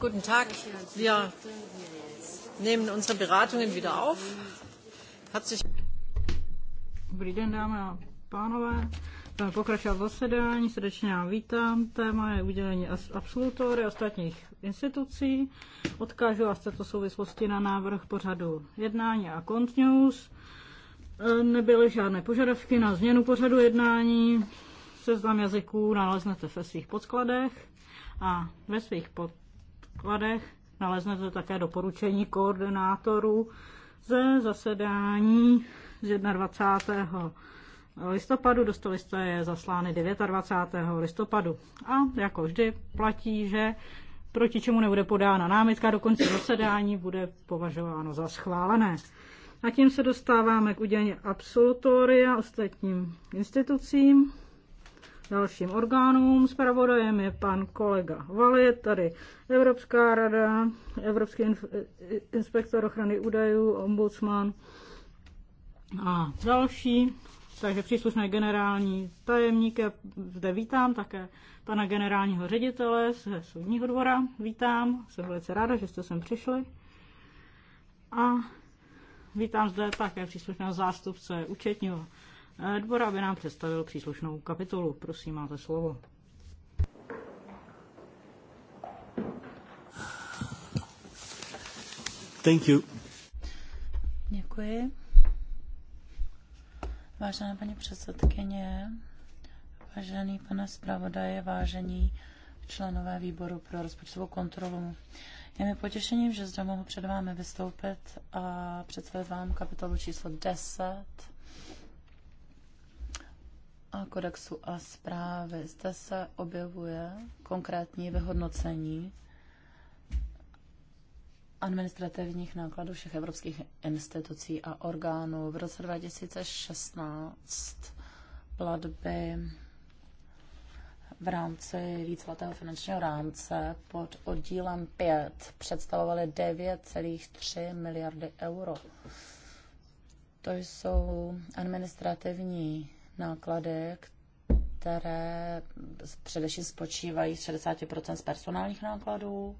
Guten Tag. Wir nehmen unsere Beratungen wieder auf. Herzlich. Dobrý den, dámy a pánové. Budeme pokračovat v zasedání. Srdečně vám vítám. Téma je udělení absolutory ostatních institucí. Odkážu vás této souvislosti na návrh pořadu jednání a Cont News. E, nebyly žádné požadavky na změnu pořadu jednání. Seznam jazyků naleznete ve svých podkladech a ve svých pod podkladech naleznete také doporučení koordinátorů ze zasedání z 21. listopadu. Dostali jste je zaslány 29. listopadu. A jako vždy platí, že proti čemu nebude podána námitka, dokonce zasedání bude považováno za schválené. A tím se dostáváme k udělení absolutoria ostatním institucím dalším orgánům. Spravodajem je pan kolega Vali, tady Evropská rada, Evropský inspektor ochrany údajů, ombudsman a další. Takže příslušné generální tajemníky zde vítám také pana generálního ředitele z soudního dvora. Vítám, jsem velice ráda, že jste sem přišli. A vítám zde také příslušného zástupce účetního dvora, aby nám představil příslušnou kapitolu. Prosím, máte slovo. Thank you. Děkuji. Vážená paní předsedkyně, vážený pane zpravodaje, vážení členové výboru pro rozpočtovou kontrolu. Je mi potěšením, že zde mohu před vámi vystoupit a představit vám kapitolu číslo 10 a kodexu a zprávy. Zde se objevuje konkrétní vyhodnocení administrativních nákladů všech evropských institucí a orgánů. V roce 2016 platby v rámci víceletého finančního rámce pod oddílem 5 představovaly 9,3 miliardy euro. To jsou administrativní náklady, které především spočívají z 60% z personálních nákladů.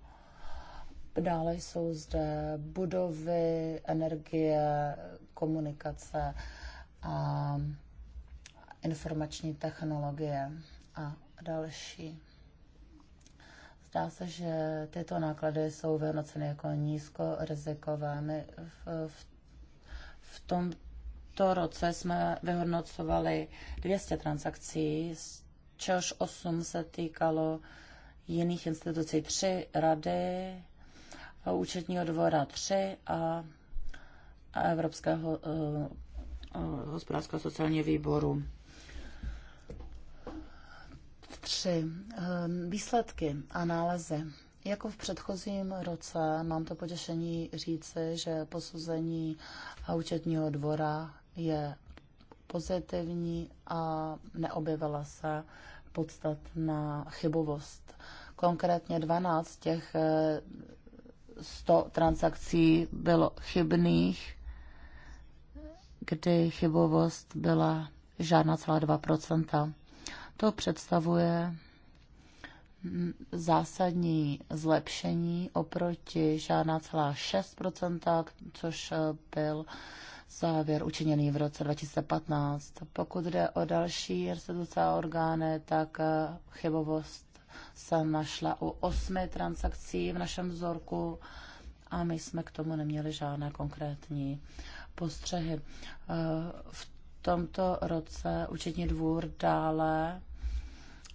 Dále jsou zde budovy, energie, komunikace a informační technologie a další. Zdá se, že tyto náklady jsou vyhodnoceny jako nízkorizikové. My v, v, v tom tomto roce jsme vyhodnocovali 200 transakcí, z čehož 8 se týkalo jiných institucí, 3 rady, účetního dvora 3 a Evropského uh, hospodářského sociálního výboru 3. Eh, výsledky a nálezy. Jako v předchozím roce mám to potěšení říci, že posuzení účetního dvora je pozitivní a neobjevila se podstatná chybovost. Konkrétně 12 těch 100 eh, transakcí bylo chybných, kdy chybovost byla žádná celá 2 To představuje zásadní zlepšení oproti žádná celá 6 což eh, byl závěr učiněný v roce 2015. Pokud jde o další instituce a orgány, tak eh, chybovost se našla u osmi transakcí v našem vzorku a my jsme k tomu neměli žádné konkrétní postřehy. Eh, v tomto roce účetní dvůr dále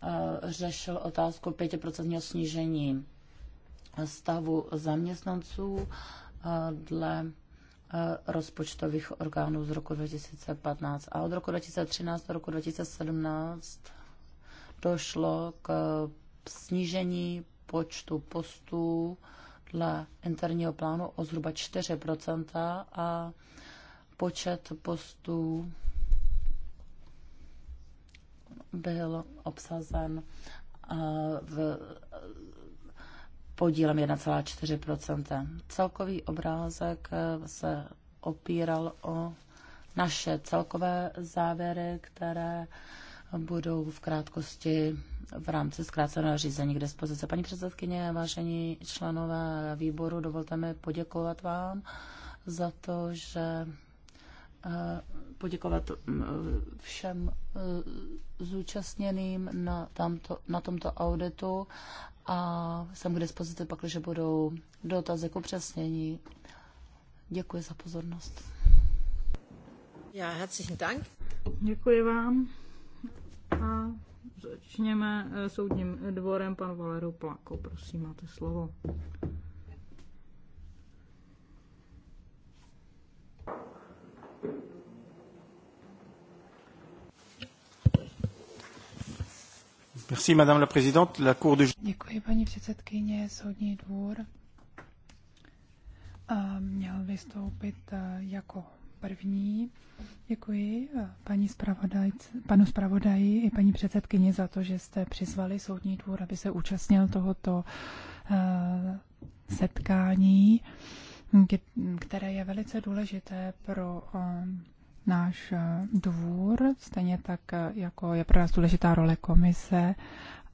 eh, řešil otázku 5% snížení stavu zaměstnanců dle Eh, rozpočtových orgánů z roku 2015. A od roku 2013 do roku 2017 došlo k snížení počtu postů dle interního plánu o zhruba 4% a počet postů byl obsazen eh, v podílem 1,4 Celkový obrázek eh, se opíral o naše celkové závěry, které budou v krátkosti v rámci zkráceného řízení k dispozici. Paní předsedkyně, vážení členové výboru, dovolte mi poděkovat vám za to, že eh, poděkovat mm, všem eh, zúčastněným na, tamto, na tomto auditu a jsem k dispozici pak, že budou dotazy k upřesnění. Děkuji za pozornost. Já herzlichen Dank. Děkuji vám. A začněme eh, soudním dvorem. Pan Valeru Plako, prosím, máte slovo. Merci, madame la présidente. La cour de... Děkuji, paní předsedkyně, soudní dvůr. A měl vystoupit e, jako první. Děkuji e, paní panu zpravodaji i paní předsedkyni za to, že jste přizvali soudní dvůr, aby se účastnil tohoto e, setkání, které je velice důležité pro náš eh, dvůr, stejně tak eh, jako je pro nás důležitá role komise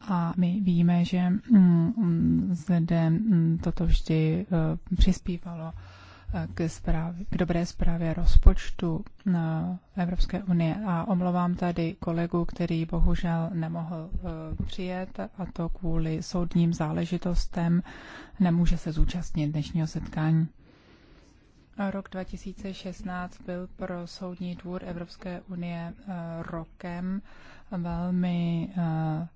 a my víme, že mm, mm, zde mm, toto vždy eh, přispívalo k, zprávě, k dobré zprávě rozpočtu na Evropské unie. A omlouvám tady kolegu, který bohužel nemohl přijet a to kvůli soudním záležitostem nemůže se zúčastnit dnešního setkání. Rok 2016 byl pro Soudní dvůr Evropské unie eh, rokem velmi eh,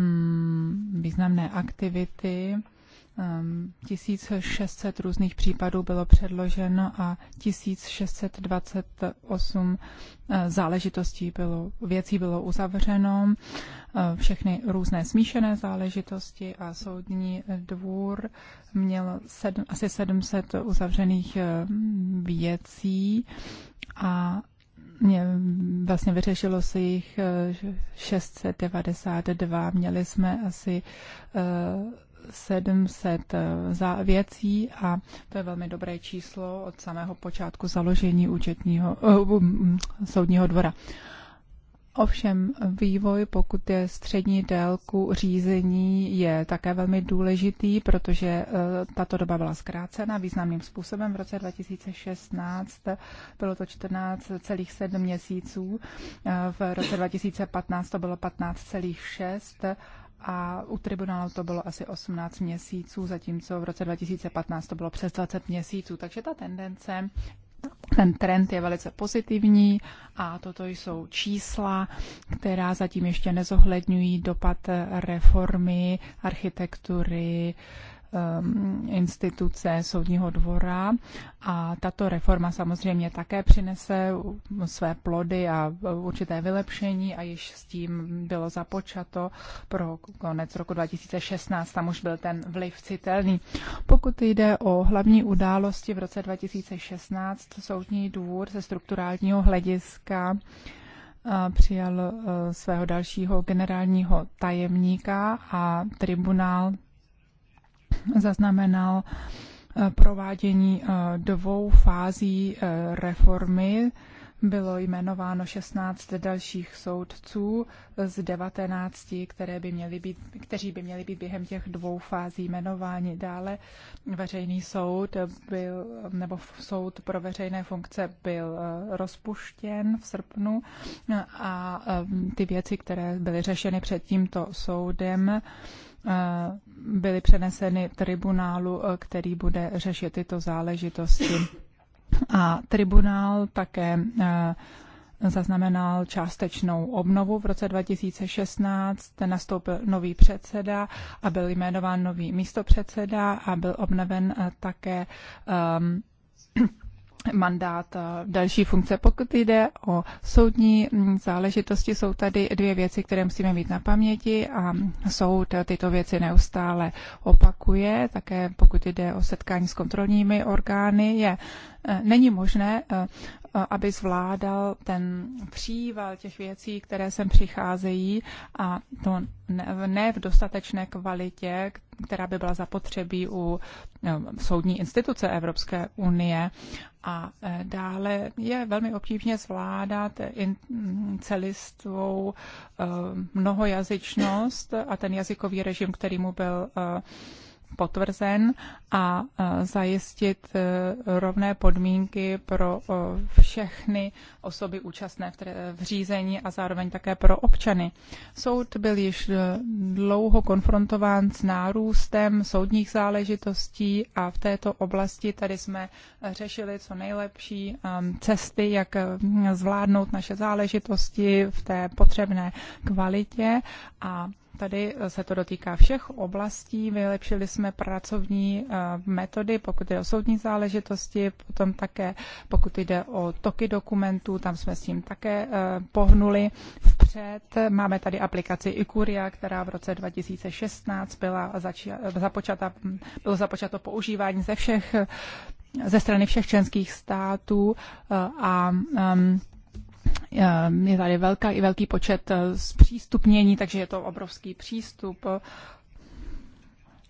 mm, významné aktivity 1600 ehm, různých případů bylo předloženo a 1628 eh, záležitostí bylo, věcí bylo uzavřeno, eh, všechny různé smíšené záležitosti a soudní dvůr měl sedm, asi 700 uzavřených eh, věcí a mě vlastně vyřešilo se jich 692. Měli jsme asi 700 eh, za věcí a to je velmi dobré číslo od samého počátku založení účetního, uh, soudního dvora. Ovšem vývoj, pokud je střední délku řízení, je také velmi důležitý, protože eh, tato doba byla zkrácena významným způsobem. V roce 2016 bylo to 14,7 měsíců, v roce 2015 to bylo 15,6 a u tribunálu to bylo asi 18 měsíců, zatímco v roce 2015 to bylo přes 20 měsíců. Takže ta tendence, ten trend je velice pozitivní a toto jsou čísla, která zatím ještě nezohledňují dopad reformy, architektury, Um, instituce soudního dvora a tato reforma samozřejmě také přinese své plody a určité vylepšení a již s tím bylo započato pro konec roku 2016, tam už byl ten vliv citelný. Pokud jde o hlavní události v roce 2016, soudní dvůr ze strukturálního hlediska eh, přijal eh, svého dalšího generálního tajemníka a tribunál zaznamenal eh, provádění eh, dvou fází eh, reformy. Bylo jmenováno 16 dalších soudců z 19, které by měly být, kteří by měli být během těch dvou fází jmenováni. Dále veřejný soud byl, nebo soud pro veřejné funkce byl rozpuštěn v srpnu a ty věci, které byly řešeny před tímto soudem, Eh, byly přeneseny tribunálu, eh, který bude řešit tyto záležitosti. A tribunál také eh, zaznamenal částečnou obnovu. V roce 2016 nastoupil nový předseda a byl jmenován nový místopředseda a byl obnoven také um, mandát eh, další funkce. Pokud jde o soudní mm, záležitosti, jsou tady dvě věci, které musíme mít na paměti a soud tyto věci neustále opakuje. Také pokud jde o setkání s kontrolními orgány, je eh, není možné eh, aby zvládal ten příval těch věcí, které sem přicházejí a to ne v dostatečné kvalitě, která by byla zapotřebí u e, soudní instituce Evropské unie. A e, dále je velmi obtížně zvládat celistvou e, mnohojazyčnost a ten jazykový režim, který mu byl potvrzen a e, zajistit e, rovné podmínky pro e, všechny osoby účastné v řízení a zároveň také pro občany. Soud byl již dlouho konfrontován s nárůstem soudních záležitostí a v této oblasti tady jsme řešili co nejlepší cesty, jak zvládnout naše záležitosti v té potřebné kvalitě a Tady eh, se to dotýká všech oblastí. Vylepšili jsme pracovní eh, metody, pokud jde o soudní záležitosti, potom také, pokud jde o toky dokumentů, tam jsme s tím také eh, pohnuli vpřed. Máme tady aplikaci Ikuria, která v roce 2016 byla zači- započata, bylo započato používání ze všech ze strany všech členských států a um, Eh, je tady velká i velký počet eh, zpřístupnění, takže je to obrovský přístup.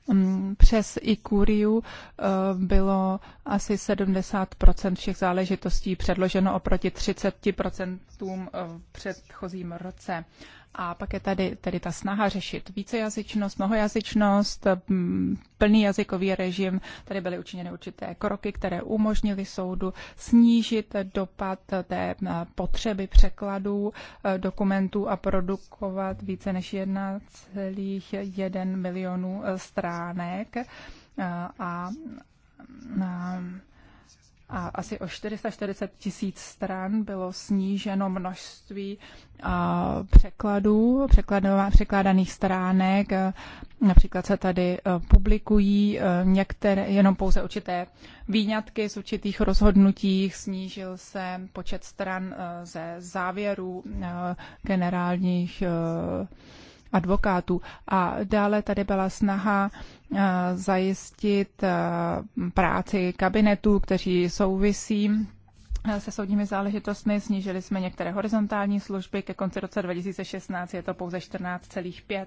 Mm, přes Ikuriu eh, bylo asi 70 všech záležitostí předloženo oproti 30 v předchozím roce. A pak je tady, tady ta snaha řešit vícejazyčnost, mnohojazyčnost, plný jazykový režim. Tady byly učiněny určité kroky, které umožnily soudu snížit dopad té potřeby překladů e, dokumentů a produkovat více než 1,1 milionů e, stránek. E, a, a a asi o 440 tisíc stran bylo sníženo množství překladů, překládaných stránek. Například se tady publikují některé, jenom pouze určité výňatky z určitých rozhodnutích. Snížil se počet stran ze závěrů generálních advokátů. A dále tady byla snaha eh, zajistit eh, práci kabinetů, kteří souvisí eh, se soudními záležitostmi. Snížili jsme některé horizontální služby. Ke konci roce 2016 je to pouze 14,5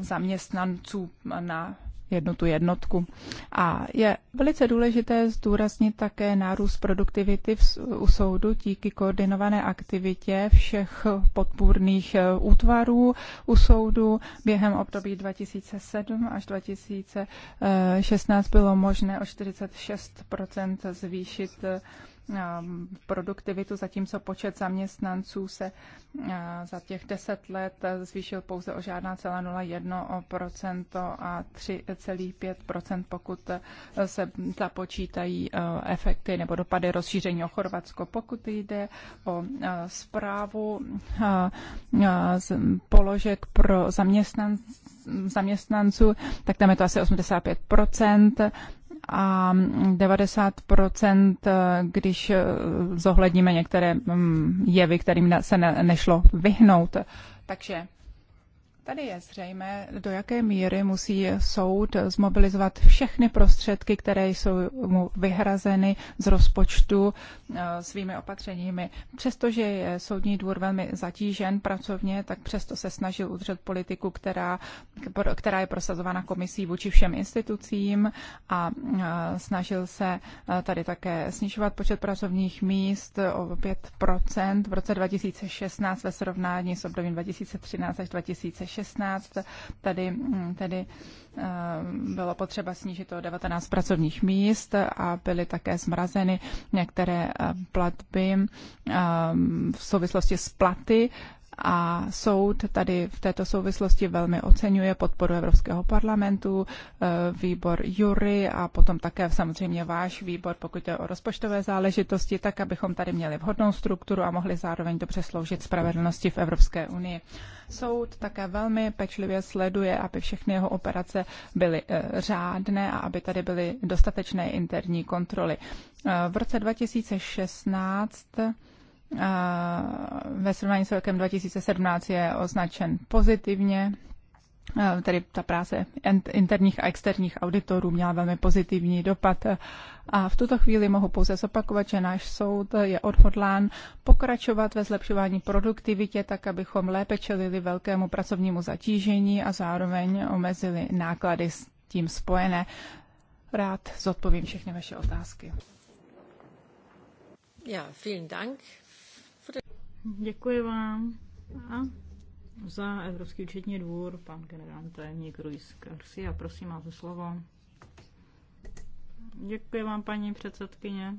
zaměstnanců na jednu tu jednotku. A je velice důležité zdůraznit také nárůst produktivity v, u soudu díky koordinované aktivitě všech podpůrných eh, útvarů u soudu. Během období 2007 až 2016 eh, bylo možné o 46 zvýšit eh, Eh, produktivitu, zatímco počet zaměstnanců se eh, za těch deset let eh, zvýšil pouze o žádná celá 0,1% a 3,5%, pokud se započítají efekty nebo dopady rozšíření o Chorvatsko. Pokud jde o zprávu položek pro zaměstnanců, zaměstnanců, tak tam je to asi 85% a 90%, eh, když eh, zohledníme některé mm, jevy, kterým se nešlo vyhnout. Takže Tady je zřejmé, do jaké míry musí soud zmobilizovat všechny prostředky, které jsou mu vyhrazeny z rozpočtu eh, svými opatřeními. Přestože je soudní dvůr velmi zatížen pracovně, tak přesto se snažil udržet politiku, která, která je prosazována komisí vůči všem institucím a eh, snažil se eh, tady také snižovat počet pracovních míst o 5 v roce 2016 ve srovnání s obdobím 2013 až 2016. 16. Tady, tady eh, bylo potřeba snížit o 19 pracovních míst a byly také zmrazeny některé eh, platby eh, v souvislosti s platy a soud tady v této souvislosti velmi oceňuje podporu Evropského parlamentu, eh, výbor Jury a potom také samozřejmě váš výbor, pokud je o rozpočtové záležitosti, tak abychom tady měli vhodnou strukturu a mohli zároveň dobře sloužit spravedlnosti v Evropské unii. Soud také velmi pečlivě sleduje, aby všechny jeho operace byly eh, řádné a aby tady byly dostatečné interní kontroly. Eh, v roce 2016 ve srovnání s rokem 2017 je označen pozitivně. Tedy ta práce interních a externích auditorů měla velmi pozitivní dopad. A v tuto chvíli mohu pouze zopakovat, že náš soud je odhodlán pokračovat ve zlepšování produktivitě, tak abychom lépe čelili velkému pracovnímu zatížení a zároveň omezili náklady s tím spojené. Rád zodpovím všechny vaše otázky. Ja, vielen Dank. Děkuji vám. A za Evropský účetní dvůr pan generální tajemník Ruiz Garcia. Prosím, máte slovo. Děkuji vám, paní předsedkyně.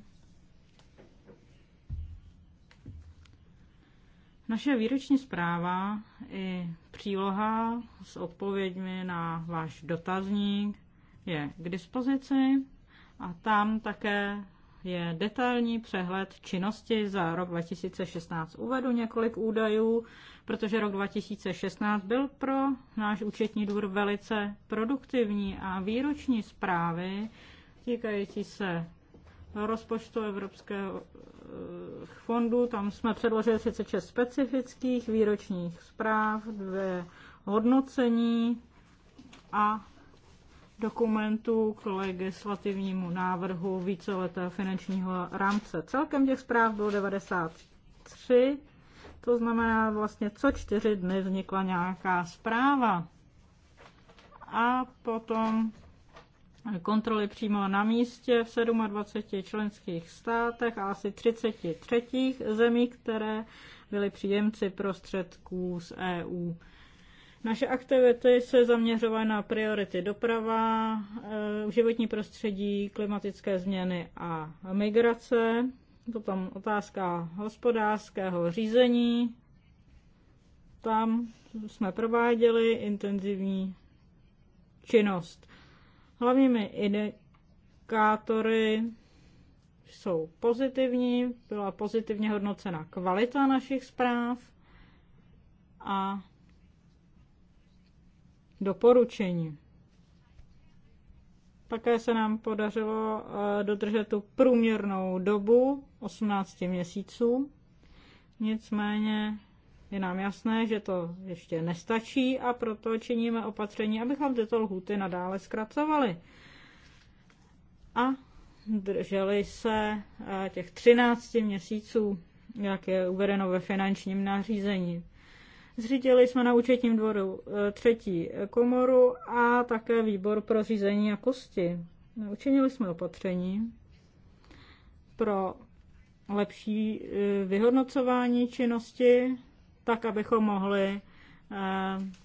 Naše výroční zpráva i příloha s odpověďmi na váš dotazník je k dispozici a tam také je detailní přehled činnosti za rok 2016. Uvedu několik údajů, protože rok 2016 byl pro náš účetní dvůr velice produktivní a výroční zprávy týkající se rozpočtu Evropského eh, fondu. Tam jsme předložili 36 specifických výročních zpráv, dvě hodnocení a dokumentu k legislativnímu návrhu víceletého finančního rámce. Celkem těch zpráv bylo 93, to znamená vlastně co čtyři dny vznikla nějaká zpráva. A potom kontroly přímo na místě v 27 členských státech a asi 33 zemí, které byly příjemci prostředků z EU. Naše aktivity se zaměřovaly na priority doprava, eh, životní prostředí, klimatické změny a migrace, potom otázka hospodářského řízení. Tam jsme prováděli intenzivní činnost. Hlavními indikátory jsou pozitivní, byla pozitivně hodnocena kvalita našich zpráv a doporučení. Také se nám podařilo eh, dodržet tu průměrnou dobu 18 měsíců. Nicméně je nám jasné, že to ještě nestačí a proto činíme opatření, abychom tyto lhuty nadále zkracovali. A drželi se eh, těch 13 měsíců, jak je uvedeno ve finančním nařízení. Zřídili jsme na účetním dvoru eh, třetí komoru a také výbor pro řízení a kosti. Učinili jsme opatření pro lepší eh, vyhodnocování činnosti, tak abychom mohli eh,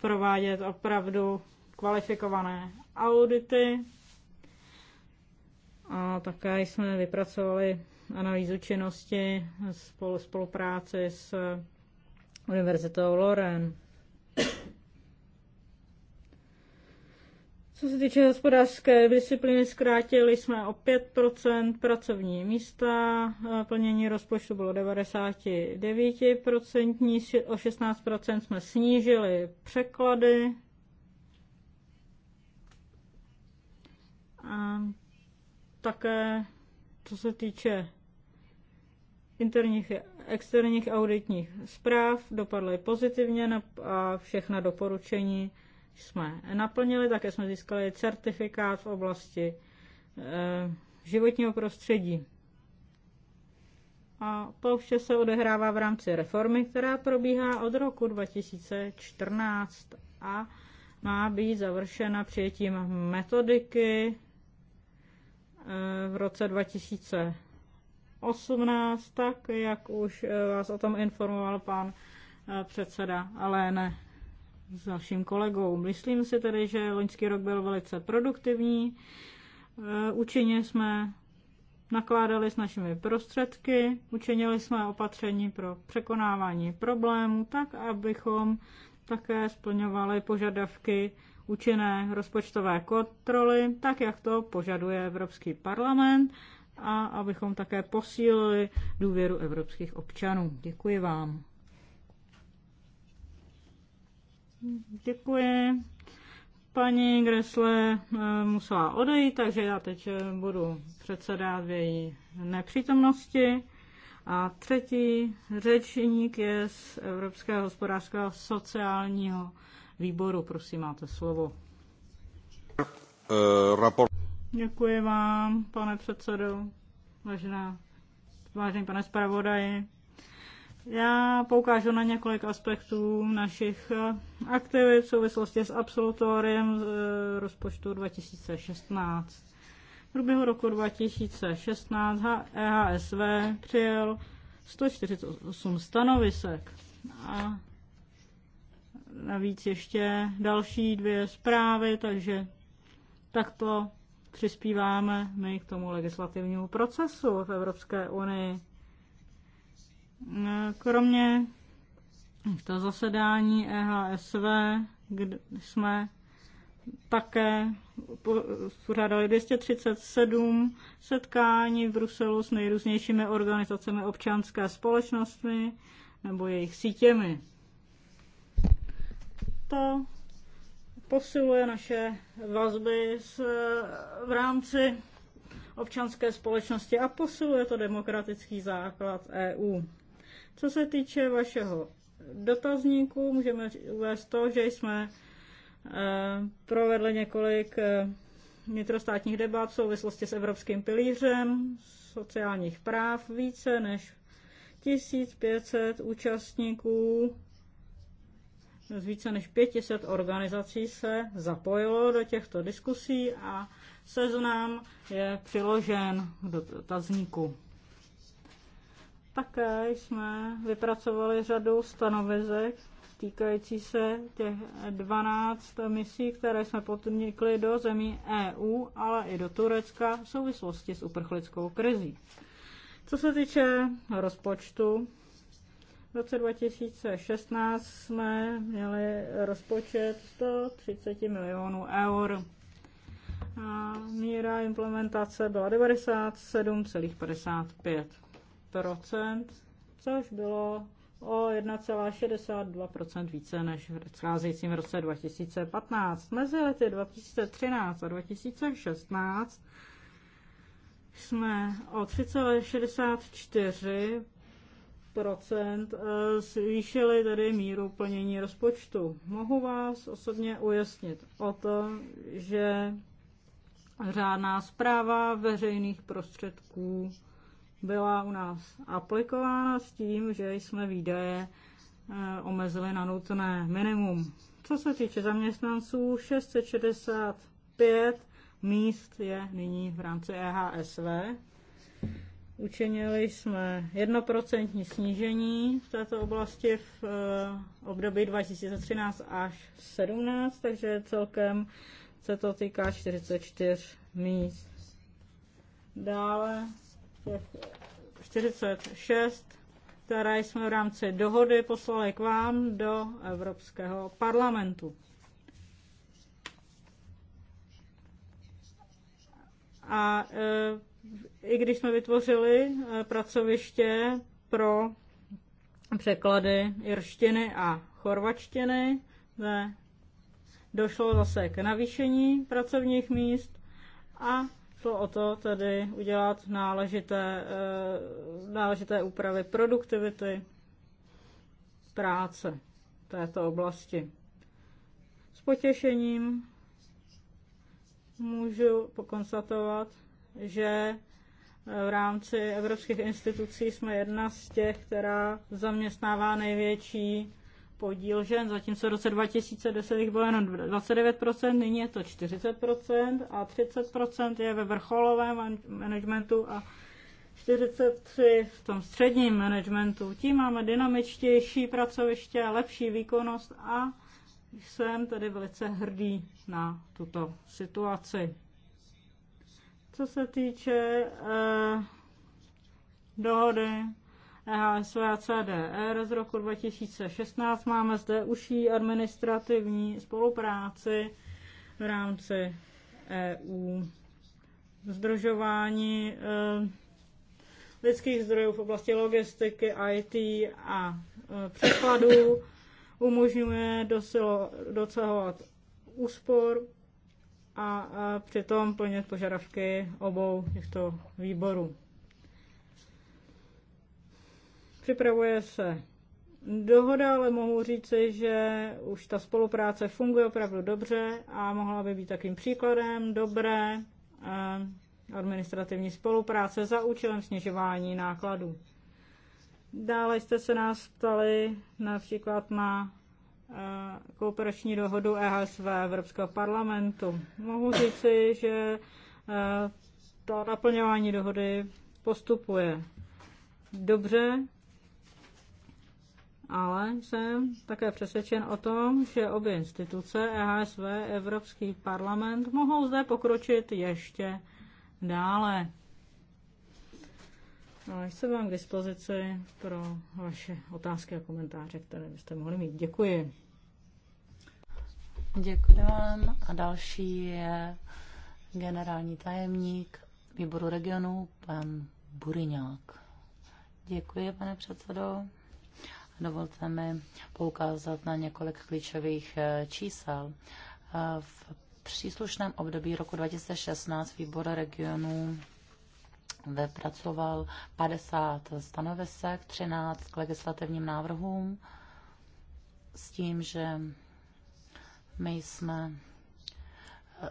provádět opravdu kvalifikované audity. A také jsme vypracovali analýzu činnosti spolu, spolupráci s univerzitou Loren. Co se týče hospodářské disciplíny, zkrátili jsme o 5% pracovní místa, eh, plnění rozpočtu bylo 99%, o 16% jsme snížili překlady. A také, co se týče interních externích auditních zpráv dopadly pozitivně a všechna doporučení jsme naplnili, také jsme získali certifikát v oblasti eh, životního prostředí. A to vše se odehrává v rámci reformy, která probíhá od roku 2014 a má být završena přijetím metodiky eh, v roce 2020 18, tak jak už eh, vás o tom informoval pan eh, předseda, ale ne s dalším kolegou. Myslím si tedy, že loňský rok byl velice produktivní. Eh, účinně jsme nakládali s našimi prostředky, učinili jsme opatření pro překonávání problémů, tak abychom také splňovali požadavky účinné rozpočtové kontroly, tak jak to požaduje Evropský parlament a abychom také posílili důvěru evropských občanů. Děkuji vám. Děkuji. Paní Gresle eh, musela odejít, takže já teď eh, budu předsedat v její nepřítomnosti. A třetí řečník je z Evropského hospodářského sociálního výboru. Prosím, máte slovo. Uh, Děkuji vám, pane předsedo, vážená, vážený pane zpravodaji. Já poukážu na několik aspektů našich aktivit v souvislosti s absolutoriem e, rozpočtu 2016. V průběhu roku 2016 EHSV přijel 148 stanovisek a navíc ještě další dvě zprávy, takže takto přispíváme my k tomu legislativnímu procesu v Evropské unii. Kromě to zasedání EHSV, kde jsme také pořádali 237 setkání v Bruselu s nejrůznějšími organizacemi občanské společnosti nebo jejich sítěmi. To posiluje naše vazby s, v rámci občanské společnosti a posiluje to demokratický základ EU. Co se týče vašeho dotazníku, můžeme uvést to, že jsme eh, provedli několik eh, vnitrostátních debat v souvislosti s Evropským pilířem sociálních práv. Více než 1500 účastníků z více než 500 organizací se zapojilo do těchto diskusí a seznam je přiložen do tazníku. Také jsme vypracovali řadu stanovizek týkající se těch 12 misí, které jsme podnikli do zemí EU, ale i do Turecka v souvislosti s uprchlickou krizí. Co se týče rozpočtu, v roce 2016 jsme měli rozpočet 130 milionů eur. A míra implementace byla 97,55%, což bylo o 1,62% více než v předcházejícím roce 2015. Mezi lety 2013 a 2016 jsme o 3,64 Eh, zvýšili tedy míru plnění rozpočtu. Mohu vás osobně ujasnit o tom, že řádná zpráva veřejných prostředků byla u nás aplikována s tím, že jsme výdaje eh, omezili na nutné minimum. Co se týče zaměstnanců, 665 míst je nyní v rámci EHSV Učinili jsme jednoprocentní snížení v této oblasti v eh, období 2013 až 2017, takže celkem se to týká 44 míst. Dále 46, které jsme v rámci dohody poslali k vám do Evropského parlamentu. A e, i když jsme vytvořili eh, pracoviště pro překlady irštiny a chorvačtiny, ne, došlo zase k navýšení pracovních míst a šlo o to tedy udělat náležité, eh, náležité úpravy produktivity práce této oblasti. S potěšením můžu pokonstatovat, že v rámci evropských institucí jsme jedna z těch, která zaměstnává největší podíl žen, zatímco v roce 2010 jich bylo jenom 29%, nyní je to 40% a 30% je ve vrcholovém managementu a 43 v tom středním managementu. Tím máme dynamičtější pracoviště, lepší výkonnost a jsem tedy velice hrdý na tuto situaci. Co se týče eh, dohody EHSV a CDR z roku 2016, máme zde užší administrativní spolupráci v rámci EU. Združování eh, lidských zdrojů v oblasti logistiky, IT a eh, překladů umožňuje dosilo, úspor a přitom plnit požadavky obou těchto výborů. Připravuje se dohoda, ale mohu říci, že už ta spolupráce funguje opravdu dobře a mohla by být takým příkladem dobré eh, administrativní spolupráce za účelem snižování nákladů. Dále jste se nás ptali například na kooperační dohodu EHSV Evropského parlamentu. Mohu říci, že eh, to naplňování dohody postupuje dobře, ale jsem také přesvědčen o tom, že obě instituce, EHSV, Evropský parlament, mohou zde pokročit ještě dále. A jsem vám k dispozici pro vaše otázky a komentáře, které byste mohli mít. Děkuji. Děkuji vám. A další je generální tajemník výboru regionu, pan Buriňák. Děkuji, pane předsedo. Dovolte mi poukázat na několik klíčových eh, čísel. Eh, v příslušném období roku 2016 výbor regionu vypracoval 50 stanovisek, 13 k legislativním návrhům s tím, že my jsme eh,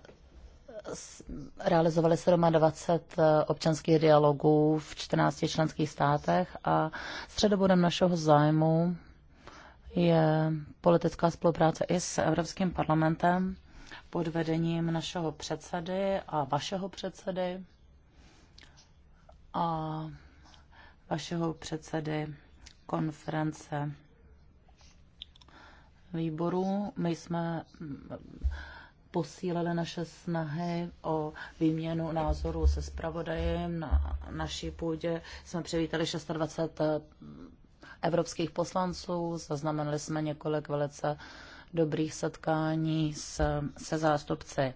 realizovali 27 eh, občanských dialogů v 14 členských státech a středobodem našeho zájmu je politická spolupráce i s Evropským parlamentem pod vedením našeho předsedy a vašeho předsedy a vašeho předsedy konference výboru. My jsme posílili naše snahy o výměnu názorů se zpravodajem. Na naší půdě jsme přivítali 26 eh, evropských poslanců, zaznamenali jsme několik velice dobrých setkání se, se zástupci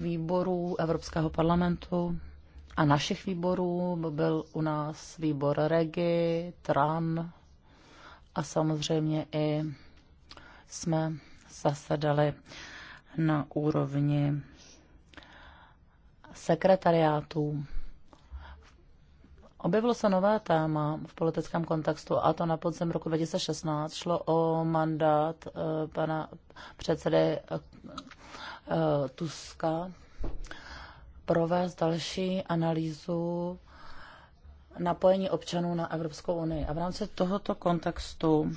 výborů Evropského parlamentu, a našich výborů byl u nás výbor Regi, Tran a samozřejmě i jsme zasedali na úrovni sekretariátů. Objevilo se nové téma v politickém kontextu a to na podzim roku 2016 šlo o mandát eh, pana předsedy eh, eh, Tuska provést další analýzu napojení občanů na Evropskou unii. A v rámci tohoto kontextu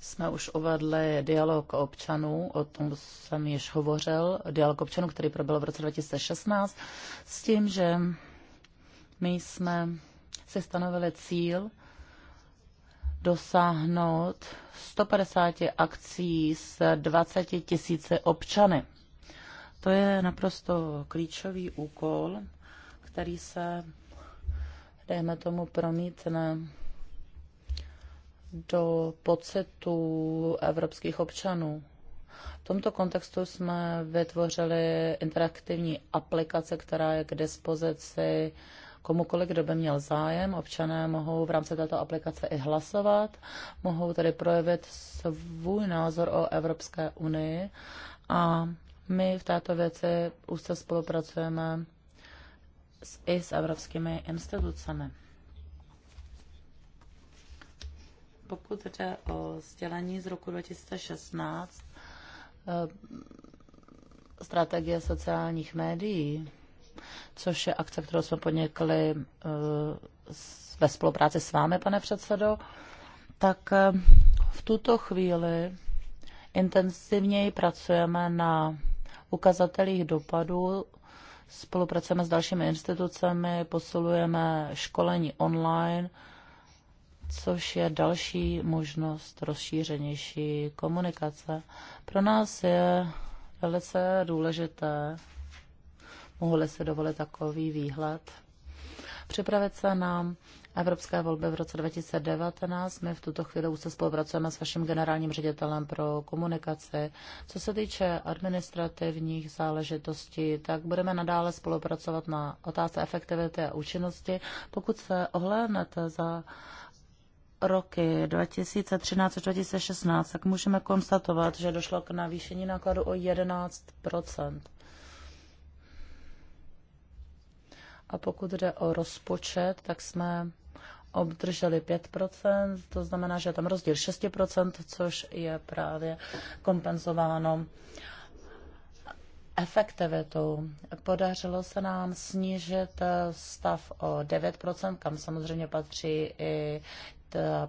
jsme už uvedli dialog občanů, o tom jsem již hovořil, dialog občanů, který proběhl v roce 2016, s tím, že my jsme si stanovili cíl dosáhnout 150 akcí s 20 tisíci občany. To je naprosto klíčový úkol, který se, dejme tomu, promítne do pocitu evropských občanů. V tomto kontextu jsme vytvořili interaktivní aplikace, která je k dispozici komukoliv, kdo by měl zájem. Občané mohou v rámci této aplikace i hlasovat, mohou tedy projevit svůj názor o Evropské unii a my v této věci úzce spolupracujeme s, i s evropskými institucemi. Pokud jde o sdělení z roku 2016, eh, strategie sociálních médií, což je akce, kterou jsme podnikli eh, ve spolupráci s vámi, pane předsedo, tak eh, v tuto chvíli intenzivněji pracujeme na ukazatelích dopadů spolupracujeme s dalšími institucemi, posilujeme školení online, což je další možnost rozšířenější komunikace. Pro nás je velice důležité, mohli si dovolit takový výhled, připravit se na evropské volby v roce 2019. My v tuto chvíli už se spolupracujeme s vaším generálním ředitelem pro komunikaci. Co se týče administrativních záležitostí, tak budeme nadále spolupracovat na otázce efektivity a účinnosti. Pokud se ohlédnete za roky 2013 až 2016, tak můžeme konstatovat, že došlo k navýšení nákladu o 11 A pokud jde o rozpočet, tak jsme obdrželi 5%, to znamená, že je tam rozdíl 6%, což je právě kompenzováno efektivitou. Podařilo se nám snížit stav o 9%, kam samozřejmě patří i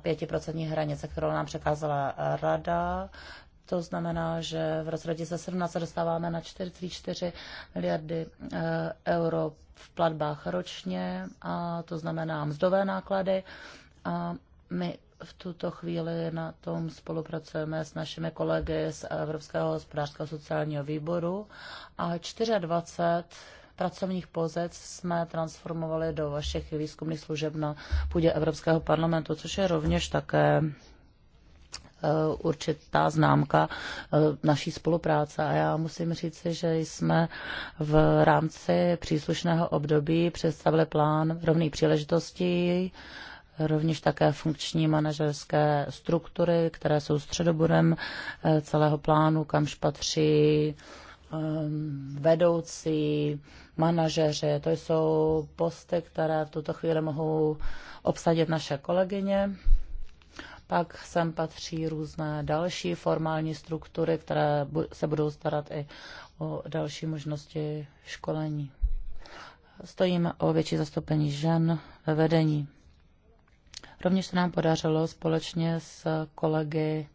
5% hranice, kterou nám překázala rada. To znamená, že v roce 2017 se dostáváme na 4,4 miliardy eh, euro v platbách ročně a to znamená mzdové náklady a my v tuto chvíli na tom spolupracujeme s našimi kolegy z Evropského hospodářského sociálního výboru a 24 pracovních pozic jsme transformovali do vašich výzkumných služeb na půdě Evropského parlamentu, což je rovněž také Eh, určitá známka eh, naší spolupráce. A já musím říct, že jsme v rámci příslušného období představili plán rovných příležitostí, rovněž také funkční manažerské struktury, které jsou středobodem eh, celého plánu, kamž patří ehm, vedoucí, manažeři. To jsou posty, které v tuto chvíli mohou obsadit naše kolegyně. Pak sem patří různé další formální struktury, které se budou starat i o další možnosti školení. Stojíme o větší zastoupení žen ve vedení. Rovněž se nám podařilo společně s kolegy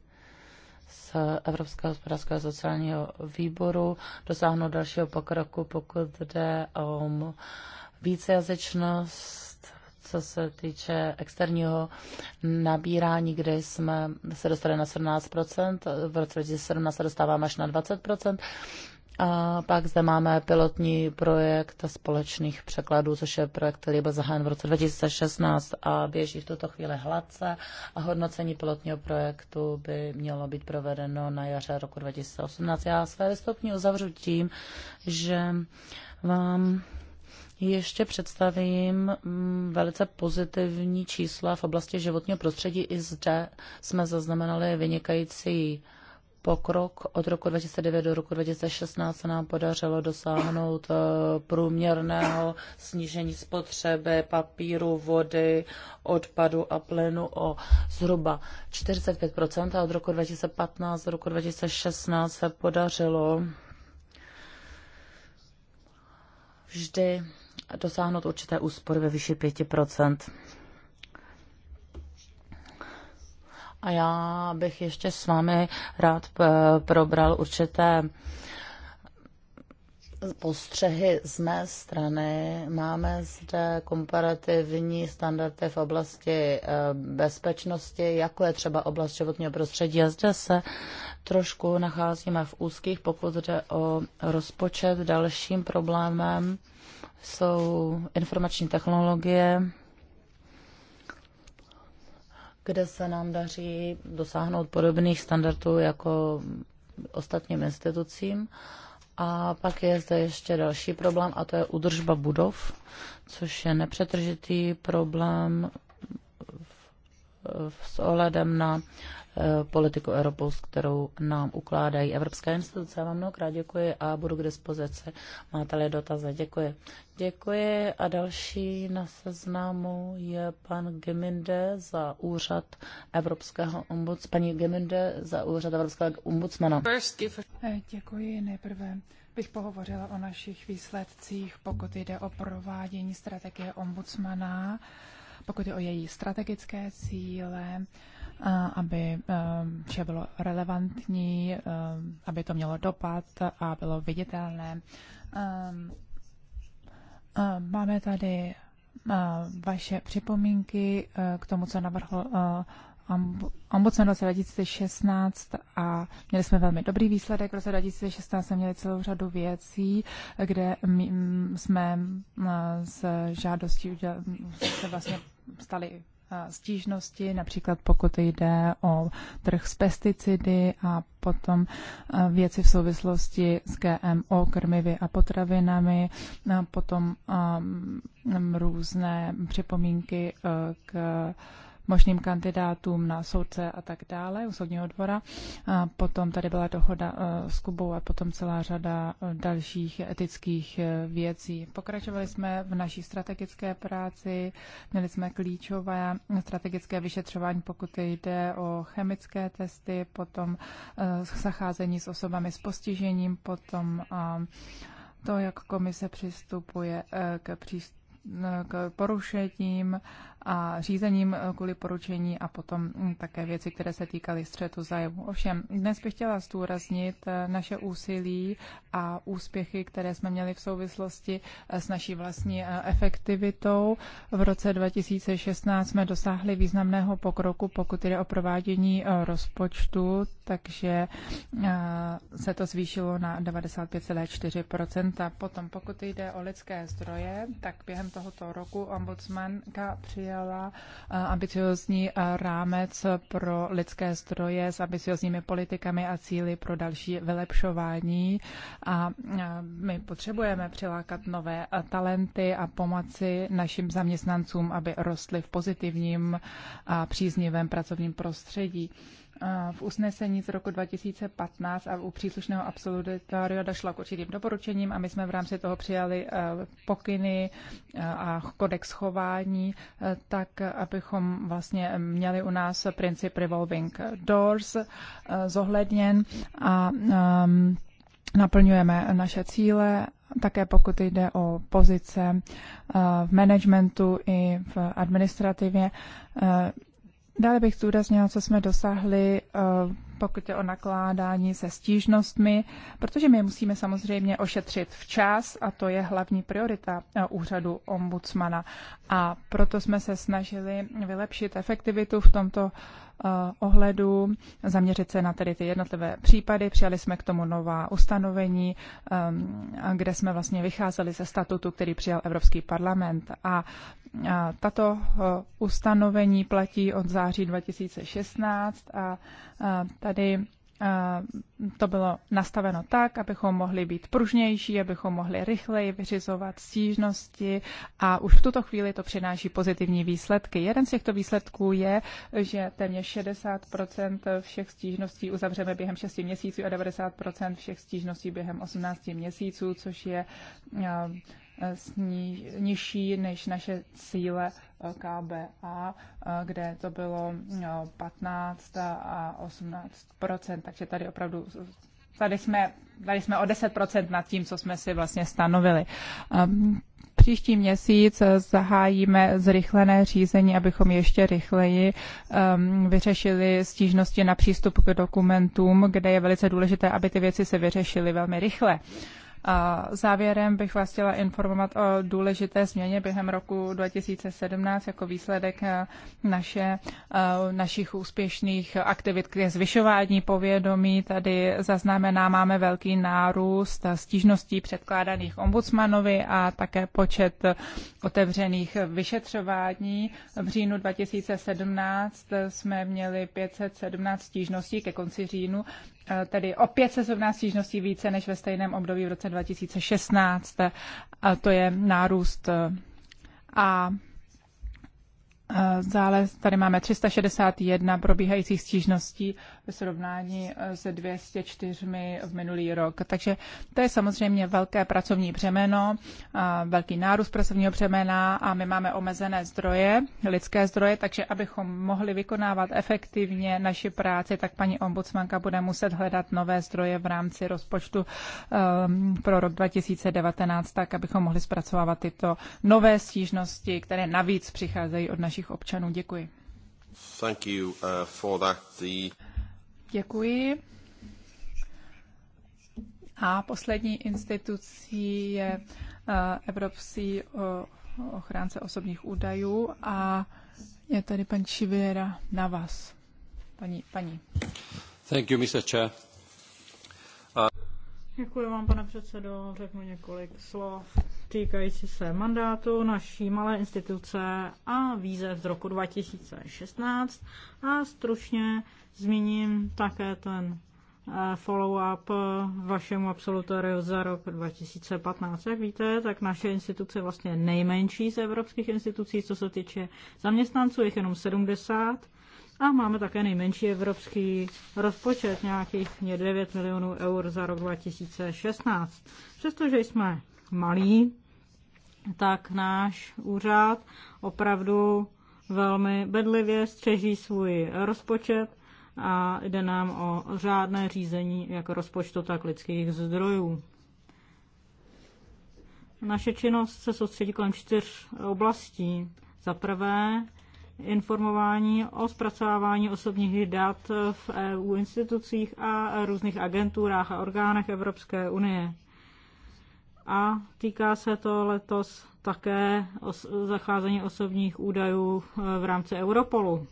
z Evropského hospodářského sociálního výboru dosáhnout dalšího pokroku, pokud jde o vícejazyčnost co se týče externího nabírání, kde jsme se dostali na 17%, v roce 2017 se dostáváme až na 20%. A pak zde máme pilotní projekt společných překladů, což je projekt, který byl zahájen v roce 2016 a běží v tuto chvíli hladce a hodnocení pilotního projektu by mělo být provedeno na jaře roku 2018. Já své vystoupení uzavřu tím, že vám ještě představím mm, velice pozitivní čísla v oblasti životního prostředí. I zde jsme zaznamenali vynikající pokrok. Od roku 2009 do roku 2016 se nám podařilo dosáhnout eh, průměrného snížení spotřeby papíru, vody, odpadu a plynu o zhruba 45 a od roku 2015 do roku 2016 se podařilo vždy dosáhnout určité úspory ve výši 5%. A já bych ještě s vámi rád eh, probral určité postřehy z mé strany. Máme zde komparativní standardy v oblasti eh, bezpečnosti, jako je třeba oblast životního prostředí. A zde se trošku nacházíme v úzkých, pokud jde o rozpočet. Dalším problémem jsou informační technologie, kde se nám daří dosáhnout podobných standardů jako ostatním institucím. A pak je zde ještě další problém, a to je udržba budov, což je nepřetržitý problém s ohledem na Eh, politiku Europol, kterou nám ukládají evropské instituce. Já vám mnohokrát děkuji a budu k dispozici. Máte-li dotazy? Děkuji. Děkuji a další na seznamu je pan Geminde za úřad Evropského ombuds, paní Geminde za úřad Evropského ombudsmana. Eh, děkuji nejprve bych pohovořila o našich výsledcích, pokud jde o provádění strategie ombudsmana, pokud jde o její strategické cíle, Eh, aby eh, vše bylo relevantní, eh, aby to mělo dopad a bylo viditelné. Máme tady vaše připomínky k tomu, co navrhl ombudsman roce 2016 a měli jsme velmi dobrý výsledek. V roce 2016 jsme měli celou řadu věcí, kde mm, jsme s žádostí se vlastně stali stížnosti, například pokud jde o trh s pesticidy a potom věci v souvislosti s GMO, krmivy a potravinami, a potom různé připomínky e, k možným kandidátům na soudce a tak dále, u soudního dvora. A potom tady byla dohoda e, s Kubou a potom celá řada e, dalších etických e, věcí. Pokračovali jsme v naší strategické práci, měli jsme klíčové strategické vyšetřování, pokud jde o chemické testy, potom zacházení s osobami s postižením, potom to, jak komise přistupuje k k porušením a řízením eh, kvůli poručení a potom mm, také věci, které se týkaly střetu zájmu. Ovšem, dnes bych chtěla zdůraznit eh, naše úsilí a úspěchy, které jsme měli v souvislosti eh, s naší vlastní efektivitou. V roce 2016 jsme dosáhli významného pokroku, pokud jde o provádění rozpočtu, takže se to zvýšilo na 95,4%. Potom, pokud jde o lidské zdroje, tak během tohoto roku ombudsmanka přijela přijala eh, ambiciozní eh, rámec pro lidské zdroje s ambiciozními politikami a cíly pro další vylepšování. A eh, my potřebujeme přilákat nové talenty a pomoci našim zaměstnancům, aby rostly v pozitivním a příznivém pracovním prostředí v usnesení z roku 2015 a u příslušného absolutoria došlo k určitým doporučením a my jsme v rámci toho přijali e, pokyny e, a kodex chování, e, tak abychom vlastně měli u nás princip revolving doors zohledněn a naplňujeme naše cíle také pokud jde o pozice v managementu i v administrativě. Dále bych zdůraznila, co jsme dosáhli eh, pokud je o nakládání se stížnostmi, protože my musíme samozřejmě ošetřit včas a to je hlavní priorita eh, úřadu ombudsmana. A proto jsme se snažili vylepšit efektivitu v tomto eh, ohledu, zaměřit se na tedy ty jednotlivé případy. Přijali jsme k tomu nová ustanovení, eh, kde jsme vlastně vycházeli ze statutu, který přijal Evropský parlament. A tato ustanovení platí od září 2016 a tady to bylo nastaveno tak, abychom mohli být pružnější, abychom mohli rychleji vyřizovat stížnosti a už v tuto chvíli to přináší pozitivní výsledky. Jeden z těchto výsledků je, že téměř 60 všech stížností uzavřeme během 6 měsíců a 90 všech stížností během 18 měsíců, což je nižší než naše cíle eh, KBA, eh, kde to bylo 15 eh, a 18 takže tady opravdu tady jsme, tady jsme o 10 nad tím, co jsme si vlastně stanovili. Ehm, příští měsíc zahájíme zrychlené řízení, abychom ještě rychleji um, vyřešili stížnosti na přístup k dokumentům, kde je velice důležité, aby ty věci se vyřešily velmi rychle. Uh, a závěrem bych vás chtěla informovat o důležité změně během roku 2017 jako výsledek eh, naše, eh, našich úspěšných aktivit k zvyšování povědomí. Tady zaznamená máme velký nárůst stížností předkládaných ombudsmanovi a také počet otevřených vyšetřování. V říjnu 2017 jsme měli 517 stížností ke konci říjnu Eh, tedy o 517 stížností více než ve stejném období v roce 2016. A to je nárůst. Eh, a eh, Zále tady máme 361 probíhajících stížností ve srovnání eh, se 204 v minulý rok. Takže to je samozřejmě velké pracovní břemeno, eh, velký nárůst pracovního břemena a my máme omezené zdroje, lidské zdroje, takže abychom mohli vykonávat efektivně naši práci, tak paní ombudsmanka bude muset hledat nové zdroje v rámci rozpočtu ehm, pro rok 2019, tak abychom mohli zpracovávat tyto nové stížnosti, které navíc přicházejí od našich občanů. Děkuji. Thank you, uh, for that. The... Děkuji. A poslední institucí je eh, Evropský eh, ochránce osobních údajů a je tady pan Čivěra na vás. Paní, paní. Thank you, Mr. Chair. Děkuji vám, pane předsedo. Řeknu několik slov týkající se mandátu naší malé instituce a výzev z roku 2016 a stručně zmíním také ten eh, follow-up eh, vašemu absolutoriu za rok 2015. Jak víte, tak naše instituce je vlastně nejmenší z evropských institucí, co se týče zaměstnanců, jich jenom 70. A máme také nejmenší evropský rozpočet, nějakých 9 milionů eur za rok 2016. Přestože jsme malí, tak náš úřad opravdu velmi bedlivě střeží svůj rozpočet a jde nám o řádné řízení jak rozpočtu, tak lidských zdrojů. Naše činnost se soustředí kolem čtyř oblastí. Za prvé informování o zpracovávání osobních dat v EU institucích a různých agenturách a orgánech Evropské unie a týká se to letos také os- zacházení osobních údajů e, v rámci Europolu.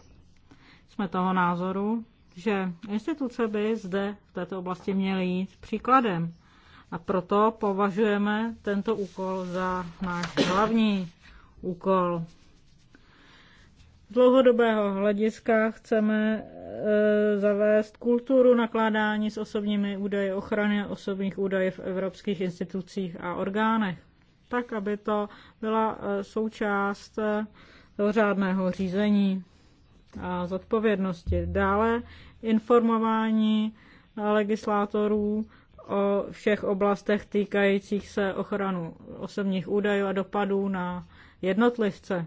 Jsme toho názoru, že instituce by zde v této oblasti měly jít příkladem. A proto považujeme tento úkol za náš hlavní úkol. Z dlouhodobého hlediska chceme e, zavést kulturu nakládání s osobními údaji, ochrany osobních údajů v evropských institucích a orgánech, tak aby to byla e, součást e, řádného řízení a zodpovědnosti. Dále informování legislátorů o všech oblastech týkajících se ochranu osobních údajů a dopadů na jednotlivce.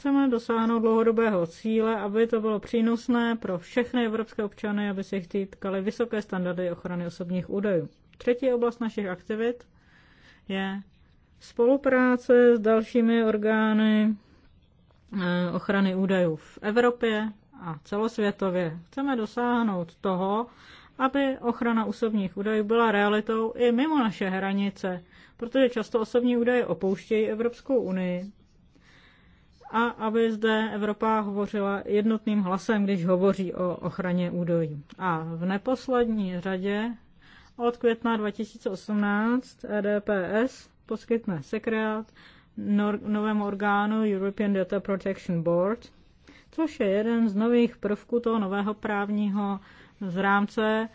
Chceme dosáhnout dlouhodobého cíle, aby to bylo přínosné pro všechny evropské občany, aby se jich týkaly vysoké standardy ochrany osobních údajů. Třetí oblast našich aktivit je spolupráce s dalšími orgány eh, ochrany údajů v Evropě a celosvětově. Chceme dosáhnout toho, aby ochrana osobních údajů byla realitou i mimo naše hranice, protože často osobní údaje opouštějí Evropskou unii a aby zde Evropa hovořila jednotným hlasem, když hovoří o ochraně údajů. A v neposlední řadě od května 2018 EDPS poskytne sekret novému orgánu European Data Protection Board, což je jeden z nových prvků toho nového právního z rámce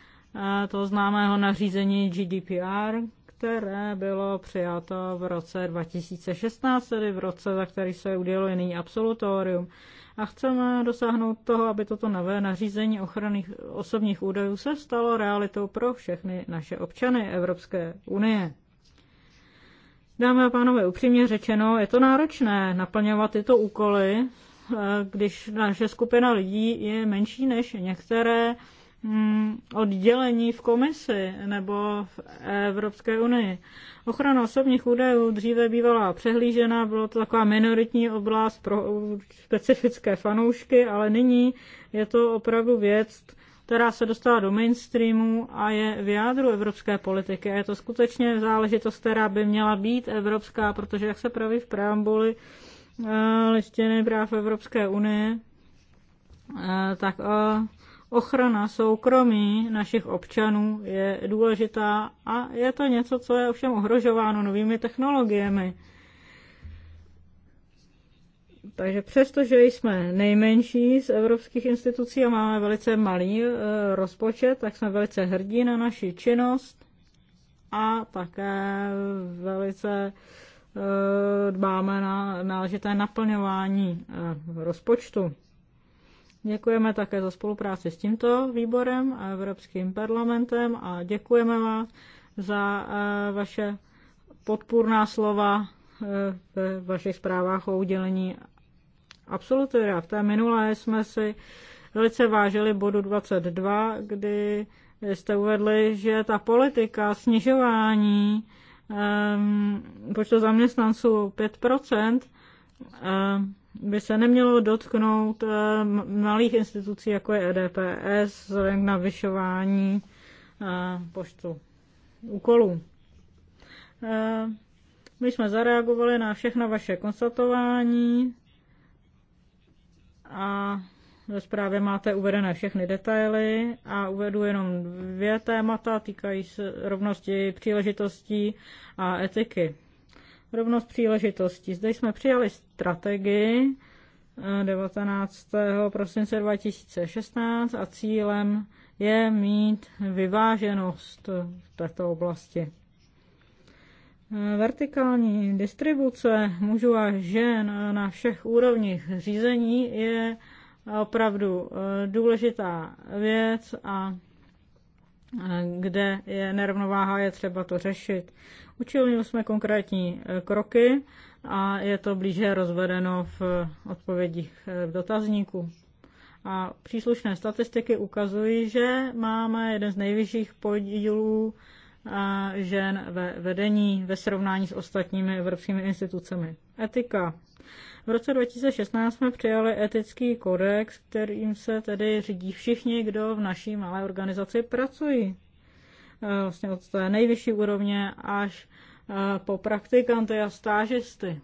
eh, toho známého nařízení GDPR, které bylo přijato v roce 2016, tedy v roce, za který se udělo jiný absolutorium. A chceme dosáhnout toho, aby toto nové nařízení ochrany osobních údajů se stalo realitou pro všechny naše občany Evropské unie. Dámy a pánové, upřímně řečeno, je to náročné naplňovat tyto úkoly, eh, když naše skupina lidí je menší než některé Mm, oddělení v komisi nebo v Evropské unii. Ochrana osobních údajů dříve bývala přehlížena, bylo to taková minoritní oblast pro specifické fanoušky, ale nyní je to opravdu věc, která se dostala do mainstreamu a je v jádru evropské politiky. A je to skutečně záležitost, která by měla být evropská, protože jak se praví v preambuli eh, listiny práv Evropské unie, eh, tak eh, Ochrana soukromí našich občanů je důležitá a je to něco, co je ovšem ohrožováno novými technologiemi. Takže přestože jsme nejmenší z evropských institucí a máme velice malý e, rozpočet, tak jsme velice hrdí na naši činnost a také velice e, dbáme na náležité naplňování e, rozpočtu. Děkujeme také za spolupráci s tímto výborem a Evropským parlamentem a děkujeme vám za eh, vaše podpůrná slova eh, ve vašich zprávách o udělení absolutoria. V té minulé jsme si velice vážili bodu 22, kdy jste uvedli, že ta politika snižování um, počtu zaměstnanců 5 um, by se nemělo dotknout eh, malých institucí, jako je EDPS, vzhledem k navyšování eh, počtu úkolů. Eh, my jsme zareagovali na všechna vaše konstatování a ve zprávě máte uvedené všechny detaily a uvedu jenom dvě témata, týkají se rovnosti příležitostí a etiky rovnost příležitostí. Zde jsme přijali strategii 19. Eh, prosince 2016 a cílem je mít vyváženost v této oblasti. Eh, vertikální distribuce mužů a žen na všech úrovních řízení je opravdu eh, důležitá věc a kde je nerovnováha, je třeba to řešit. Učinili jsme konkrétní e, kroky a je to blíže rozvedeno v odpovědích e, v dotazníku. A příslušné statistiky ukazují, že máme jeden z nejvyšších podílů e, žen ve vedení ve srovnání s ostatními evropskými institucemi. Etika. V roce 2016 jsme přijali etický kodex, kterým se tedy řídí všichni, kdo v naší malé organizaci pracují. Eh, vlastně od té nejvyšší úrovně až eh, po praktikanty a stážisty.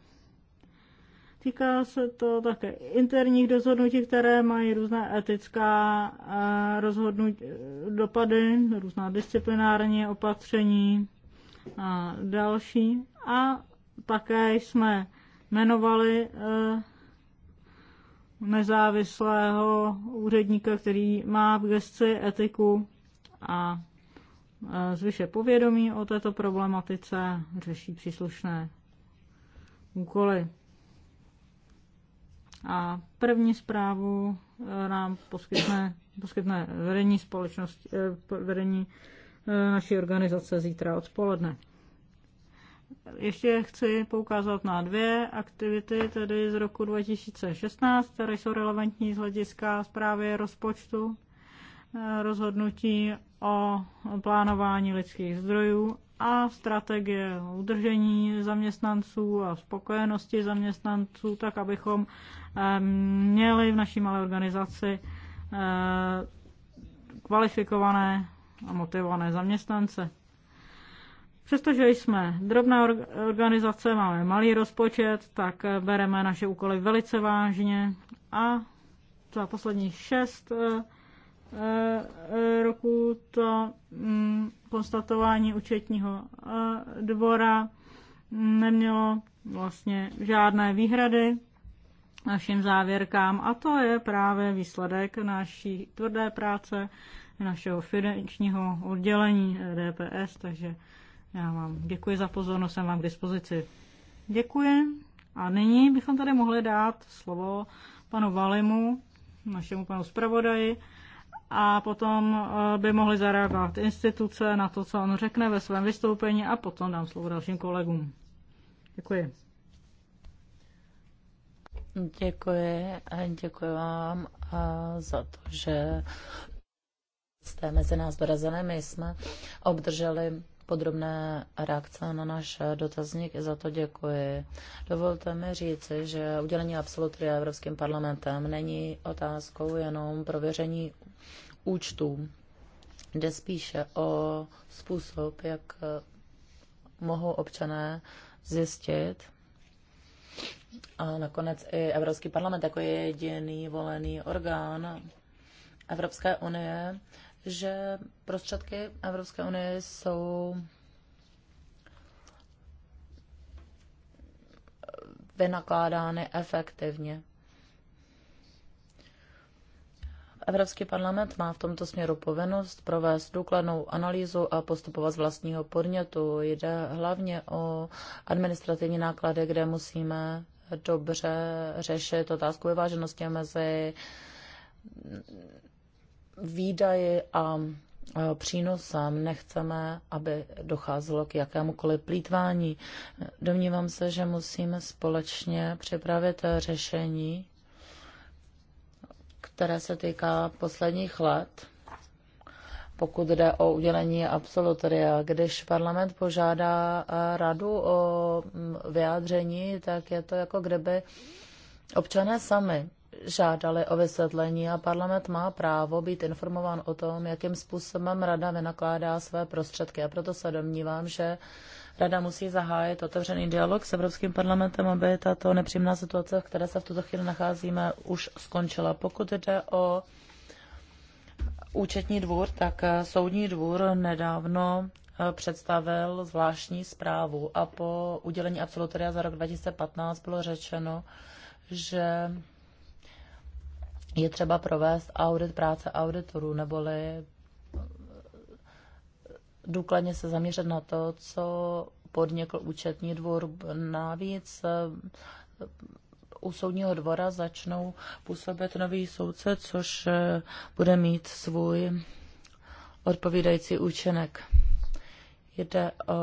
Týká se to také interních rozhodnutí, které mají různé etická eh, rozhodnutí, dopady, různá disciplinární opatření a další. A také jsme jmenovali nezávislého úředníka, který má v gesci etiku a zvyše povědomí o této problematice, řeší příslušné úkoly. A první zprávu eh, nám poskytne, poskytne vedení, společnosti, eh, vedení eh, naší organizace zítra odpoledne. Ještě chci poukázat na dvě aktivity, tedy z roku 2016, které jsou relevantní z hlediska zprávy rozpočtu rozhodnutí o plánování lidských zdrojů a strategie udržení zaměstnanců a spokojenosti zaměstnanců, tak abychom měli v naší malé organizaci eh, kvalifikované a motivované zaměstnance. Přestože jsme drobná organizace, máme malý rozpočet, tak eh, bereme naše úkoly velice vážně a za posledních šest eh, Eh, roku to mm, konstatování účetního eh, dvora nemělo vlastně žádné výhrady našim závěrkám a to je právě výsledek naší tvrdé práce našeho finančního oddělení eh, DPS, takže já vám děkuji za pozornost, jsem vám k dispozici. Děkuji a nyní bychom tady mohli dát slovo panu Valimu, našemu panu zpravodaji, a potom eh, by mohly zareagovat instituce na to, co on řekne ve svém vystoupení a potom dám slovo dalším kolegům. Děkuji. Děkuji a děkuji vám a eh, za to, že jste mezi nás dorazené. My jsme obdrželi podrobné reakce na náš dotazník. za to děkuji. Dovolte mi říci, že udělení absolutoria Evropským parlamentem není otázkou jenom prověření účtů. Jde spíše o způsob, jak mohou občané zjistit, a nakonec i Evropský parlament jako jediný volený orgán Evropské unie, že prostředky Evropské unie jsou vynakládány efektivně. Evropský parlament má v tomto směru povinnost provést důkladnou analýzu a postupovat z vlastního podnětu. Jde hlavně o administrativní náklady, kde musíme dobře řešit otázku vyváženosti mezi výdaji a přínosem. Nechceme, aby docházelo k jakémukoliv plítvání. Domnívám se, že musíme společně připravit řešení, které se týká posledních let, pokud jde o udělení absolutoria. Když parlament požádá eh, radu o mm, vyjádření, tak je to jako kdyby občané sami žádali o vysvětlení a parlament má právo být informován o tom, jakým způsobem rada vynakládá své prostředky. A proto se domnívám, že rada musí zahájit otevřený dialog s Evropským parlamentem, aby tato nepříjemná situace, v které se v tuto chvíli nacházíme, už skončila. Pokud jde o účetní dvůr, tak soudní dvůr nedávno eh, představil zvláštní zprávu a po udělení absolutoria za rok 2015 bylo řečeno, že je třeba provést audit práce auditorů, neboli eh, důkladně se zaměřit na to, co podnikl účetní dvůr. Navíc eh, u soudního dvora začnou působit noví soudce, což eh, bude mít svůj odpovídající účinek. Jde o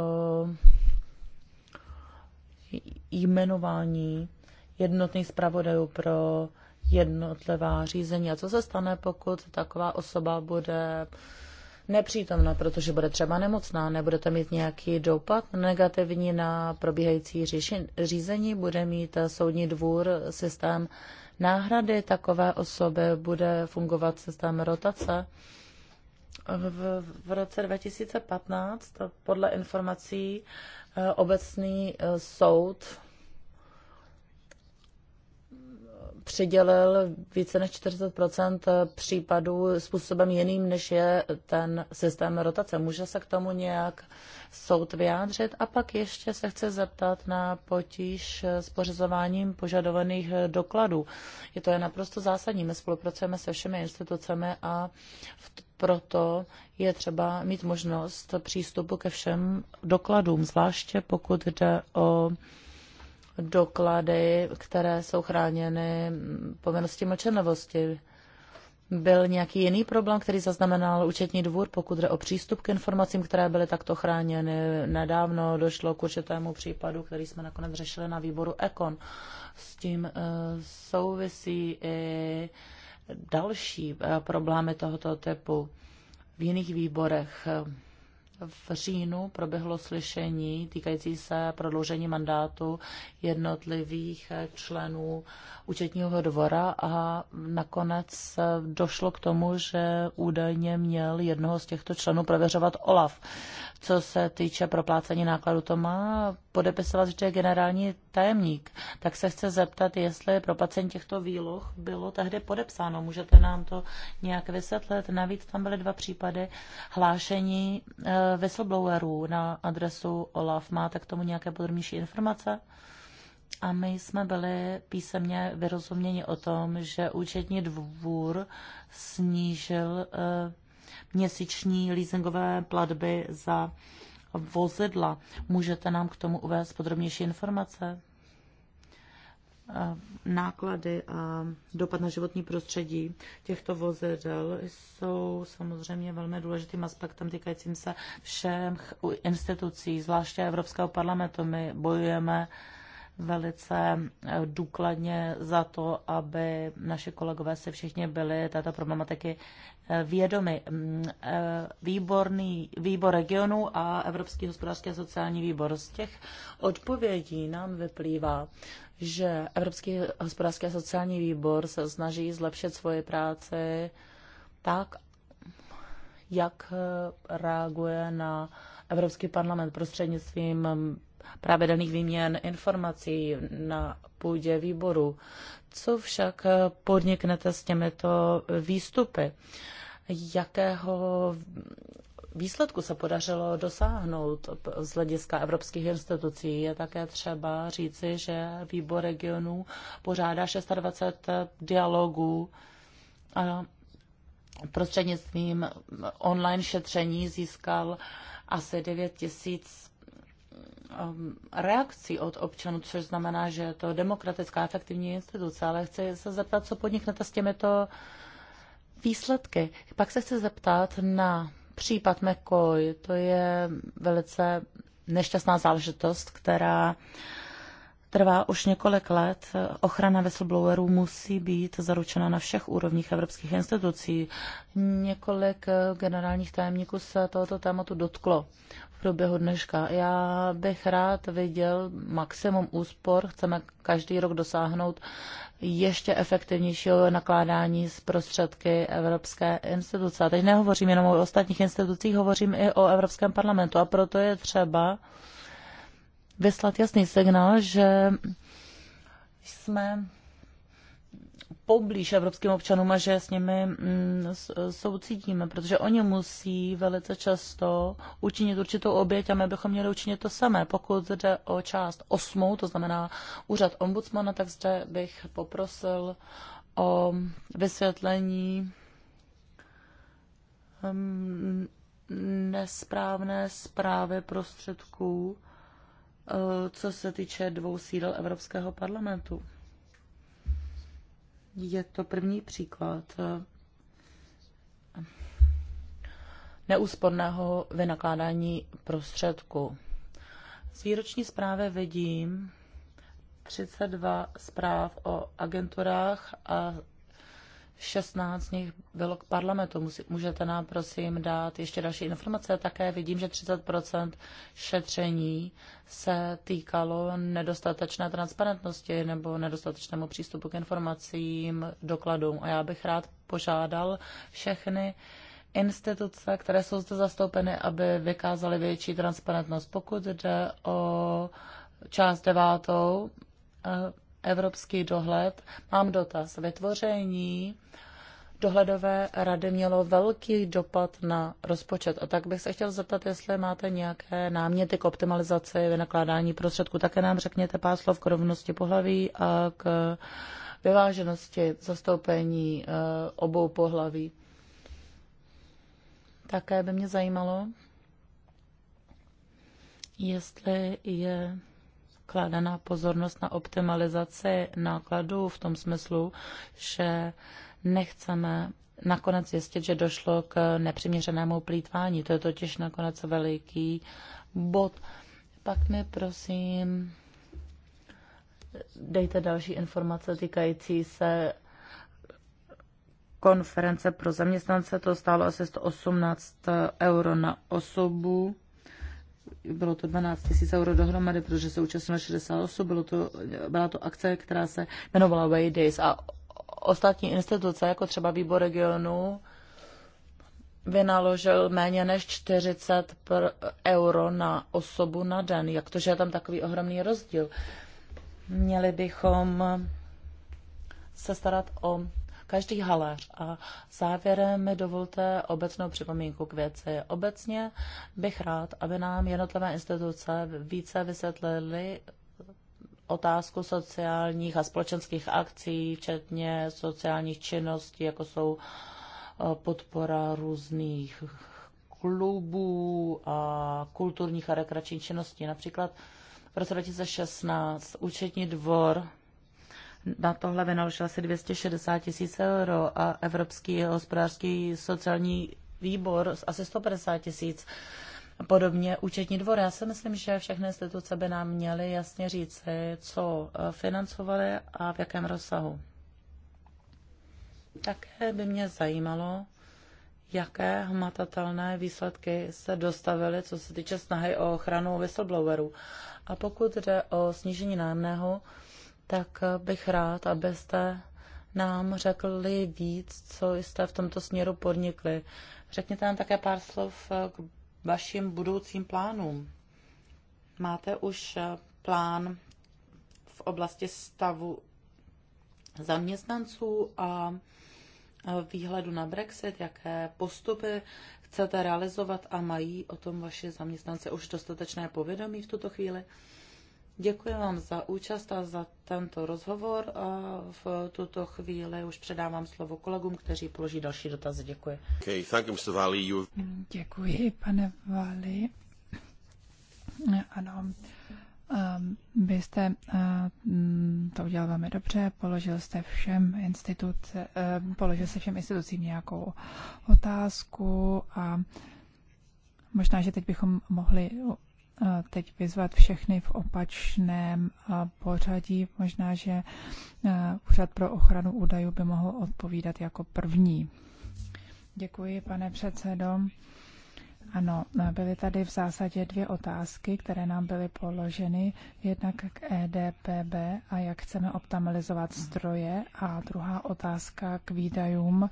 jmenování jednotných zpravodajů pro jednotlivá řízení. A co se stane, pokud taková osoba bude nepřítomná, protože bude třeba nemocná, nebude to mít nějaký dopad negativní na probíhající řízení, bude mít soudní dvůr systém náhrady takové osoby, bude fungovat systém rotace. V, v roce 2015 podle informací eh, obecný eh, soud přidělil více než 40 eh, případů způsobem jiným, než je ten systém rotace. Může se k tomu nějak soud vyjádřit? A pak ještě se chce zeptat na potíž eh, s pořizováním požadovaných eh, dokladů. Je to je naprosto zásadní. My spolupracujeme se všemi institucemi a proto je třeba mít možnost přístupu ke všem dokladům, zvláště pokud jde o doklady, které jsou chráněny povinností mlčenlivosti. Byl nějaký jiný problém, který zaznamenal účetní dvůr, pokud jde o přístup k informacím, které byly takto chráněny? Nedávno došlo k určitému případu, který jsme nakonec řešili na výboru EKON. S tím eh, souvisí i další eh, problémy tohoto typu v jiných výborech v říjnu proběhlo slyšení týkající se prodloužení mandátu jednotlivých členů účetního dvora a nakonec došlo k tomu, že údajně měl jednoho z těchto členů prověřovat OLAF. Co se týče proplácení nákladu, to má podepisovat je generální tajemník. Tak se chce zeptat, jestli proplacení těchto výloh bylo tehdy podepsáno. Můžete nám to nějak vysvětlit? Navíc tam byly dva případy hlášení eh, whistleblowerů na adresu OLAF. Máte k tomu nějaké podrobnější informace? A my jsme byli písemně vyrozuměni o tom, že účetní dvůr snížil uh, měsíční leasingové platby za vozidla. Můžete nám k tomu uvést podrobnější informace? Eh, náklady a dopad na životní prostředí těchto vozidel jsou samozřejmě velmi důležitým aspektem týkajícím se všech institucí, zvláště Evropského parlamentu. My bojujeme velice eh, důkladně za to, aby naše kolegové se všichni byli této problematiky eh, vědomi. Mm, eh, výborný, výbor regionu a Evropský hospodářský a sociální výbor. Z těch odpovědí nám vyplývá, že Evropský hospodářský a sociální výbor se snaží zlepšit svoji práci tak, jak reaguje na Evropský parlament prostřednictvím pravidelných výměn informací na půdě výboru. Co však podniknete s těmito výstupy? Jakého výsledku se podařilo dosáhnout z hlediska evropských institucí. Je také třeba říci, že výbor regionů pořádá 26 dialogů a prostřednictvím online šetření získal asi 9 tisíc Um, reakcí od občanů, což znamená, že je to demokratická efektivní instituce, ale chci se zeptat, co podniknete s těmito výsledky. Pak se chci zeptat na případ McCoy. To je velice nešťastná záležitost, která trvá už několik let. Ochrana whistleblowerů musí být zaručena na všech úrovních evropských institucí. Několik generálních tajemníků se tohoto tématu dotklo průběhu dneška. Já bych rád viděl maximum úspor. Chceme každý rok dosáhnout ještě efektivnějšího nakládání z prostředky Evropské instituce. A teď nehovořím jenom o ostatních institucích, hovořím i o Evropském parlamentu. A proto je třeba vyslat jasný signál, že jsme poblíž evropským občanům a že s nimi mm, soucítíme, protože oni musí velice často učinit určitou oběť a my bychom měli učinit to samé. Pokud jde o část osmou, to znamená úřad ombudsmana, tak zde bych poprosil o vysvětlení mm, nesprávné zprávy prostředků, eh, co se týče dvou sídel Evropského parlamentu. Je to první příklad eh, neúsporného vynakládání prostředku. Z výroční zprávy vidím 32 zpráv o agenturách a 16 z nich bylo k parlamentu. Můžete nám prosím dát ještě další informace. Také vidím, že 30 šetření se týkalo nedostatečné transparentnosti nebo nedostatečnému přístupu k informacím, dokladům. A já bych rád požádal všechny instituce, které jsou zde zastoupeny, aby vykázaly větší transparentnost. Pokud jde o část devátou, eh, evropský dohled. Mám dotaz. Vytvoření dohledové rady mělo velký dopad na rozpočet. A tak bych se chtěl zeptat, jestli máte nějaké náměty k optimalizaci vynakládání prostředků. Také nám řekněte pár slov k rovnosti pohlaví a k vyváženosti zastoupení eh, obou pohlaví. Také by mě zajímalo, jestli je kladená pozornost na optimalizaci nákladů v tom smyslu, že nechceme nakonec zjistit, že došlo k nepřiměřenému plítvání. To je totiž nakonec veliký bod. Pak mi prosím dejte další informace týkající se konference pro zaměstnance. To stálo asi 118 euro na osobu bylo to 12 000 euro dohromady, protože se účastnilo 60 osob, bylo to, byla to akce, která se jmenovala Way Days a ostatní instituce, jako třeba výbor regionu, vynaložil méně než 40 euro na osobu na den. Jak to, že je tam takový ohromný rozdíl? Měli bychom se starat o každý haléř. A závěrem mi dovolte obecnou připomínku k věci. Obecně bych rád, aby nám jednotlivé instituce více vysvětlily otázku sociálních a společenských akcí, včetně sociálních činností, jako jsou eh, podpora různých klubů a kulturních a rekreačních činností. Například v roce 2016 účetní dvor na tohle vynaložil asi 260 tisíc euro a Evropský hospodářský sociální výbor asi 150 tisíc. Podobně účetní dvor. Já si myslím, že všechny instituce by nám měly jasně říct, co eh, financovaly a v jakém rozsahu. Také by mě zajímalo, jaké hmatatelné výsledky se dostavily, co se týče snahy o ochranu whistleblowerů. A pokud jde o snížení nájemného, tak bych rád, abyste nám řekli víc, co jste v tomto směru podnikli. Řekněte nám také pár slov k vašim budoucím plánům. Máte už eh, plán v oblasti stavu zaměstnanců a eh, výhledu na Brexit, jaké postupy chcete realizovat a mají o tom vaši zaměstnance už dostatečné povědomí v tuto chvíli? Děkuji vám za účast a za tento rozhovor a v tuto chvíli už předávám slovo kolegům, kteří položí další dotazy. Děkuji. Okay, thank you, Mr. Valley. You... Děkuji, pane Vali. Ano, um, vy jste um, to udělal velmi dobře, položil jste všem institut, um, položil jste všem institucím nějakou otázku a možná, že teď bychom mohli teď vyzvat všechny v opačném pořadí. Možná, že Úřad pro ochranu údajů by mohl odpovídat jako první. Děkuji, pane předsedo. Ano, byly tady v zásadě dvě otázky, které nám byly položeny. Jednak k EDPB a jak chceme optimalizovat stroje a druhá otázka k výdajům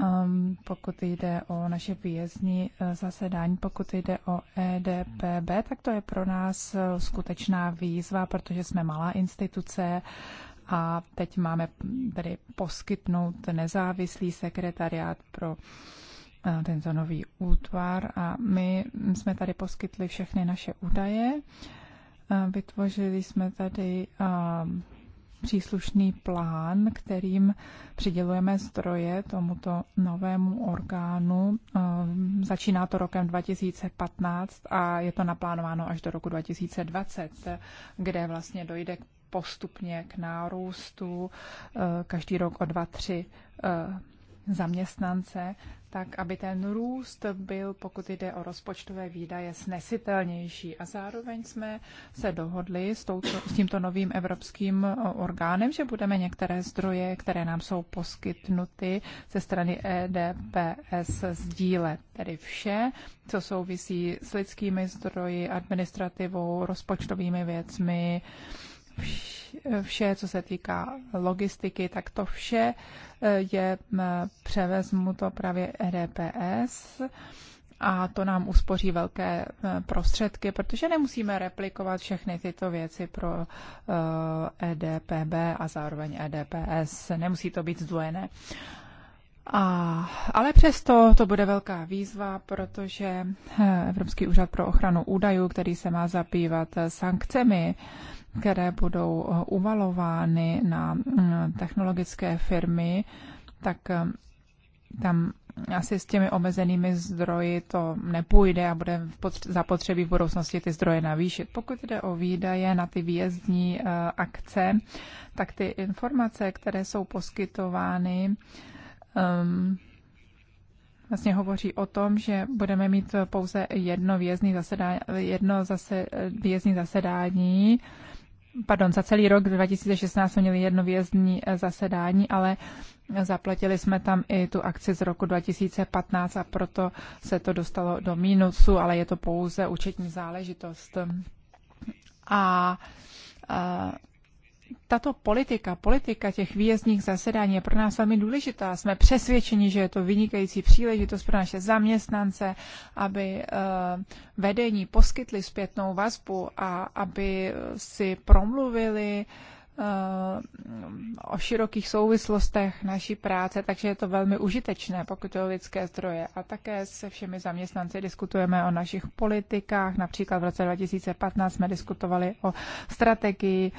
Ehm, pokud jde o naše výjezdní eh, zasedání, pokud jde o EDPB, tak to je pro nás eh, skutečná výzva, protože jsme malá instituce a teď máme tedy poskytnout nezávislý sekretariát pro eh, tento nový útvar a my jsme tady poskytli všechny naše údaje. Vytvořili jsme tady ehm, příslušný plán, kterým přidělujeme zdroje tomuto novému orgánu. Eh, začíná to rokem 2015 a je to naplánováno až do roku 2020, kde vlastně dojde postupně k nárůstu eh, každý rok o 2-3 zaměstnance, tak aby ten růst byl, pokud jde o rozpočtové výdaje, snesitelnější. A zároveň jsme se dohodli s, touto, s tímto novým evropským orgánem, že budeme některé zdroje, které nám jsou poskytnuty ze strany EDPS, sdílet. Tedy vše, co souvisí s lidskými zdroji, administrativou, rozpočtovými věcmi, vše, co se týká logistiky, tak to vše eh, je to právě EDPS a to nám uspoří velké prostředky, protože nemusíme replikovat všechny tyto věci pro EDPB eh, e a zároveň EDPS. Nemusí to být zdvojené. A, ale přesto to bude velká výzva, protože eh, Evropský úřad pro ochranu údajů, který se má zabývat sankcemi, které budou eh, uvalovány na mm, technologické firmy, tak eh, tam asi s těmi omezenými zdroji to nepůjde a bude zapotřebí v budoucnosti ty zdroje navýšit. Pokud jde o výdaje na ty výjezdní eh, akce, tak ty informace, které jsou poskytovány, ehm, vlastně hovoří o tom, že budeme mít pouze jedno výjezdní zasedání, jedno zase, výjezdní zasedání pardon, za celý rok 2016 jsme měli jedno vězdní eh, zasedání, ale zaplatili jsme tam i tu akci z roku 2015 a proto se to dostalo do mínusu, ale je to pouze účetní záležitost. A, a eh, tato politika, politika těch výjezdních zasedání je pro nás velmi důležitá. Jsme přesvědčeni, že je to vynikající příležitost pro naše zaměstnance, aby eh, vedení poskytli zpětnou vazbu a aby si promluvili Eh, o širokých souvislostech naší práce, takže je to velmi užitečné, pokud je o lidské zdroje. A také se všemi zaměstnanci diskutujeme o našich politikách. Například v roce 2015 jsme diskutovali o strategii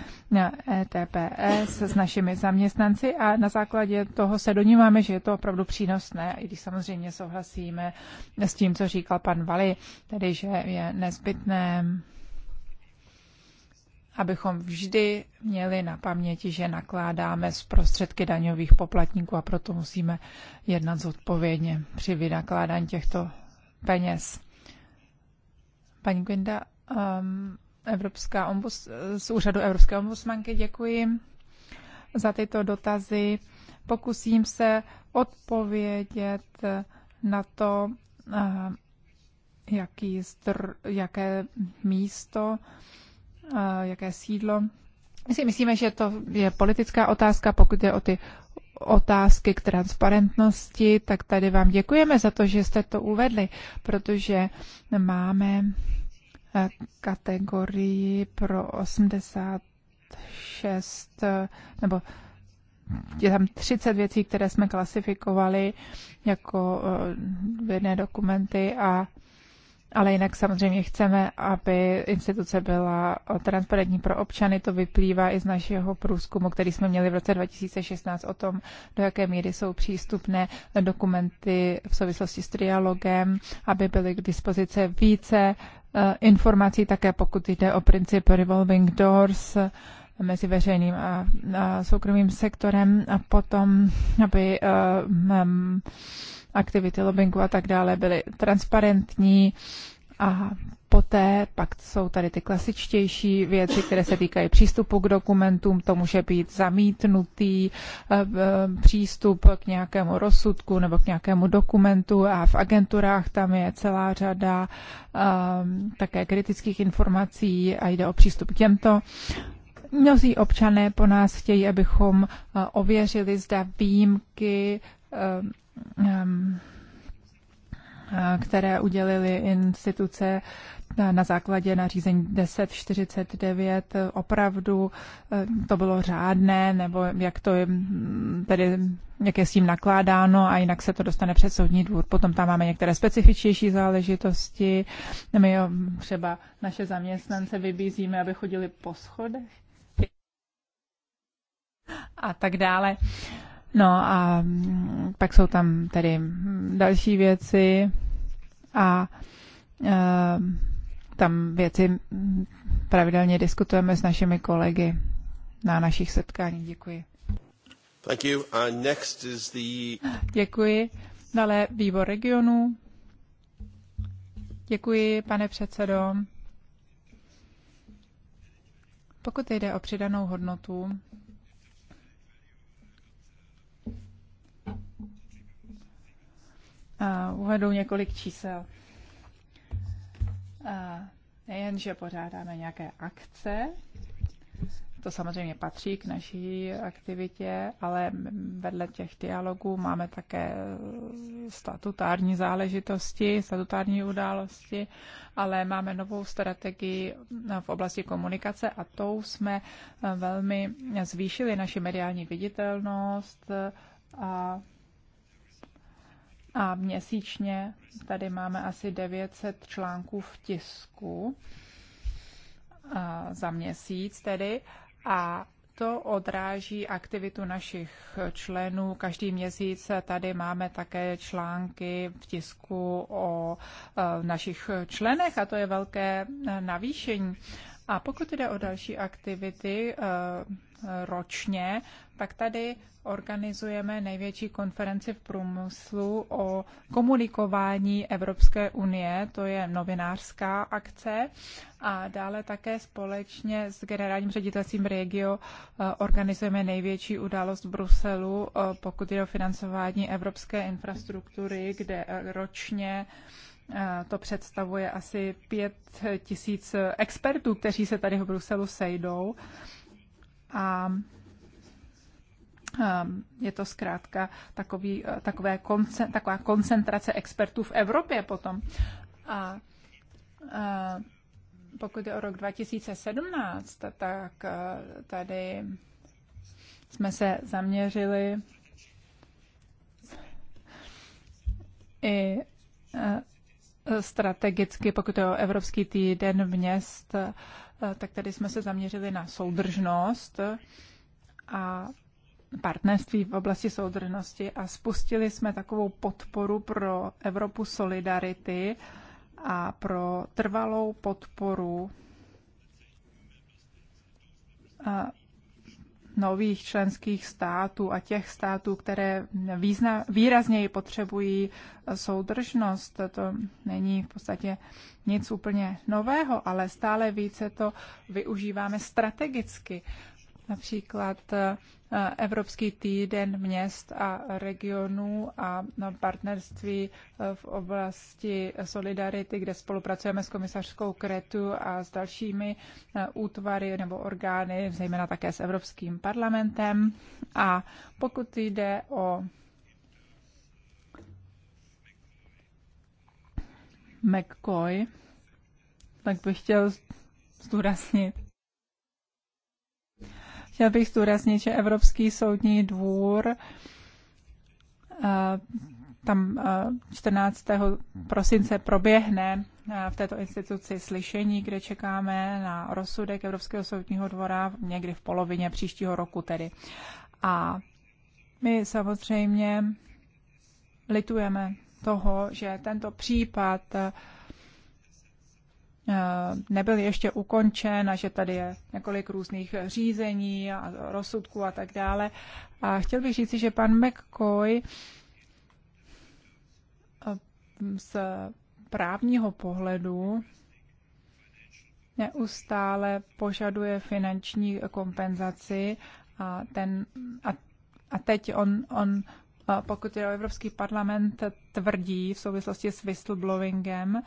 ETPS s našimi zaměstnanci a na základě toho se donímáme, že je to opravdu přínosné, i když samozřejmě souhlasíme s tím, co říkal pan Vali, tedy že je nezbytné abychom vždy měli na paměti, že nakládáme z prostředky daňových poplatníků a proto musíme jednat zodpovědně při vynakládání těchto peněz. Paní Gwinda, um, Evropská ombus, z úřadu Evropské ombudsmanky děkuji za tyto dotazy. Pokusím se odpovědět na to, uh, jaký str- jaké místo jaké sídlo. My si myslíme, že to je politická otázka, pokud je o ty otázky k transparentnosti, tak tady vám děkujeme za to, že jste to uvedli, protože máme eh, kategorii pro 86 eh, nebo je tam 30 věcí, které jsme klasifikovali jako eh, vědné dokumenty a ale jinak samozřejmě chceme, aby instituce byla transparentní pro občany. To vyplývá i z našeho průzkumu, který jsme měli v roce 2016 o tom, do jaké míry jsou přístupné dokumenty v souvislosti s trialogem, aby byly k dispozici více eh, informací, také pokud jde o princip revolving doors eh, mezi veřejným a, a soukromým sektorem a potom, aby um, aktivity lobbingu a tak dále byly transparentní a poté pak jsou tady ty klasičtější věci, které se týkají přístupu k dokumentům, to může být zamítnutý eh, eh, přístup k nějakému rozsudku nebo k nějakému dokumentu a v agenturách tam je celá řada ehm, také kritických informací a jde o přístup k těmto. Mnozí občané po nás chtějí, abychom eh, ověřili, zda výjimky ehm, Ehm, které udělily instituce na základě nařízení 1049 opravdu eh, to bylo řádné, nebo jak to je, tedy, jak je s tím nakládáno a jinak se to dostane před soudní dvůr. Potom tam máme některé specifičnější záležitosti. My jo, třeba naše zaměstnance vybízíme, aby chodili po schodech a tak dále. No a mm, pak jsou tam tedy mm, další věci a e, tam věci mm, pravidelně diskutujeme s našimi kolegy na našich setkáních. Děkuji. Thank you. And next is the... Děkuji. Dále výbor regionu. Děkuji, pane předsedo. Pokud jde o přidanou hodnotu, Uvedu několik čísel. Nejen, že pořádáme nějaké akce, to samozřejmě patří k naší aktivitě, ale vedle těch dialogů máme také statutární záležitosti, statutární události, ale máme novou strategii v oblasti komunikace a tou jsme velmi zvýšili naši mediální viditelnost a a měsíčně tady máme asi 900 článků v tisku za měsíc tedy a to odráží aktivitu našich členů. Každý měsíc tady máme také články v tisku o e, našich členech a to je velké e, navýšení. A pokud jde o další aktivity e, ročně, tak tady organizujeme největší konferenci v průmyslu o komunikování Evropské unie, to je novinářská akce a dále také společně s generálním ředitelstvím Regio eh, organizujeme největší událost v Bruselu, eh, pokud je o financování evropské infrastruktury, kde eh, ročně to představuje asi pět tisíc expertů, kteří se tady v Bruselu sejdou. A Ehm, je to zkrátka takový, eh, takové konce, taková koncentrace expertů v Evropě potom. A, a eh, pokud je o rok 2017, tak eh, tady jsme se zaměřili i strategicky, pokud je o Evropský týden měst, tak tady jsme se zaměřili na soudržnost a partnerství v oblasti soudržnosti a spustili jsme takovou podporu pro Evropu solidarity a pro trvalou podporu nových členských států a těch států, které význa, výrazněji potřebují soudržnost. To není v podstatě nic úplně nového, ale stále více to využíváme strategicky. Například Evropský týden měst a regionů a partnerství v oblasti solidarity, kde spolupracujeme s komisařskou Kretu a s dalšími eh, útvary nebo orgány, zejména také s Evropským parlamentem. A pokud jde o McCoy, tak bych chtěl zdůraznit, Chtěl bych zdůraznit, že Evropský soudní dvůr eh, tam 14. Eh, prosince proběhne eh, v této instituci slyšení, kde čekáme na rozsudek Evropského soudního dvora někdy v polovině příštího roku tedy. A my samozřejmě litujeme toho, že tento případ Eh, nebyl ještě ukončen a že tady je několik různých řízení a rozsudků a tak dále. A chtěl bych říci, že pan McCoy eh, z právního pohledu neustále požaduje finanční kompenzaci a, ten, a, a teď on, on eh, pokud je Evropský parlament tvrdí v souvislosti s whistleblowingem,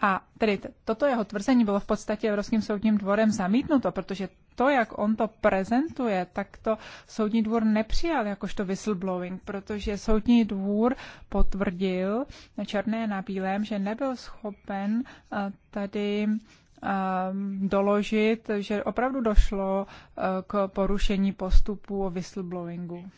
a tedy toto jeho tvrzení bylo v podstatě Evropským soudním dvorem zamítnuto, protože to, jak on to prezentuje, tak to soudní dvůr nepřijal jakožto whistleblowing, protože soudní dvůr potvrdil na černé na bílém, že nebyl schopen tady doložit, že opravdu došlo k porušení postupu o whistleblowingu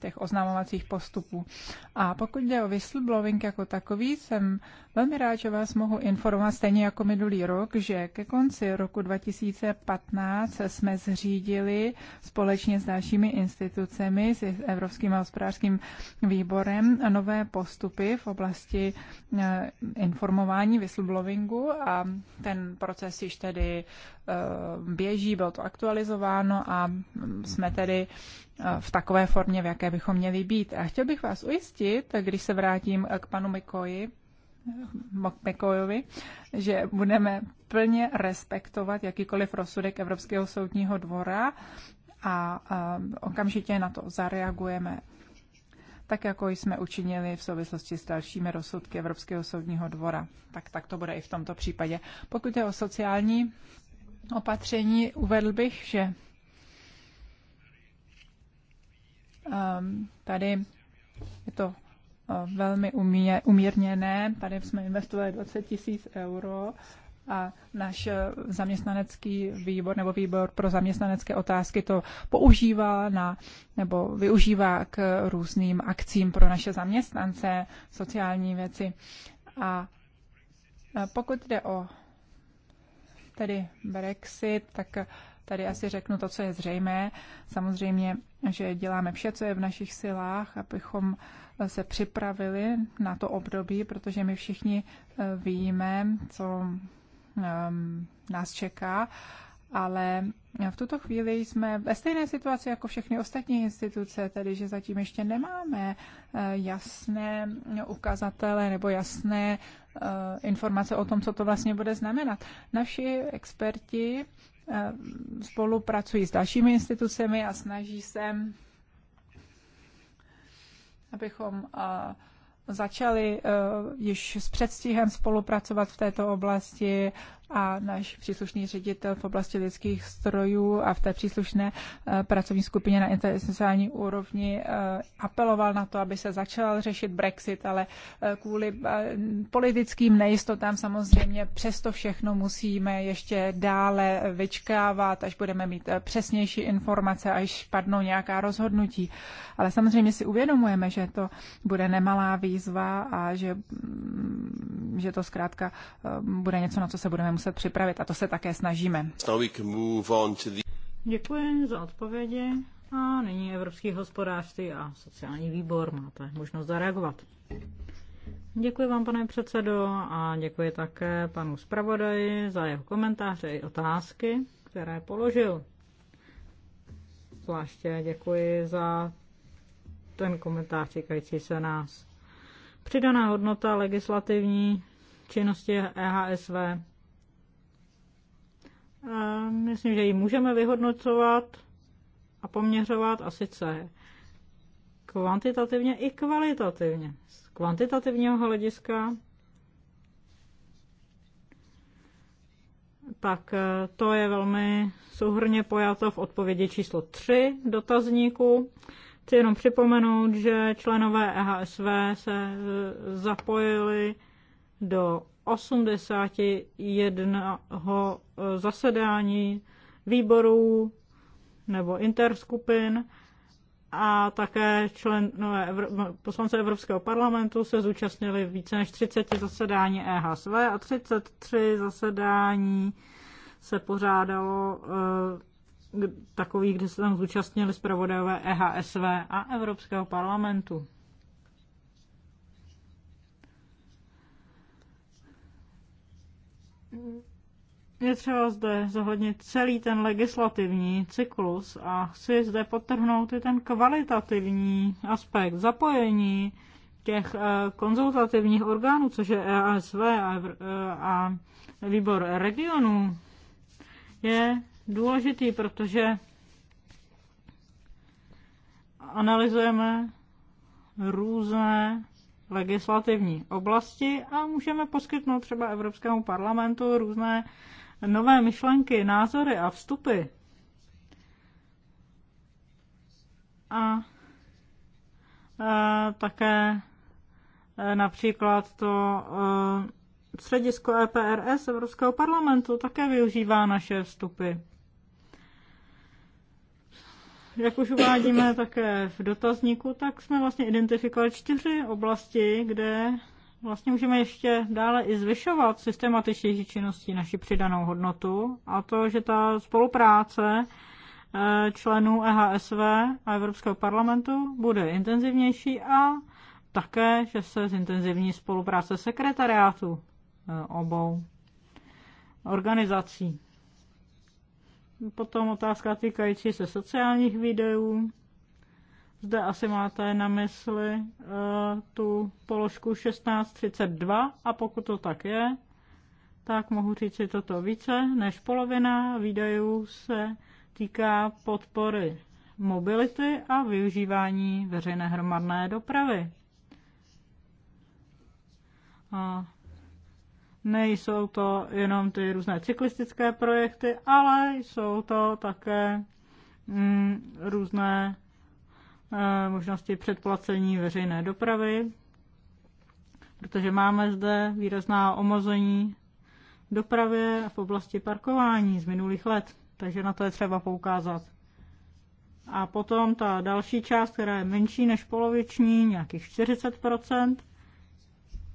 těch oznamovacích postupů. A pokud jde o whistleblowing jako takový, jsem velmi rád, že vás mohu informovat stejně jako minulý rok, že ke konci roku 2015 jsme zřídili společně s dalšími institucemi, s Evropským a hospodářským výborem, nové postupy v oblasti eh, informování whistleblowingu a ten proces již tedy eh, běží, bylo to aktualizováno a jsme tedy v takové formě, v jaké bychom měli být. A chtěl bych vás ujistit, když se vrátím k panu Mikoji, Mikojovi, že budeme plně respektovat jakýkoliv rozsudek Evropského soudního dvora a, a okamžitě na to zareagujeme, tak jako jsme učinili v souvislosti s dalšími rozsudky Evropského soudního dvora. Tak, tak to bude i v tomto případě. Pokud je o sociální opatření, uvedl bych, že Ehm, tady je to eh, velmi umírněné. Tady jsme investovali 20 tisíc euro a náš eh, zaměstnanecký výbor nebo výbor pro zaměstnanecké otázky to používá na, nebo využívá k různým akcím pro naše zaměstnance, sociální věci. A eh, pokud jde o tedy Brexit, tak Tady asi řeknu to, co je zřejmé. Samozřejmě, že děláme vše, co je v našich silách, abychom se připravili na to období, protože my všichni eh, víme, co ehm, nás čeká, ale v tuto chvíli jsme ve stejné situaci jako všechny ostatní instituce, tedy že zatím ještě nemáme eh, jasné ukazatele nebo jasné eh, informace o tom, co to vlastně bude znamenat. Naši experti Eh, spolupracují s dalšími institucemi a snaží se, abychom eh, začali eh, již s předstihem spolupracovat v této oblasti a náš příslušný ředitel v oblasti lidských strojů a v té příslušné eh, pracovní skupině na internacionální úrovni eh, apeloval na to, aby se začal řešit Brexit, ale eh, kvůli politickým nejistotám samozřejmě přesto všechno musíme ještě dále vyčkávat, až budeme mít přesnější informace, až padnou nějaká rozhodnutí. Ale samozřejmě si uvědomujeme, že to bude nemalá výzva a že, mm, že to zkrátka bude něco, na co se budeme muset připravit a to se také snažíme. Děkuji za odpovědi. A nyní Evropský hospodářství a sociální výbor. Máte možnost zareagovat. Děkuji vám, pane předsedo, a děkuji také panu zpravodaji za jeho komentáře i otázky, které položil. Zvláště děkuji za ten komentář týkající se nás. Přidaná hodnota legislativní činnosti EHSV myslím, že ji můžeme vyhodnocovat a poměřovat a sice kvantitativně i kvalitativně. Z kvantitativního hlediska tak e, to je velmi souhrně pojato v odpovědi číslo 3 dotazníku. Chci jenom připomenout, že členové EHSV se e, zapojili do 81 zasedání výborů nebo interskupin a také členové Evro- poslance Evropského parlamentu se zúčastnili více než 30 zasedání EHSV a 33 zasedání se pořádalo e, takových, kde se tam zúčastnili zpravodajové EHSV a Evropského parlamentu. je třeba zde zohlednit celý ten legislativní cyklus a chci zde potrhnout i ten kvalitativní aspekt zapojení těch eh, konzultativních orgánů, což je EASV eh, a výbor regionů, je důležitý, protože analyzujeme různé legislativní oblasti a můžeme poskytnout třeba Evropskému parlamentu různé nové myšlenky, názory a vstupy. A a e, také e, například to a, e, středisko EPRS Evropského parlamentu také využívá naše vstupy. Jak už uvádíme také v dotazníku, tak jsme vlastně identifikovali čtyři oblasti, kde vlastně můžeme ještě dále i zvyšovat systematičtější činností naši přidanou hodnotu a to, že ta spolupráce eh, členů EHSV a Evropského parlamentu bude intenzivnější a také, že se zintenzivní spolupráce sekretariátu eh, obou organizací. Potom otázka týkající se sociálních videů. Zde asi máte na mysli uh, tu položku 1632 a pokud to tak je, tak mohu říct si toto více, než polovina videů se týká podpory mobility a využívání veřejné hromadné dopravy. A Nejsou to jenom ty různé cyklistické projekty, ale jsou to také mm, různé e, možnosti předplacení veřejné dopravy, protože máme zde výrazná omození dopravě v oblasti parkování z minulých let, takže na to je třeba poukázat. A potom ta další část, která je menší než poloviční, nějakých 40%,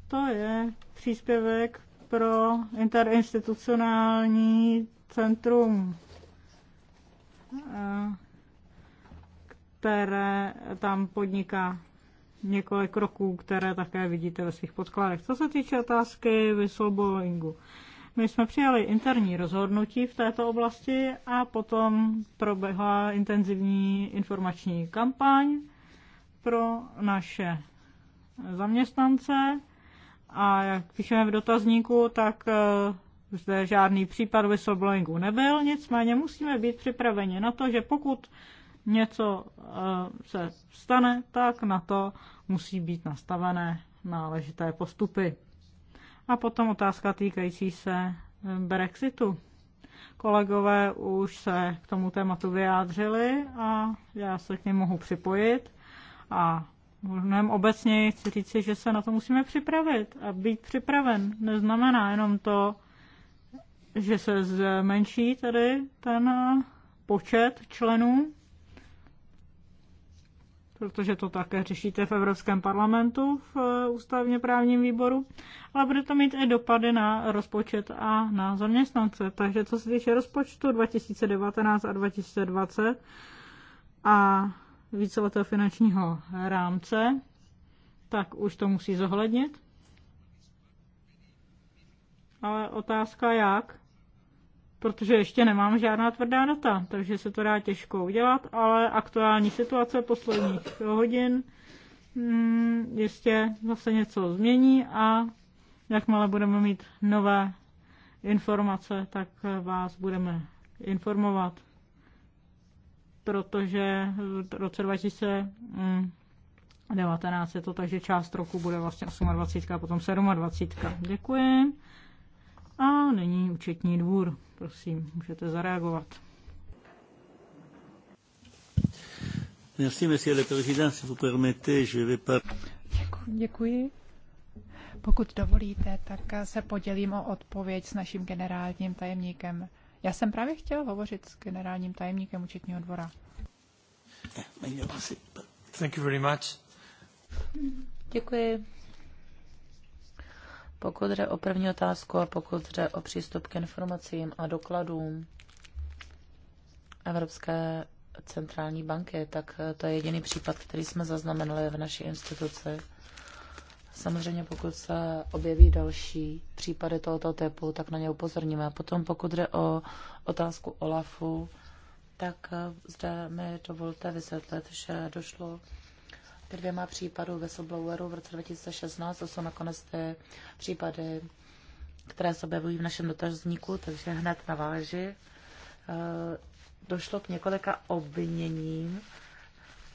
to je příspěvek pro interinstitucionální centrum, eh, které tam podniká několik kroků, které také vidíte ve svých podkladech. Co se týče otázky whistleblowingu, my jsme přijali interní rozhodnutí v této oblasti a potom proběhla intenzivní informační kampaň pro naše zaměstnance a jak píšeme v dotazníku, tak eh, zde žádný případ whistleblowingu nebyl, nicméně musíme být připraveni na to, že pokud něco eh, se stane, tak na to musí být nastavené náležité postupy. A potom otázka týkající se eh, Brexitu. Kolegové už se k tomu tématu vyjádřili a já se k němu mohu připojit. A mnohem obecně chci říct, že se na to musíme připravit. A být připraven neznamená jenom to, že se zmenší tady ten eh, počet členů, protože to také řešíte v Evropském parlamentu v eh, ústavně právním výboru, ale bude to mít i dopady na rozpočet a na zaměstnance. Takže co se týče rozpočtu 2019 a 2020 a víceletého finančního rámce, tak už to musí zohlednit. Ale otázka jak, protože ještě nemám žádná tvrdá data, takže se to dá těžko udělat, ale aktuální situace posledních hodin hmm, jistě zase něco změní a jakmile budeme mít nové informace, tak vás budeme informovat protože v roce 2019 je to takže část roku bude vlastně 28 a potom 27. Děkuji. A není účetní dvůr. Prosím, můžete zareagovat. Merci, monsieur le président. Si vous permettez, je vais par... děkuji. Pokud dovolíte, tak se podělím o odpověď s naším generálním tajemníkem já jsem právě chtěl hovořit s generálním tajemníkem účetního dvora. Thank you very much. Děkuji. Pokud jde o první otázku a pokud jde o přístup k informacím a dokladům Evropské centrální banky, tak to je jediný případ, který jsme zaznamenali v naší instituci. Samozřejmě pokud se objeví další případy tohoto typu, tak na ně upozorníme. Potom pokud jde o otázku OLAFu, tak eh, zde mi dovolte vysvětlit, že došlo ke dvěma případům whistleblowerů v roce 2016. To jsou nakonec ty případy, které se objevují v našem dotazníku, takže hned naváži. Eh, došlo k několika obviněním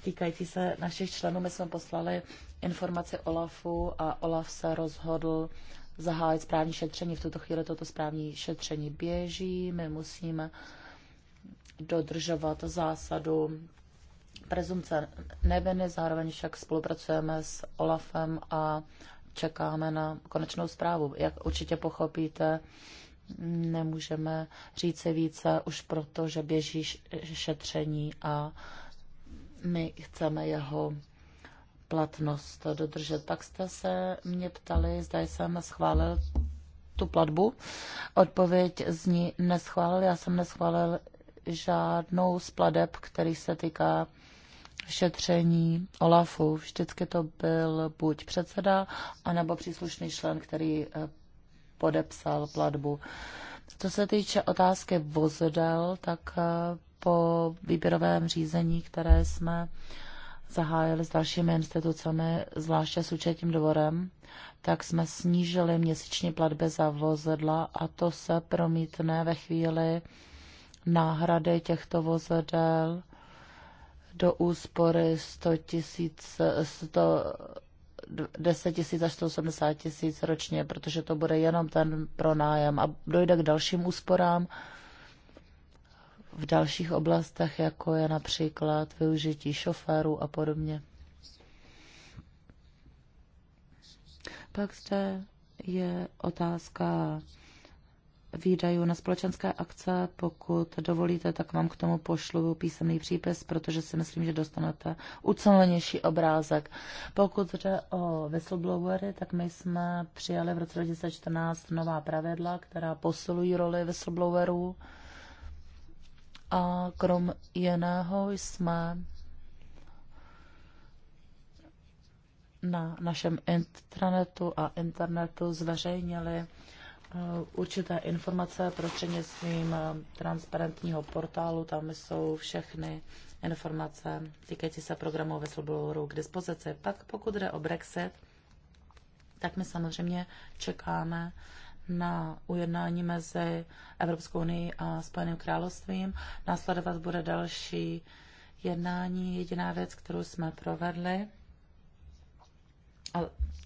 týkající se našich členů. My jsme poslali informaci Olafu a Olaf se rozhodl zahájit správní šetření. V tuto chvíli toto správní šetření běží. My musíme dodržovat zásadu prezumce neviny, zároveň však spolupracujeme s Olafem a čekáme na konečnou zprávu. Jak určitě pochopíte, nemůžeme se více už proto, že běží šetření a my chceme jeho platnost dodržet. Pak jste se mě ptali, zda jsem schválil tu platbu. Odpověď zní neschválil. Já jsem neschválil žádnou z pladeb, který se týká šetření OLAFu. Vždycky to byl buď předseda, anebo příslušný člen, který eh, podepsal platbu. Co se týče otázky vozidel, tak eh, po výběrovém řízení, které jsme zahájili s dalšími institucemi, zvláště s účetním dvorem, tak jsme snížili měsíční platby za vozidla a to se promítne ve chvíli náhrady těchto vozidel do úspory 100 tisíc, 100, 10 tisíc až 180 tisíc ročně, protože to bude jenom ten pronájem a dojde k dalším úsporám v dalších oblastech, jako je například využití šoférů a podobně. Pak zde je otázka výdajů na společenské akce. Pokud dovolíte, tak vám k tomu pošlu písemný přípis, protože si myslím, že dostanete ucelenější obrázek. Pokud jde o whistleblowery, tak my jsme přijali v roce 2014 nová pravidla, která posilují roli whistleblowerů. A krom jiného jsme na našem intranetu a internetu zveřejnili eh, určité informace prostřednictvím eh, transparentního portálu. Tam jsou všechny informace týkající se programu Whistleblowerů k dispozici. Pak pokud jde o Brexit, tak my samozřejmě čekáme na ujednání mezi Evropskou unii a Spojeným královstvím. Následovat bude další jednání. Jediná věc, kterou jsme provedli, a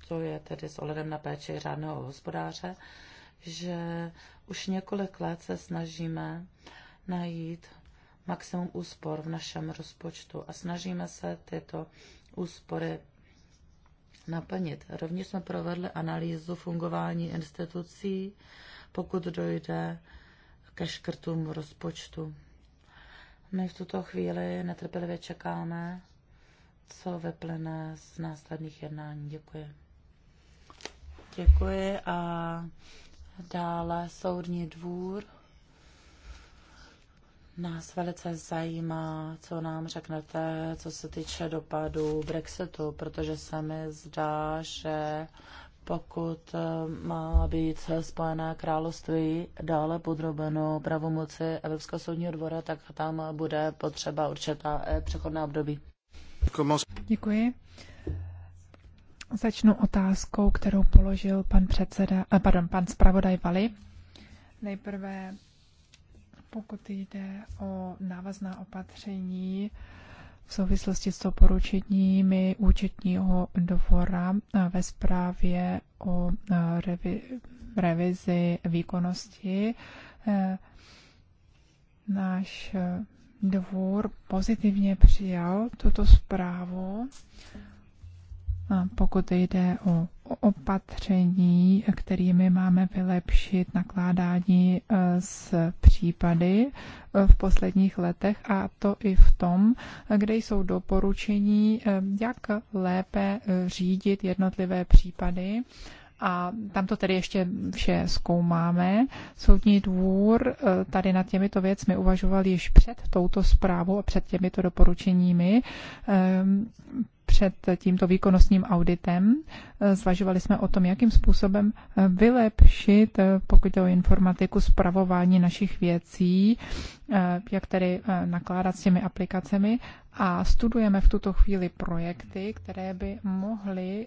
to je tedy s ohledem na péči řádného hospodáře, že už několik let se snažíme najít maximum úspor v našem rozpočtu a snažíme se tyto úspory naplnit. Rovněž jsme provedli analýzu fungování institucí, pokud dojde ke škrtům rozpočtu. My v tuto chvíli netrpělivě čekáme, co vyplyne z následných jednání. Děkuji. Děkuji a dále soudní dvůr. Nás velice zajímá, co nám řeknete, co se týče dopadu Brexitu, protože se mi zdá, že pokud eh, má být Spojené království dále podrobeno pravomoci Evropského soudního dvora, tak tam bude potřeba určitá eh, přechodná období. Děkuji. Začnu otázkou, kterou položil pan předseda, eh, pardon, pan zpravodaj Vali. Nejprve pokud jde o návazná opatření v souvislosti s doporučeními účetního dvora ve zprávě o revi, revizi výkonnosti, e, náš e, dvůr pozitivně přijal tuto zprávu pokud jde o opatření, kterými máme vylepšit nakládání e, s případy e, v posledních letech a to i v tom, kde jsou doporučení, e, jak lépe řídit jednotlivé případy a tam to tedy ještě vše zkoumáme. Soudní dvůr eh, tady nad těmito věcmi uvažoval již před touto zprávou a před těmito doporučeními, ehm, před tímto výkonnostním auditem. Eh, zvažovali jsme o tom, jakým způsobem eh, vylepšit, pokud jde o informatiku, zpravování našich věcí, jak tedy nakládat s těmi aplikacemi a studujeme v tuto chvíli projekty, které by mohly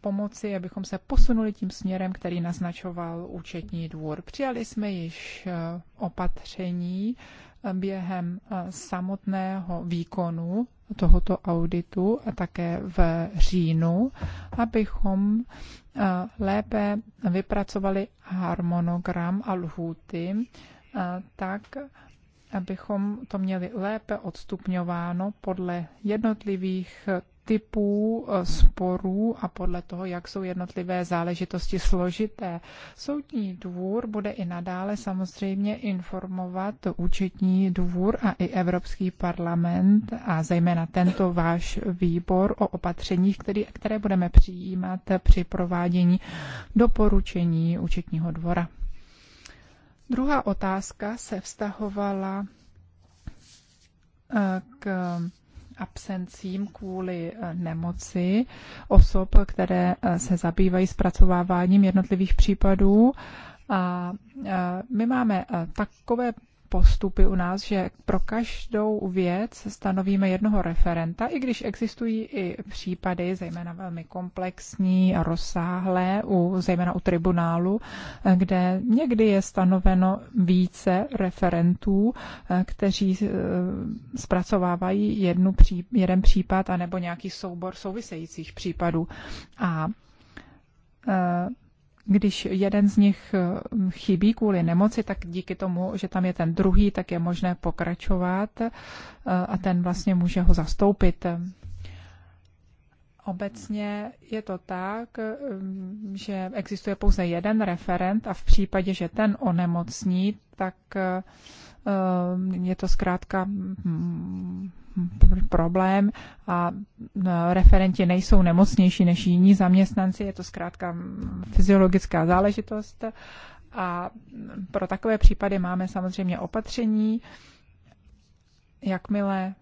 pomoci, abychom se posunuli tím směrem, který naznačoval účetní dvůr. Přijali jsme již eh, opatření eh, během eh, samotného výkonu tohoto auditu a také v říjnu, abychom lépe vypracovali harmonogram a lhůty tak, abychom to měli lépe odstupňováno podle jednotlivých typů eh, sporů a podle toho, jak jsou jednotlivé záležitosti složité. Soudní dvůr bude i nadále samozřejmě informovat účetní dvůr a i Evropský parlament a zejména tento váš výbor o opatřeních, který, které budeme přijímat při provádění doporučení účetního dvora. Druhá otázka se vztahovala eh, k absencím kvůli eh, nemoci osob, které eh, se zabývají zpracováváním jednotlivých případů. A eh, my máme takové postupy u nás, že pro každou věc stanovíme jednoho referenta, i když existují i případy, zejména velmi komplexní a rozsáhlé, u, zejména u tribunálu, kde někdy je stanoveno více referentů, kteří eh, zpracovávají jednu pří, jeden případ anebo nějaký soubor souvisejících případů. A eh, když jeden z nich eh, chybí kvůli nemoci, tak díky tomu, že tam je ten druhý, tak je možné pokračovat eh, a ten vlastně může ho zastoupit. Obecně je to tak, eh, že existuje pouze jeden referent a v případě, že ten onemocní, tak je to zkrátka mm, problém a referenti nejsou nemocnější než jiní zaměstnanci, je to zkrátka fyziologická záležitost a pro takové případy máme samozřejmě opatření, jakmile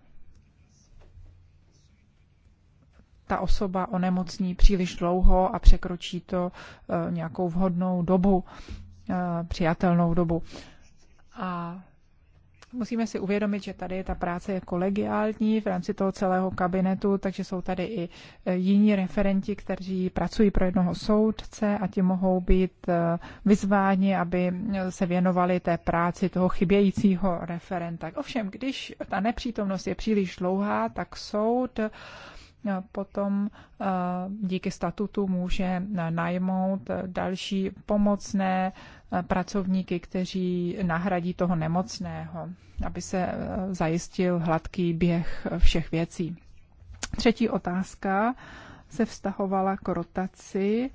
ta osoba onemocní příliš dlouho a překročí to e, nějakou vhodnou dobu, e, přijatelnou dobu. A musíme si uvědomit, že tady ta práce je kolegiální v rámci toho celého kabinetu, takže jsou tady i e, jiní referenti, kteří pracují pro jednoho soudce a ti mohou být e, vyzváni, aby e, se věnovali té práci toho chybějícího referenta. Ovšem, když ta nepřítomnost je příliš dlouhá, tak soud potom eh, díky statutu může najmout další pomocné eh, pracovníky, kteří nahradí toho nemocného, aby se eh, zajistil hladký běh všech věcí. Třetí otázka se vztahovala k rotaci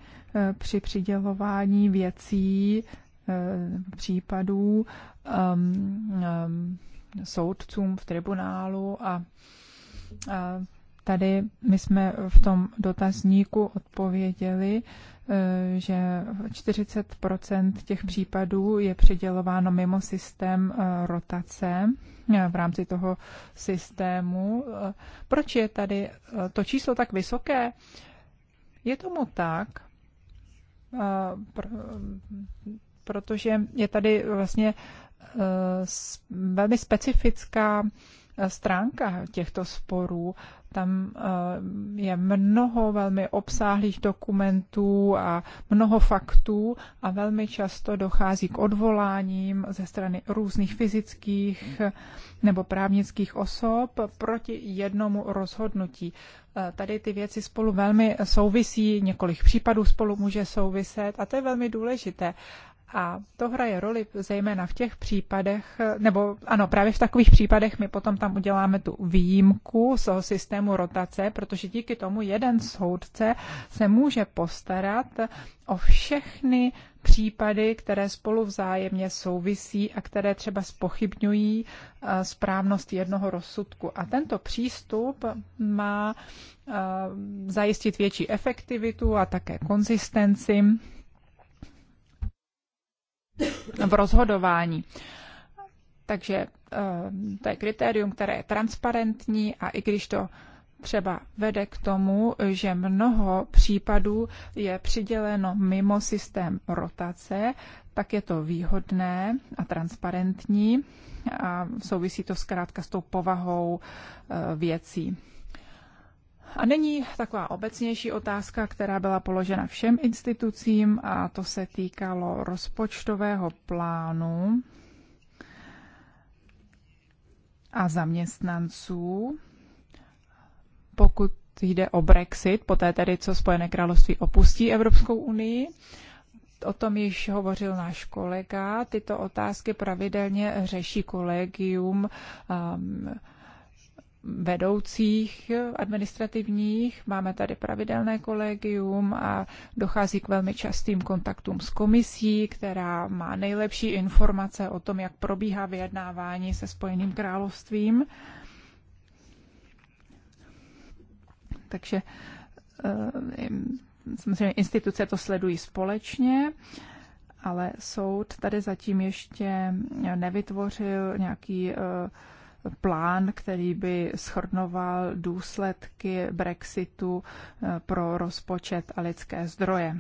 při přidělování věcí, případů ehm, ehm, soudcům v tribunálu a Tady my jsme v tom dotazníku odpověděli, eh, že 40 těch případů je přidělováno mimo systém eh, rotace eh, v rámci toho systému. Proč je tady to číslo tak vysoké? Je tomu tak, protože je tady vlastně velmi specifická Eh, stránka těchto sporů. Tam eh, je mnoho velmi obsáhlých dokumentů a mnoho faktů a velmi často dochází k odvoláním ze strany různých fyzických eh, nebo právnických osob proti jednomu rozhodnutí. Tady ty věci spolu velmi souvisí, několik případů spolu může souviset a to je velmi důležité. A to hraje roli zejména v těch případech, nebo ano, právě v takových případech my potom tam uděláme tu výjimku z toho systému rotace, protože díky tomu jeden soudce se může postarat o všechny případy, které spolu vzájemně souvisí a které třeba spochybňují eh, správnost jednoho rozsudku. A tento přístup má eh, zajistit větší efektivitu a také konzistenci v rozhodování. Takže eh, to je kritérium, které je transparentní a i když to třeba vede k tomu, že mnoho případů je přiděleno mimo systém rotace, tak je to výhodné a transparentní a souvisí to zkrátka s tou povahou eh, věcí. A není taková obecnější otázka, která byla položena všem institucím, a to se týkalo rozpočtového plánu a zaměstnanců. Pokud jde o Brexit, poté tedy, co Spojené království opustí Evropskou unii, o tom již hovořil náš kolega. Tyto otázky pravidelně řeší kolegium um, vedoucích administrativních, máme tady pravidelné kolegium a dochází k velmi častým kontaktům s komisí, která má nejlepší informace o tom, jak probíhá vyjednávání se Spojeným královstvím. Takže eh, samozřejmě instituce to sledují společně ale soud tady zatím ještě nevytvořil nějaký eh, plán, který by schrnoval důsledky Brexitu eh, pro rozpočet a lidské zdroje.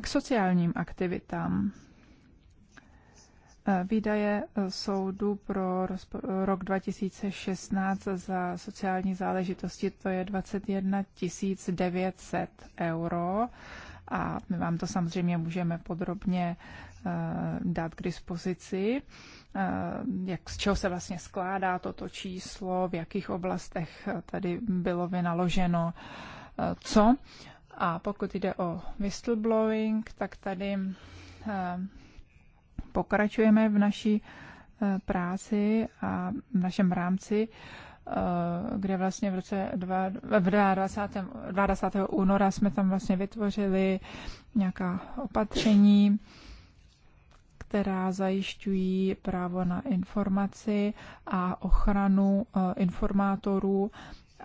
K sociálním aktivitám. Eh, výdaje soudu pro rok 2016 za sociální záležitosti to je 21 900 euro a my vám to samozřejmě můžeme podrobně eh, dát k dispozici. Eh, jak, z čeho se vlastně skládá toto číslo, v jakých oblastech eh, tady bylo vynaloženo eh, co. A pokud jde o whistleblowing, tak tady pokračujeme v naší práci a v našem rámci, kde vlastně v roce 22. února jsme tam vlastně vytvořili nějaká opatření, která zajišťují právo na informaci a ochranu eh, informátorů.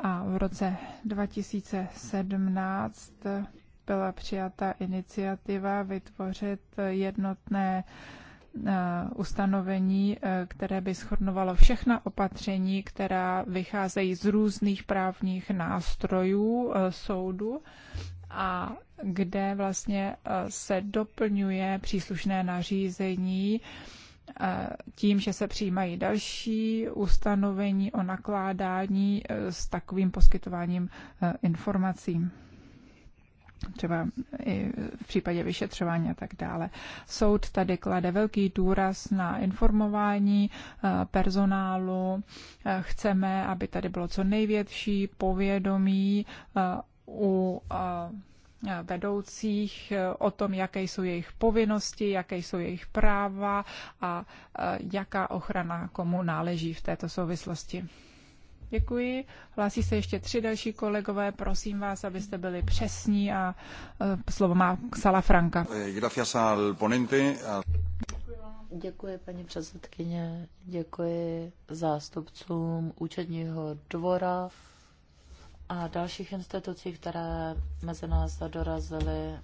A v roce 2017 byla přijata iniciativa vytvořit jednotné eh, ustanovení, eh, které by shodnovalo všechna opatření, která vycházejí z různých právních nástrojů soudu a kde vlastně eh, se doplňuje příslušné nařízení eh, tím, že se přijímají další ustanovení o nakládání eh, s takovým poskytováním informací třeba i v případě vyšetřování a tak dále. Soud tady klade velký důraz na informování personálu. Chceme, aby tady bylo co největší povědomí u vedoucích eh, o tom, jaké jsou jejich povinnosti, jaké jsou jejich práva a eh, jaká ochrana komu náleží v této souvislosti. Děkuji. Hlásí se ještě tři další kolegové. Prosím vás, abyste byli přesní a eh, slovo má Sala Franka. Děkuji, paní předsedkyně. Děkuji zástupcům účetního dvora a dalších institucí, které mezi nás dorazily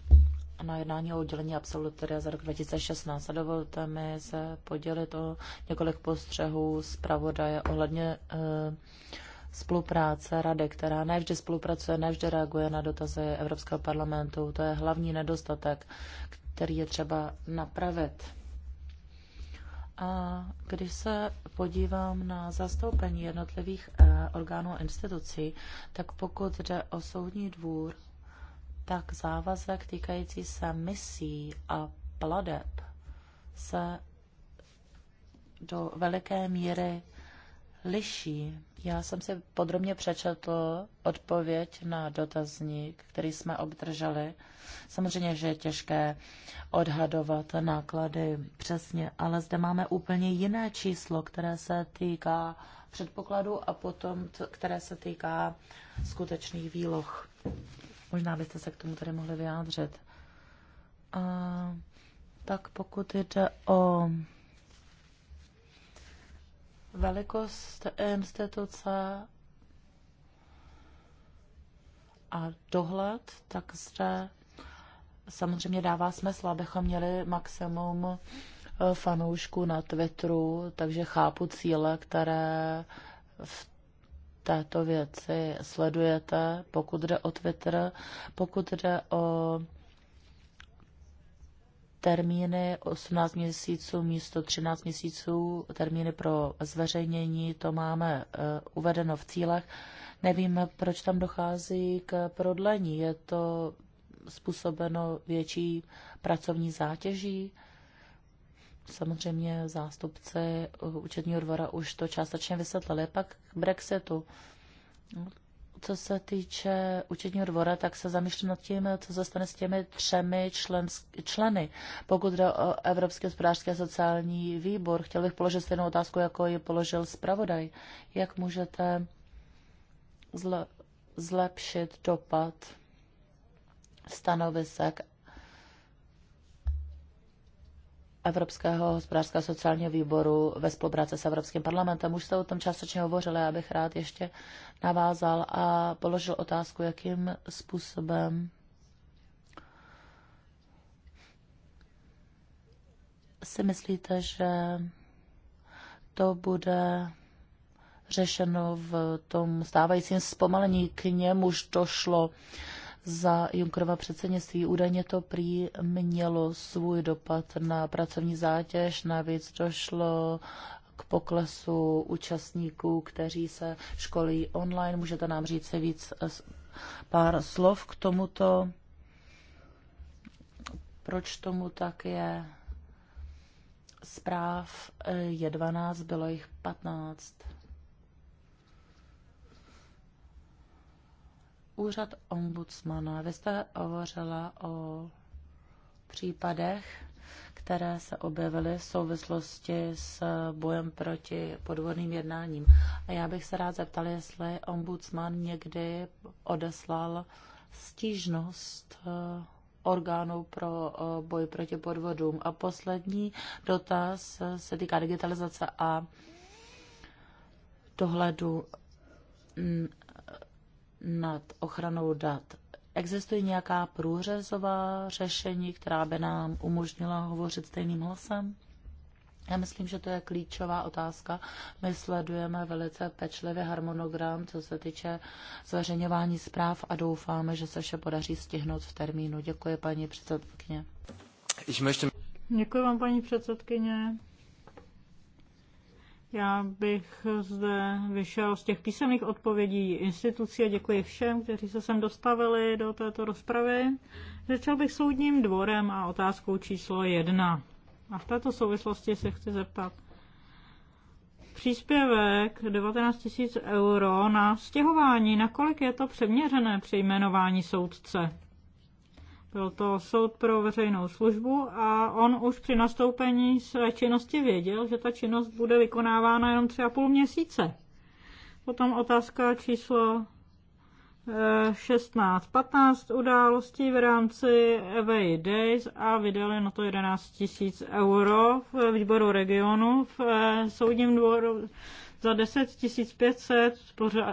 na jednání o udělení absolutoria za rok 2016. A dovolte mi se podělit o několik postřehů pravodaje ohledně eh, spolupráce rady, která nevždy spolupracuje, nevždy reaguje na dotazy Evropského parlamentu. To je hlavní nedostatek, který je třeba napravit. A když se podívám na zastoupení jednotlivých eh, orgánů a institucí, tak pokud jde o soudní dvůr, tak závazek týkající se misí a pladeb se do veliké míry liší. Já jsem si podrobně přečetl odpověď na dotazník, který jsme obdrželi. Samozřejmě, že je těžké odhadovat náklady přesně, ale zde máme úplně jiné číslo, které se týká předpokladu a potom, které se týká skutečných výloh. Možná byste se k tomu tady mohli vyjádřit. A, tak pokud jde o velikost instituce a dohled, tak zde samozřejmě dává smysl, abychom měli maximum eh, fanoušků na Twitteru, takže chápu cíle, které v této věci sledujete, pokud jde o Twitter, pokud jde o termíny 18 měsíců místo 13 měsíců, termíny pro zveřejnění, to máme eh, uvedeno v cílech. Nevím, proč tam dochází k prodlení. Je to způsobeno větší pracovní zátěží? Samozřejmě zástupce účetního dvora už to částečně vysvětlili. Pak k Brexitu co se týče účetního dvora, tak se zamýšlím nad tím, co se stane s těmi třemi člensk- členy. Pokud jde o Evropský hospodářský a sociální výbor, chtěl bych položit stejnou otázku, jako ji položil zpravodaj. Jak můžete zle- zlepšit dopad stanovisek Evropského hospodářského sociálního výboru ve spolupráci s Evropským parlamentem. Už jste o tom částečně hovořili, já bych rád ještě navázal a položil otázku, jakým způsobem si myslíte, že to bude řešeno v tom stávajícím zpomalení, k němuž došlo za Junkerova předsednictví. Údajně to prý mělo svůj dopad na pracovní zátěž, navíc došlo k poklesu účastníků, kteří se školí online. Můžete nám říct si víc eh, pár slov k tomuto? Proč tomu tak je? Zpráv eh, je 12, bylo jich 15. Úřad ombudsmana. Vy jste hovořila o případech které se objevily v souvislosti s bojem proti podvodným jednáním. A já bych se rád zeptal, jestli ombudsman někdy odeslal stížnost eh, orgánů pro eh, boj proti podvodům. A poslední dotaz eh, se týká digitalizace a dohledu mm, nad ochranou dat. Existuje nějaká průřezová řešení, která by nám umožnila hovořit stejným hlasem? Já myslím, že to je klíčová otázka. My sledujeme velice pečlivě harmonogram, co se týče zveřejňování zpráv a doufáme, že se vše podaří stihnout v termínu. Děkuji, paní předsedkyně. Děkuji vám, paní předsedkyně. Já bych zde vyšel z těch písemných odpovědí institucí a děkuji všem, kteří se sem dostavili do této rozpravy. Začal bych soudním dvorem a otázkou číslo jedna. A v této souvislosti se chci zeptat. Příspěvek 19 000 euro na stěhování, nakolik je to přeměřené přejmenování soudce? Byl to soud pro veřejnou službu a on už při nastoupení své činnosti věděl, že ta činnost bude vykonávána jenom tři a půl měsíce. Potom otázka číslo 16, 15 událostí v rámci Away Days a vydali na to 11 tisíc euro v výboru regionu v eh, soudním dvoru za 10 500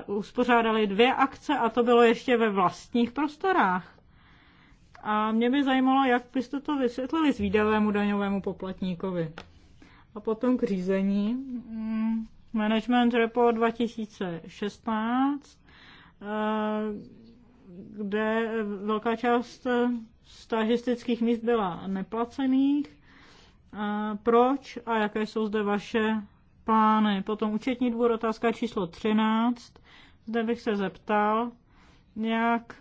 uspořádali dvě akce a to bylo ještě ve vlastních prostorách. A mě by zajímalo, jak byste to vysvětlili zvídavému daňovému poplatníkovi. A potom k řízení. Mm, management Report 2016, eh, kde velká část stažistických míst byla neplacených. Proč a jaké jsou zde vaše plány? Potom účetní dvůr, otázka číslo 13. Zde bych se zeptal, jak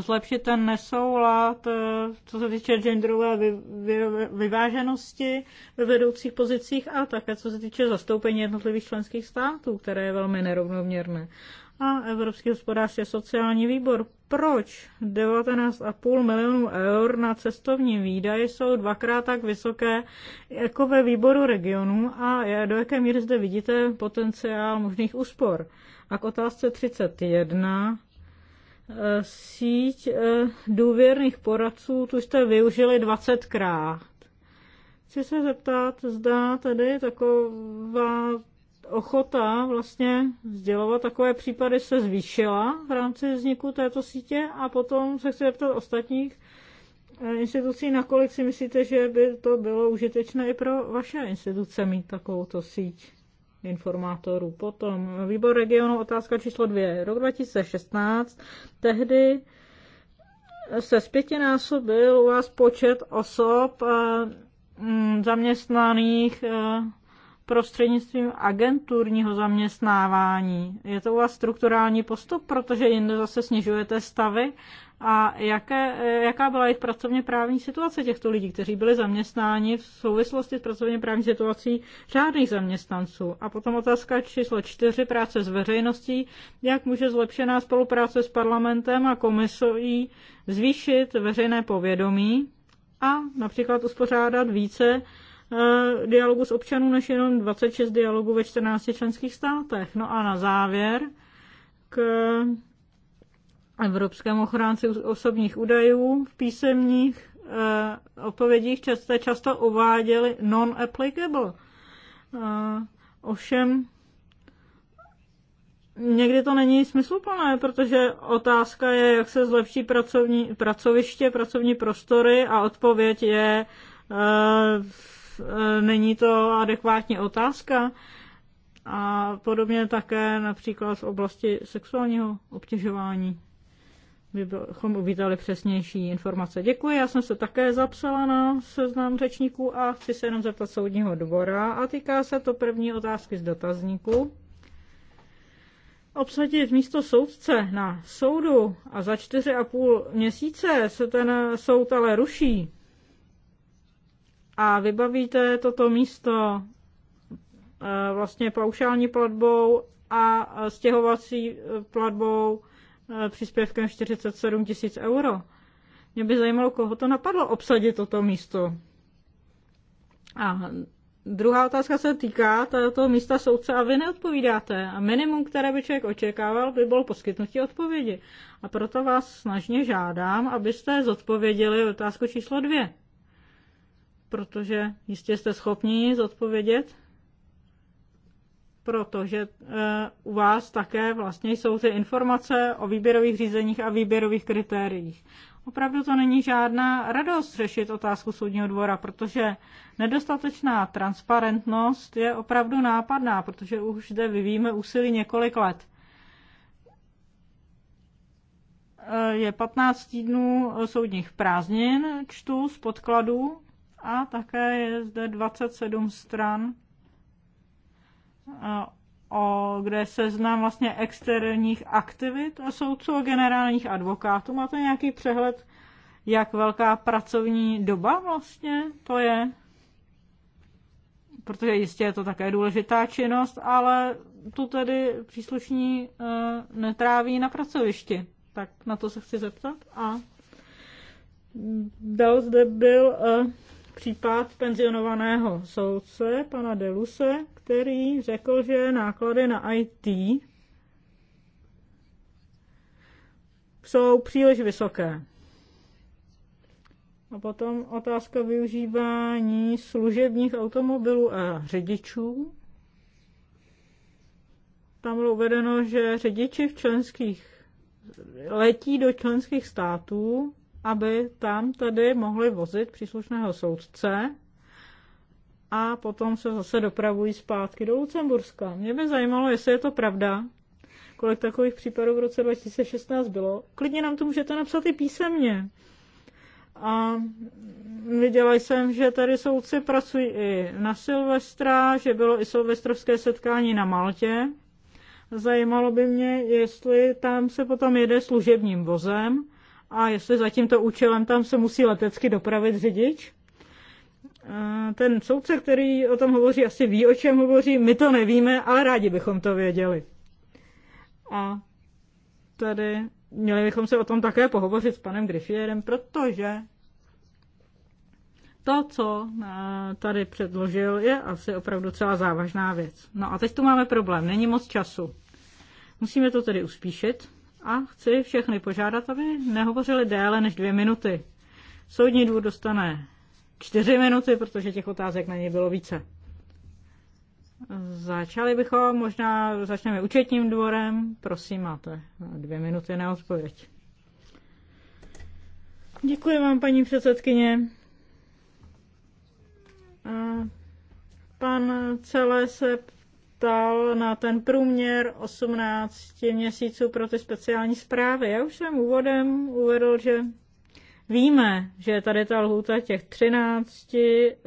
zlepšit ten nesoulad, eh, co se týče genderové vyváženosti ve vedoucích pozicích a také co se týče zastoupení jednotlivých členských států, které je velmi nerovnoměrné. A Evropský hospodářský sociální výbor. Proč 19,5 milionů eur na cestovní výdaje jsou dvakrát tak vysoké jako ve výboru regionů a do jaké míry zde vidíte potenciál možných úspor? A k otázce 31 Eh, síť eh, důvěrných poradců, tu jste využili 20krát. Chci se zeptat, zda tady taková ochota vlastně sdělovat takové případy se zvýšila v rámci vzniku této sítě a potom se chci zeptat ostatních eh, institucí, nakolik si myslíte, že by to bylo užitečné i pro vaše instituce mít takovouto síť? informátorů. Potom výbor regionu, otázka číslo dvě. Rok 2016, tehdy se zpětinásobil u vás počet osob eh, mm, zaměstnaných eh, prostřednictvím agenturního zaměstnávání. Je to u vás strukturální postup, protože jinde zase snižujete stavy a jaké, eh, jaká byla jejich pracovně právní situace těchto lidí, kteří byli zaměstnáni v souvislosti s pracovně právní situací řádných zaměstnanců. A potom otázka číslo čtyři, práce s veřejností, jak může zlepšená spolupráce s parlamentem a komisí zvýšit veřejné povědomí a například uspořádat více eh, dialogu s občanů než jenom 26 dialogů ve 14 členských státech. No a na závěr k Evropském ochránci osobních údajů v písemních eh, odpovědích často, často uváděli non-applicable. E, ovšem, někdy to není smysluplné, protože otázka je, jak se zlepší pracovní, pracoviště, pracovní prostory a odpověď je, e, e, není to adekvátní otázka. A podobně také například v oblasti sexuálního obtěžování bychom uvítali přesnější informace. Děkuji, já jsem se také zapsala na seznam řečníků a chci se jenom zeptat soudního dvora a týká se to první otázky z dotazníku. Obsadit místo soudce na soudu a za čtyři a půl měsíce se ten soud ale ruší a vybavíte toto místo eh, vlastně paušální platbou a stěhovací eh, platbou E, příspěvkem 47 tisíc euro. Mě by zajímalo, koho to napadlo obsadit toto místo. A druhá otázka se týká toho místa soudce a vy neodpovídáte. A minimum, které by člověk očekával, by bylo poskytnutí odpovědi. A proto vás snažně žádám, abyste zodpověděli otázku číslo dvě. Protože jistě jste schopni zodpovědět protože eh, u vás také vlastně jsou ty informace o výběrových řízeních a výběrových kritériích. Opravdu to není žádná radost řešit otázku soudního dvora, protože nedostatečná transparentnost je opravdu nápadná, protože už zde vyvíjíme úsilí několik let. Eh, je 15 týdnů soudních prázdnin, čtu z podkladů a také je zde 27 stran o, kde je seznam vlastně externích aktivit a soudců a generálních advokátů. Máte nějaký přehled, jak velká pracovní doba vlastně to je? Protože jistě je to také důležitá činnost, ale tu tedy příslušní e, netráví na pracovišti. Tak na to se chci zeptat. A dal zde byl e, případ penzionovaného soudce, pana Deluse, který řekl, že náklady na IT jsou příliš vysoké. A potom otázka využívání služebních automobilů a řidičů. Tam bylo uvedeno, že řidiči v členských letí do členských států, aby tam tady mohli vozit příslušného soudce a potom se zase dopravují zpátky do Lucemburska. Mě by zajímalo, jestli je to pravda, kolik takových případů v roce 2016 bylo. Klidně nám to můžete napsat i písemně. A viděla jsem, že tady soudci pracují i na Silvestra, že bylo i silvestrovské setkání na Maltě. Zajímalo by mě, jestli tam se potom jede služebním vozem a jestli za tímto účelem tam se musí letecky dopravit řidič ten soudce, který o tom hovoří, asi ví, o čem hovoří. My to nevíme, ale rádi bychom to věděli. A tady měli bychom se o tom také pohovořit s panem Griffierem, protože to, co eh, tady předložil, je asi opravdu celá závažná věc. No a teď tu máme problém, není moc času. Musíme to tedy uspíšit a chci všechny požádat, aby nehovořili déle než dvě minuty. Soudní dvůr dostane čtyři minuty, protože těch otázek na něj bylo více. Začali bychom, možná začneme účetním dvorem. Prosím, máte dvě minuty na odpověď. Děkuji vám, paní předsedkyně. Pan Celé se ptal na ten průměr 18 měsíců pro ty speciální zprávy. Já už jsem úvodem uvedl, že Víme, že je tady ta lhůta těch 13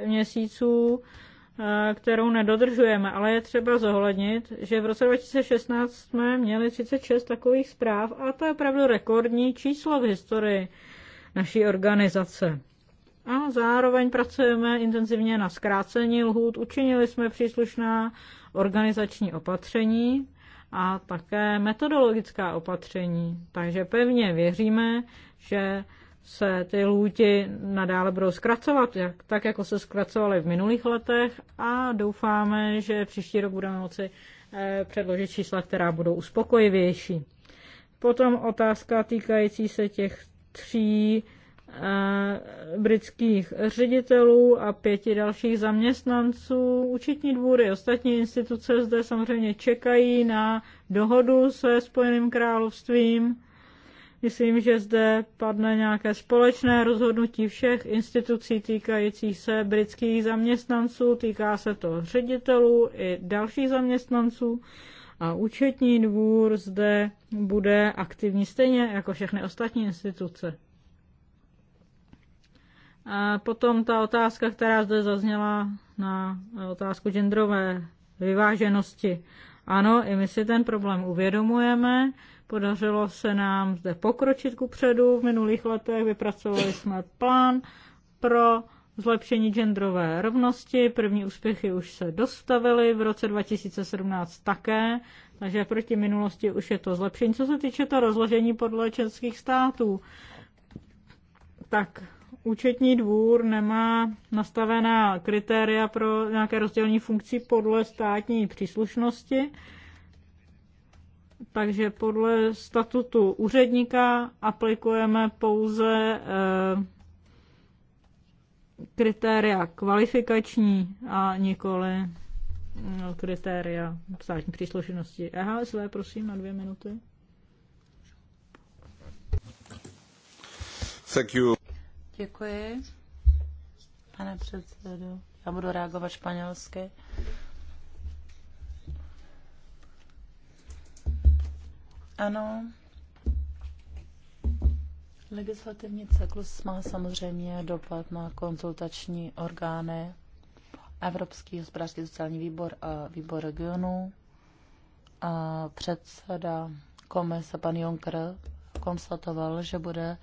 měsíců, eh, kterou nedodržujeme, ale je třeba zohlednit, že v roce 2016 jsme měli 36 takových zpráv a to je opravdu rekordní číslo v historii naší organizace. A zároveň pracujeme intenzivně na zkrácení lhůt, učinili jsme příslušná organizační opatření a také metodologická opatření. Takže pevně věříme, že se ty lůti nadále budou zkracovat, jak, tak jako se zkracovaly v minulých letech a doufáme, že příští rok budeme moci eh, předložit čísla, která budou uspokojivější. Potom otázka týkající se těch tří eh, britských ředitelů a pěti dalších zaměstnanců. Učitní dvůry ostatní instituce zde samozřejmě čekají na dohodu se Spojeným královstvím Myslím, že zde padne nějaké společné rozhodnutí všech institucí týkajících se britských zaměstnanců, týká se to ředitelů i dalších zaměstnanců a účetní dvůr zde bude aktivní stejně jako všechny ostatní instituce. A potom ta otázka, která zde zazněla na otázku genderové vyváženosti. Ano, i my si ten problém uvědomujeme. Podařilo se nám zde pokročit ku předu. V minulých letech vypracovali jsme plán pro zlepšení genderové rovnosti. První úspěchy už se dostavily v roce 2017 také, takže proti minulosti už je to zlepšení. Co se týče to rozložení podle českých států, tak účetní dvůr nemá nastavená kritéria pro nějaké rozdělení funkcí podle státní příslušnosti takže podle statutu úředníka aplikujeme pouze eh, kritéria kvalifikační a nikoli no, kritéria státní příslušnosti. EHSV, prosím, na dvě minuty. Thank you. Děkuji, pane předsedo. Já budu reagovat španělsky. Ano. Legislativní cyklus má samozřejmě dopad na konzultační orgány Evropský hospodářský sociální výbor a výbor regionů. A předseda komise pan Juncker konstatoval, že bude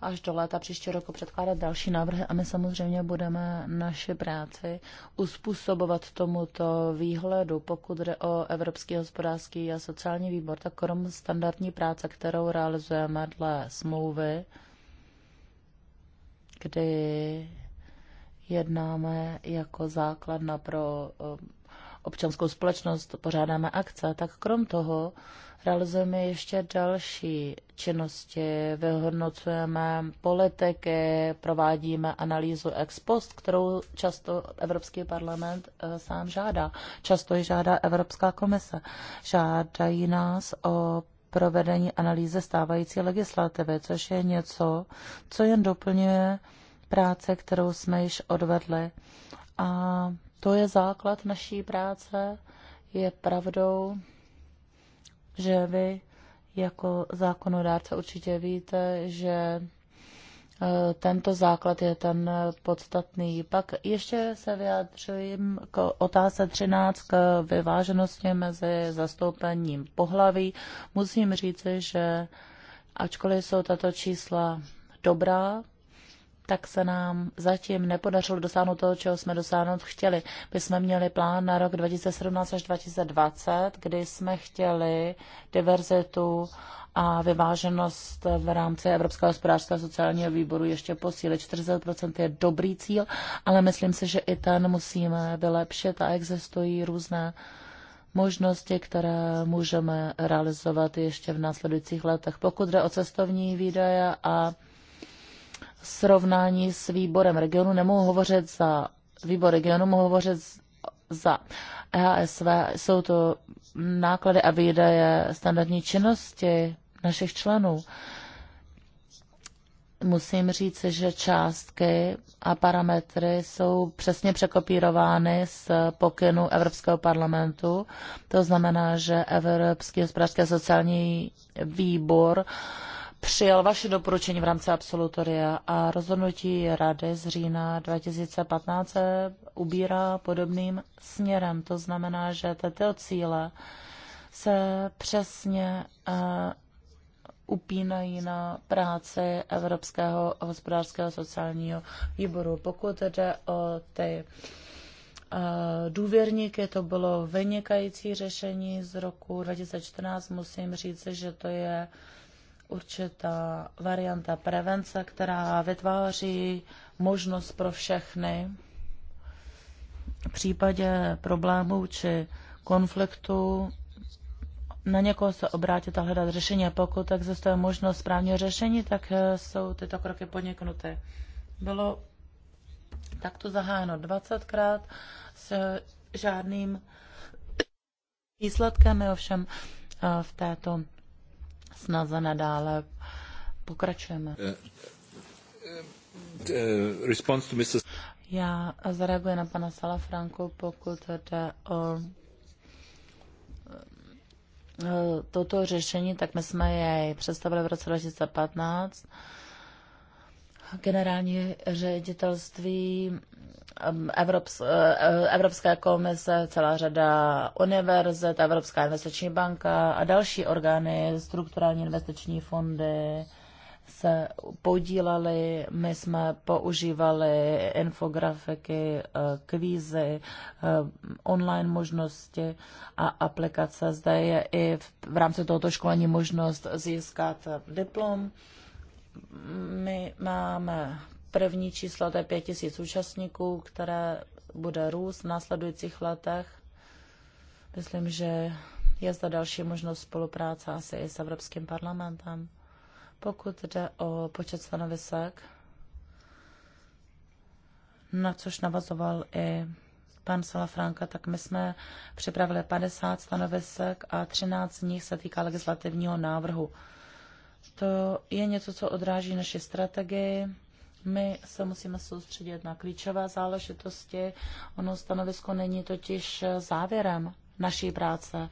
až do léta příštího roku předkládat další návrhy a my samozřejmě budeme naši práci uspůsobovat tomuto výhledu. Pokud jde o Evropský hospodářský a sociální výbor, tak krom standardní práce, kterou realizujeme dle smlouvy, kdy jednáme jako základna pro občanskou společnost, pořádáme akce, tak krom toho realizujeme ještě další činnosti, vyhodnocujeme politiky, provádíme analýzu ex post, kterou často Evropský parlament eh, sám žádá. Často ji žádá Evropská komise. Žádají nás o provedení analýzy stávající legislativy, což je něco, co jen doplňuje práce, kterou jsme již odvedli. A to je základ naší práce. Je pravdou, že vy jako zákonodárce určitě víte, že eh, tento základ je ten podstatný. Pak ještě se vyjádřím k otázce 13 k vyváženosti mezi zastoupením pohlaví. Musím říci, že ačkoliv jsou tato čísla dobrá, tak se nám zatím nepodařilo dosáhnout toho, čeho jsme dosáhnout chtěli. My jsme měli plán na rok 2017 až 2020, kdy jsme chtěli diverzitu a vyváženost v rámci Evropského hospodářského sociálního výboru ještě posílit. 40% je dobrý cíl, ale myslím si, že i ten musíme vylepšit a existují různé možnosti, které můžeme realizovat ještě v následujících letech. Pokud jde o cestovní výdaje a srovnání s výborem regionu. Nemohu hovořit za výbor regionu, mohu hovořit za EASV. Jsou to náklady a výdaje standardní činnosti našich členů. Musím říct, že částky a parametry jsou přesně překopírovány z pokynu Evropského parlamentu. To znamená, že Evropský hospodářský sociální výbor uh, přijal vaše doporučení v rámci absolutoria a rozhodnutí Rady z října 2015 ubírá podobným směrem. To znamená, že tyto cíle se přesně eh, upínají na práci Evropského hospodářského sociálního výboru. Pokud jde o ty eh, důvěrníky, to bylo vynikající řešení z roku 2014. Musím říct, že to je uh, určitá varianta prevence, která vytváří možnost pro všechny v případě problémů či konfliktu na někoho se obrátit a hledat řešení. Pokud existuje možnost správně řešení, tak eh, jsou tyto kroky podniknuty. Bylo takto zahájeno 20krát s žádným výsledkem. My ovšem eh, v této snaze nadále pokračujeme. Eh, eh, eh, response to Mr. Já zareaguji na pana Salafranku, pokud jde o toto řešení, tak my jsme jej představili v roce 2015. Generální ředitelství Um, Evrops, uh, uh, Evropská komise, celá řada univerzit, Evropská investiční banka a další orgány, strukturální investiční fondy se podílali. my jsme používali infografiky, eh, kvízy, eh, online možnosti a aplikace. Zde je i v, v rámci tohoto školení možnost získat diplom. My máme První číslo to je 5000 účastníků, které bude růst v následujících letech. Myslím, že je zde další možnost spolupráce asi i s Evropským parlamentem. Pokud jde o počet stanovisek, na což navazoval i pan Salafranka, tak my jsme připravili 50 stanovisek a 13 z nich se týká legislativního návrhu. To je něco, co odráží naši strategii my se musíme soustředit na klíčové záležitosti. Ono stanovisko není totiž závěrem naší práce.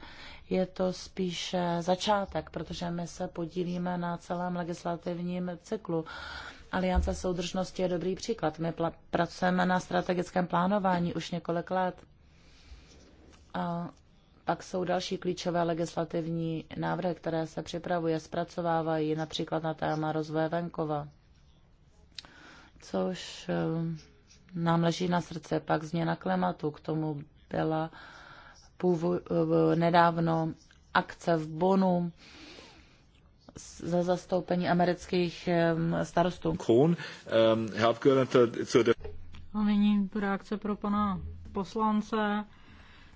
Je to spíše začátek, protože my se podílíme na celém legislativním cyklu. Aliance soudržnosti je dobrý příklad. My pracujeme na strategickém plánování už několik let. A pak jsou další klíčové legislativní návrhy, které se připravuje, zpracovávají například na téma rozvoje venkova což ehm, nám leží na srdce. Pak změna klimatu, k tomu byla původ, nedávno akce v Bonu za zastoupení amerických ehm, starostů. Kron, ehm, Herr A nyní reakce pro pana poslance.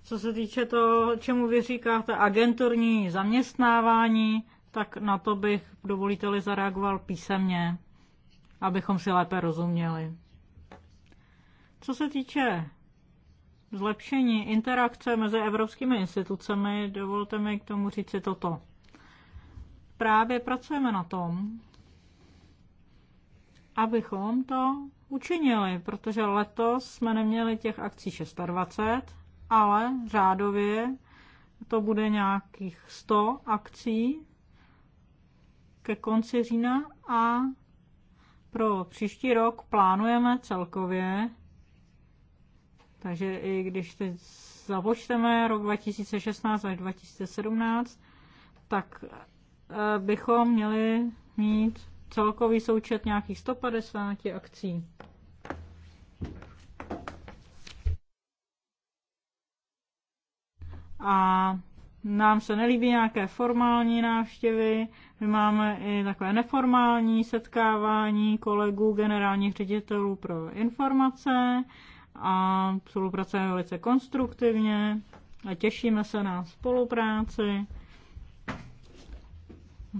Co se týče toho, čemu vy říkáte agenturní zaměstnávání, tak na to bych, dovolíte-li, zareagoval písemně abychom si lépe rozuměli. Co se týče zlepšení interakce mezi evropskými institucemi, dovolte mi k tomu říci toto. Právě pracujeme na tom, abychom to učinili, protože letos jsme neměli těch akcí 26, ale řádově to bude nějakých 100 akcí ke konci října a pro příští rok plánujeme celkově, takže i když teď započteme rok 2016 až 2017, tak eh, bychom měli mít celkový součet nějakých 150 akcí. A nám se nelíbí nějaké formální návštěvy, my máme i takové neformální setkávání kolegů generálních ředitelů pro informace a spolupracujeme velice konstruktivně a těšíme se na spolupráci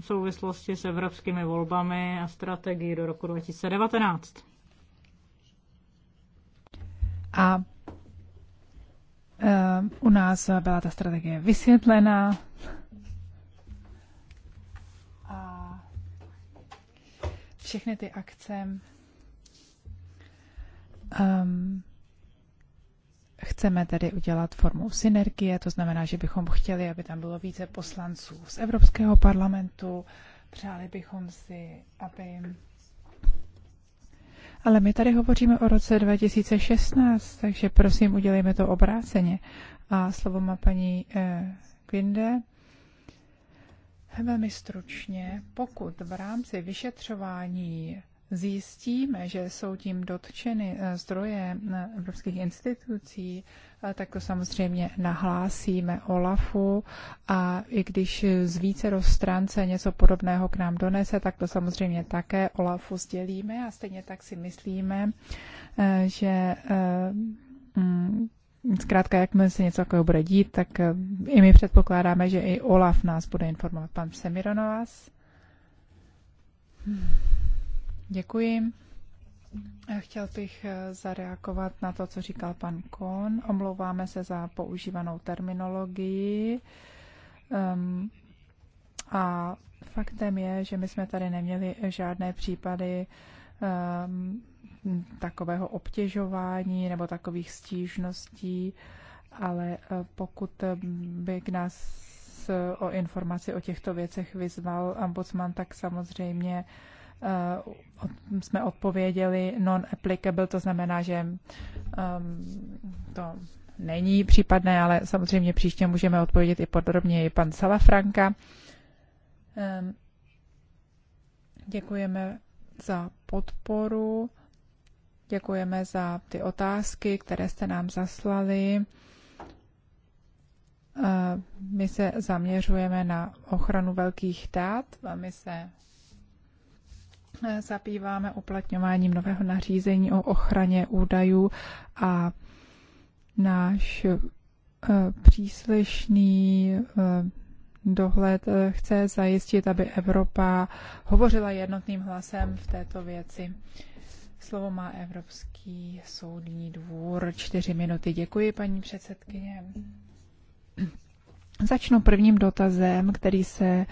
v souvislosti s evropskými volbami a strategií do roku 2019. A Eh, u nás byla ta strategie vysvětlena. A všechny ty akce um, chceme tedy udělat formou synergie, to znamená, že bychom chtěli, aby tam bylo více poslanců z Evropského parlamentu, přáli bychom si, aby ale my tady hovoříme o roce 2016, takže prosím, udělejme to obráceně. A slovo má paní eh, Quinde. Velmi stručně, pokud v rámci vyšetřování zjistíme, že jsou tím dotčeny eh, zdroje eh, evropských institucí, tak to samozřejmě nahlásíme Olafu a i když z více rozstrance něco podobného k nám donese, tak to samozřejmě také Olafu sdělíme a stejně tak si myslíme, eh, že eh, mm, zkrátka, jak se něco takového bude dít, tak eh, i my předpokládáme, že i Olaf nás bude informovat. Pan Semironovas. Hm. Děkuji. Eh, chtěl bych eh, zareagovat na to, co říkal pan Kon. Omlouváme se za používanou terminologii. Um, a faktem je, že my jsme tady neměli žádné případy um, takového obtěžování nebo takových stížností, ale eh, pokud by k nás o informaci o těchto věcech vyzval ombudsman, tak samozřejmě uh, Eh, jsme odpověděli non-applicable, to znamená, že to není případné, ale samozřejmě příště můžeme odpovědět i podrobněji pan Salafranka. Děkujeme za podporu, děkujeme za ty otázky, které jste nám zaslali. Eh, my se zaměřujeme na ochranu velkých dát a my se zabýváme uplatňováním nového nařízení o ochraně údajů a náš eh, příslušný eh, dohled eh, chce zajistit, aby Evropa hovořila jednotným hlasem v této věci. Slovo má Evropský soudní dvůr. Čtyři minuty. Děkuji, paní předsedkyně. Začnu prvním dotazem, který se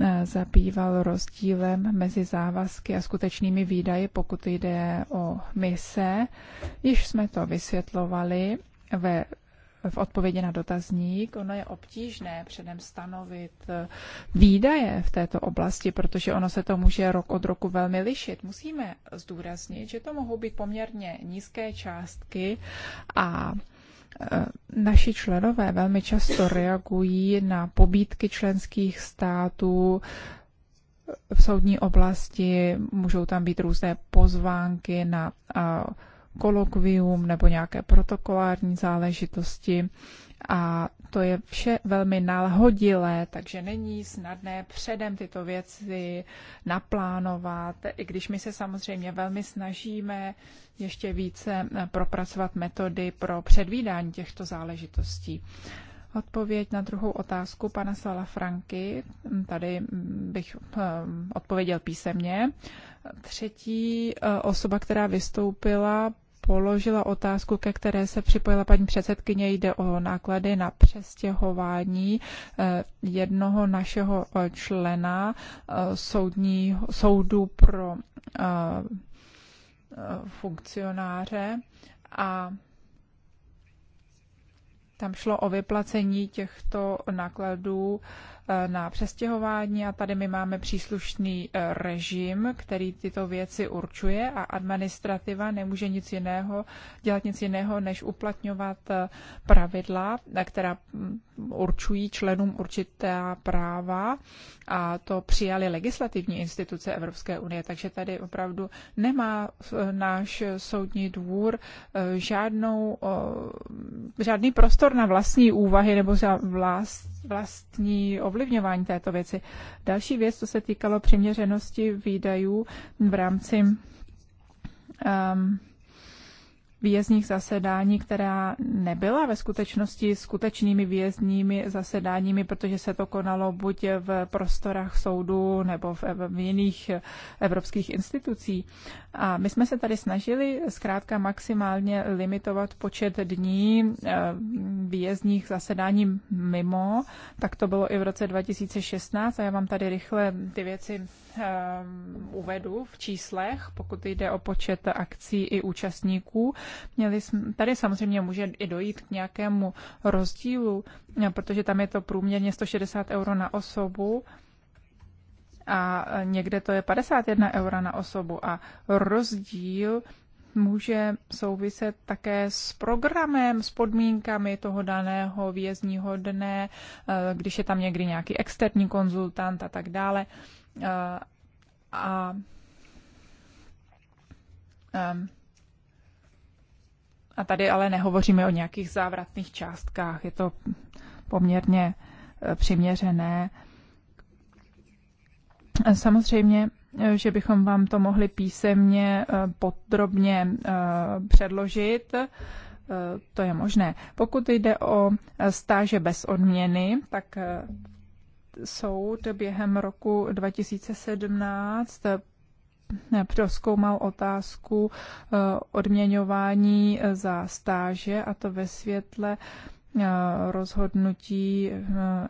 Eh, zabýval rozdílem mezi závazky a skutečnými výdaji, pokud jde o mise. Již jsme to vysvětlovali ve v odpovědi na dotazník, ono je obtížné předem stanovit eh, výdaje v této oblasti, protože ono se to může rok od roku velmi lišit. Musíme zdůraznit, že to mohou být poměrně nízké částky a Eh, naši členové velmi často reagují na pobídky členských států, eh, v soudní oblasti můžou tam být různé pozvánky na eh, kolokvium nebo nějaké protokolární záležitosti a to je vše velmi nalhodilé, takže není snadné předem tyto věci naplánovat, i když my se samozřejmě velmi snažíme ještě více eh, propracovat metody pro předvídání těchto záležitostí. Odpověď na druhou otázku pana Franky, hm, tady hm, bych hm, odpověděl písemně. Třetí eh, osoba, která vystoupila, položila otázku, ke které se připojila paní předsedkyně. Jde o náklady na přestěhování eh, jednoho našeho eh, člena eh, soudní, soudu pro funkcionáře a tam šlo o vyplacení těchto nákladů na přestěhování a tady my máme příslušný eh, režim, který tyto věci určuje a administrativa nemůže nic jiného, dělat nic jiného, než uplatňovat eh, pravidla, která mm, určují členům určitá práva a to přijali legislativní instituce Evropské unie, takže tady opravdu nemá eh, náš soudní dvůr žádnou, žádný prostor na vlastní úvahy nebo za vlast vlastní ovlivňování této věci. Další věc, co se týkalo přiměřenosti výdajů v rámci um, výjezdních zasedání, která nebyla ve skutečnosti skutečnými výjezdními zasedáními, protože se to konalo buď v prostorách soudu nebo v, v jiných evropských institucí. A my jsme se tady snažili zkrátka maximálně limitovat počet dní eh, výjezdních zasedání mimo. Tak to bylo i v roce 2016 a já vám tady rychle ty věci Ehm, uvedu v číslech, pokud jde o počet akcí i účastníků. Měli jsme, tady samozřejmě může i dojít k nějakému rozdílu, eh, protože tam je to průměrně 160 euro na osobu a eh, někde to je 51 eura na osobu a rozdíl může souviset také s programem, s podmínkami toho daného vězního dne, eh, když je tam někdy nějaký externí konzultant a tak dále. Eh, a, a tady ale nehovoříme o nějakých závratných částkách, je to poměrně eh, přiměřené. Samozřejmě, eh, že bychom vám to mohli písemně podrobně předložit, to je možné. Pokud jde o stáže bez odměny, tak soud během roku 2017 eh, proskoumal otázku eh, odměňování eh, za stáže a to ve světle rozhodnutí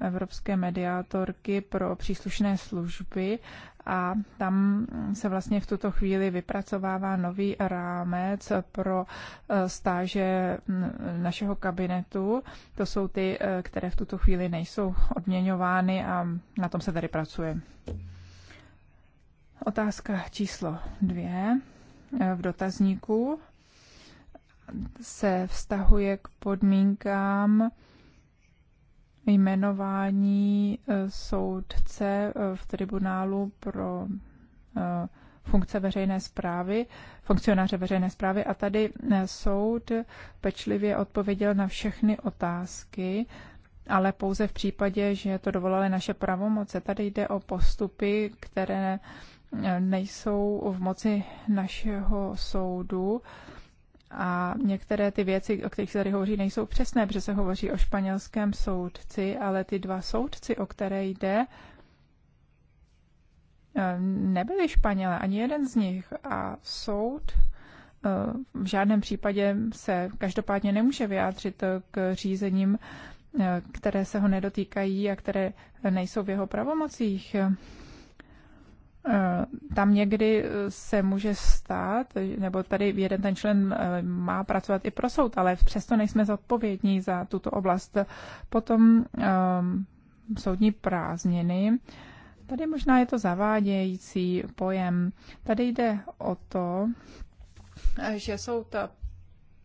evropské mediátorky pro příslušné služby a tam se vlastně v tuto chvíli vypracovává nový rámec pro eh, stáže mm, našeho kabinetu. To jsou ty, eh, které v tuto chvíli nejsou odměňovány a na tom se tady pracuje. Otázka číslo dvě eh, v dotazníku se vztahuje k podmínkám jmenování eh, soudce eh, v tribunálu pro eh, funkce veřejné zprávy, funkcionáře veřejné zprávy a tady soud pečlivě odpověděl na všechny otázky, ale pouze v případě, že to dovolali naše pravomoce. Tady jde o postupy, které nejsou v moci našeho soudu a některé ty věci, o kterých se tady hovoří, nejsou přesné, protože se hovoří o španělském soudci, ale ty dva soudci, o které jde, eh, nebyli Španělé, ani jeden z nich. A soud eh, v žádném případě se každopádně nemůže vyjádřit k řízením, eh, které se ho nedotýkají a které nejsou v jeho pravomocích. Eh, tam někdy eh, se může stát, nebo tady jeden ten člen eh, má pracovat i pro soud, ale přesto nejsme zodpovědní za tuto oblast. Potom um, soudní prázdniny. Tady možná je to zavádějící pojem. Tady jde o to, že soud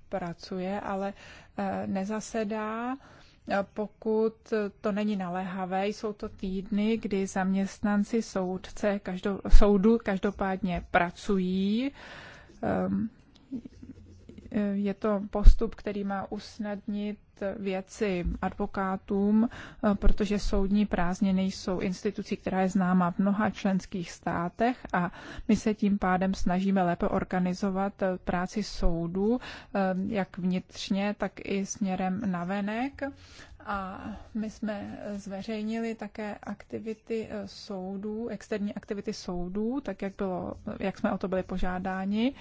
pracuje, ale nezasedá pokud to není naléhavé, jsou to týdny, kdy zaměstnanci soudce každou, soudu každopádně pracují. Um, Eh, je to postup, který má usnadnit věci advokátům, eh, protože soudní prázdniny jsou institucí, která je známa v mnoha členských státech a my se tím pádem snažíme lépe organizovat eh, práci soudu, jak vnitřně, tak i směrem na venek. A my jsme zveřejnili také aktivity soudů, externí aktivity soudů, tak jak, bylo, jak jsme o to byli požádáni.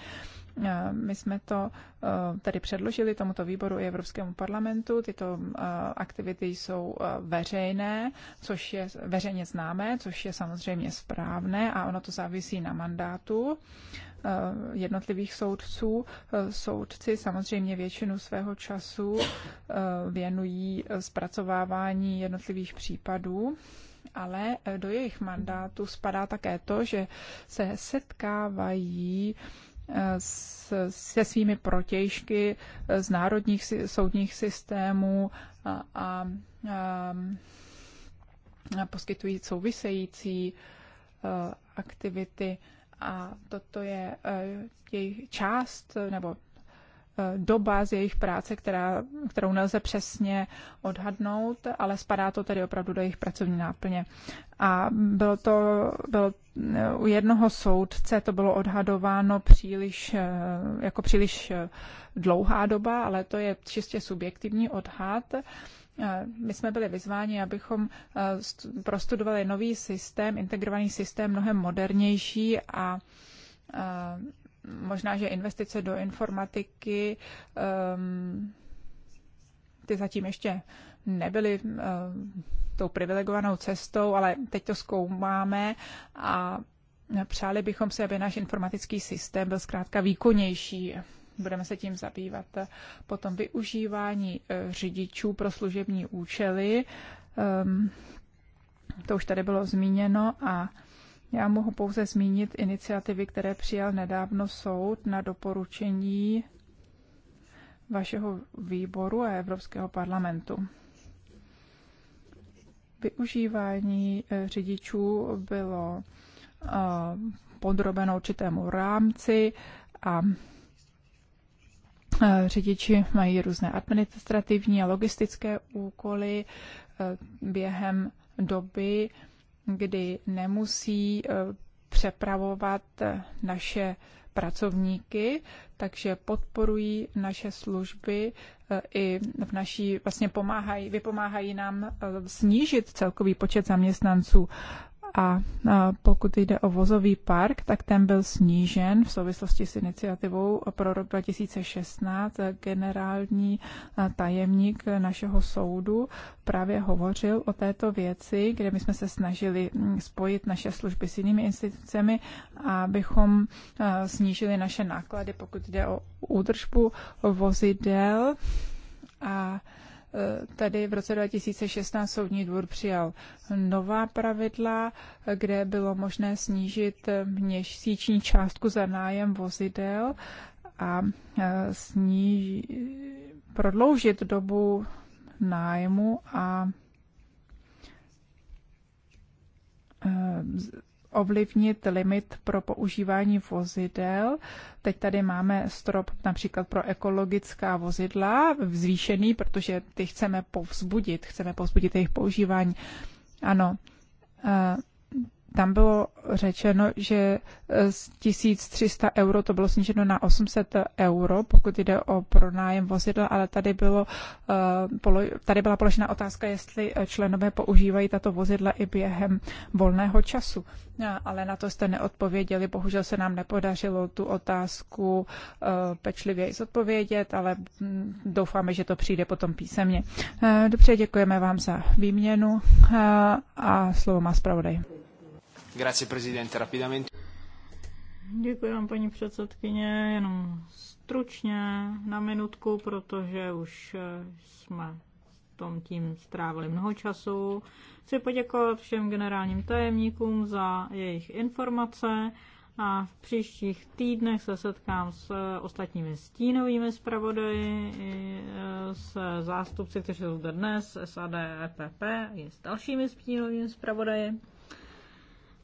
Eh, my jsme to eh, tady předložili tomuto výboru i Evropskému parlamentu. Tyto eh, aktivity jsou veřejné, což je veřejně známé, což je samozřejmě správné a ono to závisí na mandátu jednotlivých soudců. Soudci samozřejmě většinu svého času věnují zpracovávání jednotlivých případů ale do jejich mandátu spadá také to, že se setkávají se svými protějšky z národních soudních systémů a, a, um, a poskytují související uh, aktivity. A toto je uh, jejich část nebo Eh, doba z jejich práce, která, kterou nelze přesně odhadnout, ale spadá to tedy opravdu do jejich pracovní náplně. A bylo to, bylo, eh, u jednoho soudce to bylo odhadováno příliš, eh, jako příliš dlouhá doba, ale to je čistě subjektivní odhad. My jsme byli vyzváni, abychom prostudovali nový systém, integrovaný systém, mnohem modernější a možná, že investice do informatiky um, ty zatím ještě nebyly um, tou privilegovanou cestou, ale teď to zkoumáme a přáli bychom si, aby náš informatický systém byl zkrátka výkonnější. Budeme se tím zabývat. Potom využívání e, řidičů pro služební účely. Um, to už tady bylo zmíněno a já mohu pouze zmínit iniciativy, které přijal nedávno soud na doporučení vašeho výboru a Evropského parlamentu. Využívání eh, řidičů bylo eh, podrobeno určitému rámci a eh, řidiči mají různé administrativní a logistické úkoly během doby, kdy nemusí e, přepravovat e, naše pracovníky, takže podporují naše služby e, i v naší, vlastně pomáhají, vypomáhají nám snížit celkový počet zaměstnanců a pokud jde o vozový park, tak ten byl snížen v souvislosti s iniciativou pro rok 2016. Generální tajemník našeho soudu právě hovořil o této věci, kde my jsme se snažili mm, spojit naše služby s jinými institucemi, abychom snížili naše náklady, pokud jde o údržbu vozidel. A Eh, Tedy v roce 2016 Soudní dvůr přijal nová pravidla, kde bylo možné snížit eh, měsíční částku za nájem vozidel a eh, sníži, prodloužit dobu nájmu a ovlivnit limit pro používání vozidel. Teď tady máme strop například pro ekologická vozidla zvýšený, protože ty chceme povzbudit, chceme povzbudit jejich používání. Ano, eh, tam bylo řečeno, že e, z 1300 euro to bylo sníženo na 800 euro, pokud jde o pronájem vozidla, ale tady, bylo, e, tady byla položena otázka, jestli e, členové používají tato vozidla i během volného času. Ale na to jste neodpověděli, bohužel se nám nepodařilo tu otázku pečlivě zodpovědět, ale mm, doufáme, že to přijde potom písemně. Dobře, děkujeme vám za výměnu a slovo má zpravodaj. Grazie, prezidente, rapidamente. Děkuji vám, paní předsedkyně, jenom stručně na minutku, protože už eh, jsme tom tím strávili mnoho času. Chci poděkovat všem generálním tajemníkům za jejich informace a v příštích týdnech se setkám s eh, ostatními stínovými zpravodaji, eh, s zástupci, kteří jsou zde dnes, SAD, EPP i s dalšími stínovými zpravodaji.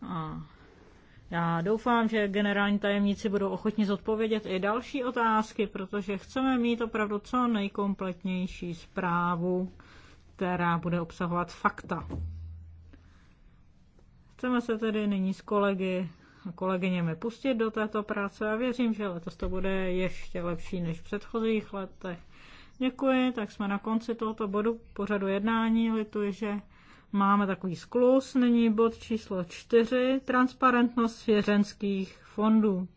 A já doufám, že generální tajemníci budou ochotni zodpovědět i další otázky, protože chceme mít opravdu co nejkompletnější zprávu, která bude obsahovat fakta. Chceme se tedy nyní s kolegy a kolegyněmi pustit do této práce a věřím, že letos to bude ještě lepší než v předchozích letech. Děkuji, tak jsme na konci tohoto bodu pořadu jednání. Lituji, že máme takový sklus, nyní bod číslo 4, transparentnost svěřenských fondů.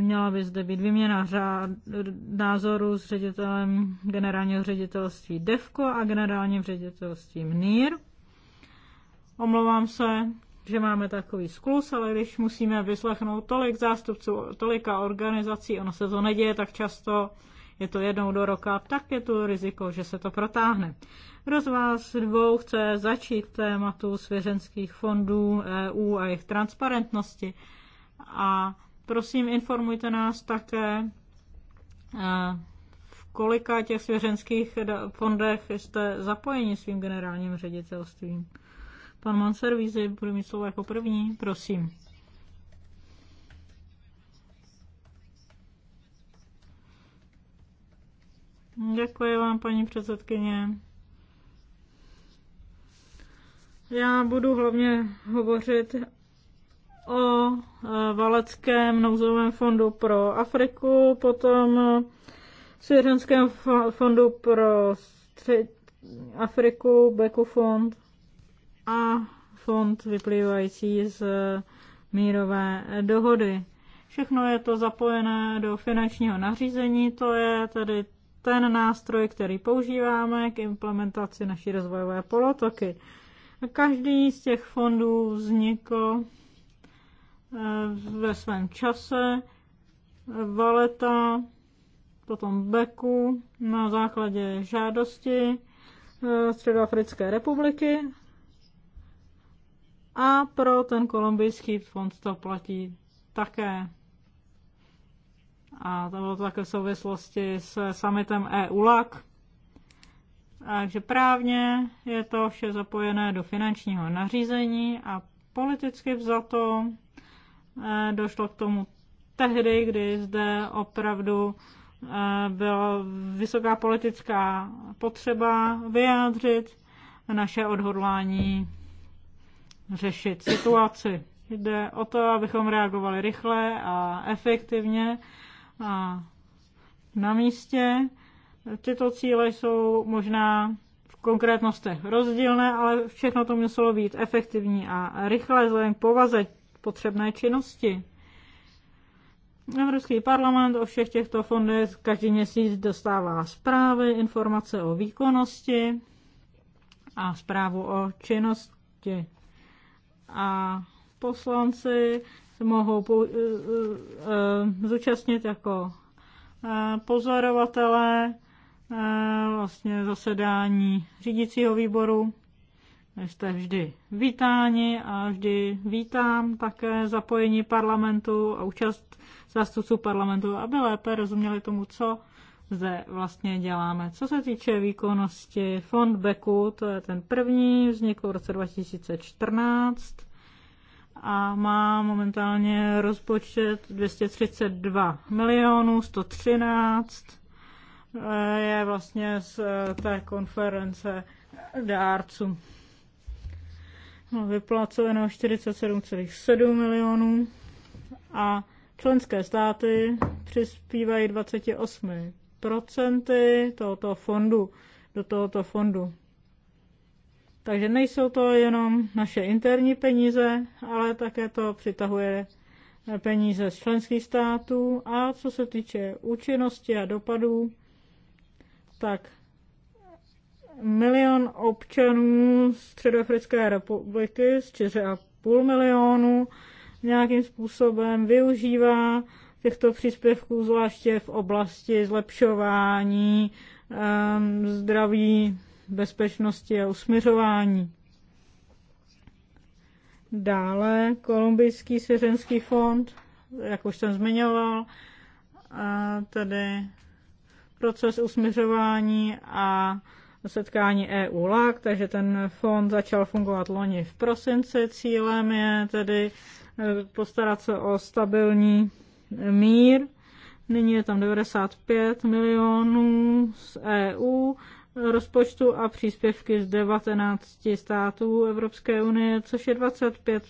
Měla by zde být vyměna názoru s ředitelem generálního ředitelství DEVKO a generálním ředitelstvím NIR. Omlouvám se, že máme takový sklus, ale když musíme vyslechnout tolik zástupců, tolika organizací, ono se to neděje tak často, je to jednou do roka, tak je tu riziko, že se to protáhne. Kdo z vás dvou chce začít tématu svěřenských fondů EU a jejich transparentnosti? A prosím, informujte nás také, eh, v kolika těch svěřenských fondech jste zapojeni svým generálním ředitelstvím. Pan Manservízy bude mít slovo jako první, prosím. Děkuji vám, paní předsedkyně. Já budu hlavně hovořit o e, Valeckém nouzovém fondu pro Afriku, potom e, Svěřenském fondu pro střed Afriku, Beku fond a fond vyplývající z mírové dohody. Všechno je to zapojené do finančního nařízení, to je tedy ten nástroj, který používáme k implementaci naší rozvojové polotoky. Každý z těch fondů vznikl eh, ve svém čase, valeta, potom beku na základě žádosti eh, Středoafrické republiky a pro ten kolumbijský fond to platí také. A to bylo to také v souvislosti s summitem EULAC. Takže právně je to vše zapojené do finančního nařízení a politicky vzato eh, došlo k tomu tehdy, kdy zde opravdu eh, byla vysoká politická potřeba vyjádřit naše odhodlání řešit situaci. Jde o to, abychom reagovali rychle a efektivně a na místě. Tyto cíle jsou možná v konkrétnostech rozdílné, ale všechno to muselo být efektivní a rychlé vzhledem k povaze potřebné činnosti. Evropský parlament o všech těchto fondech každý měsíc dostává zprávy, informace o výkonnosti a zprávu o činnosti. A poslanci se mohou eh, eh, eh, zúčastnit jako pozorovatelé vlastně zasedání řídícího výboru. Jste vždy vítáni a vždy vítám také zapojení parlamentu a účast zástupců parlamentu, aby lépe rozuměli tomu, co zde vlastně děláme. Co se týče výkonnosti fond Beku, to je ten první, vznikl v roce 2014 a má momentálně rozpočet 232 milionů 113. Eh, je vlastně z eh, té konference dárců. No, vyplaceno 47,7 milionů a členské státy přispívají 28 tohoto fondu, do tohoto fondu. Takže nejsou to jenom naše interní peníze, ale také to přitahuje peníze z členských států a co se týče účinnosti a dopadů, tak milion občanů Středoafrické republiky z 4,5 milionu nějakým způsobem využívá těchto příspěvků, zvláště v oblasti zlepšování um, zdraví bezpečnosti a usměřování. Dále Kolumbijský svěřenský fond, jak už jsem zmiňoval, tedy proces usměřování a setkání EU lag takže ten fond začal fungovat loni v prosinci. Cílem je tedy e, postarat se o stabilní mír. Nyní je tam 95 milionů z EU rozpočtu a příspěvky z 19 států Evropské unie, což je 25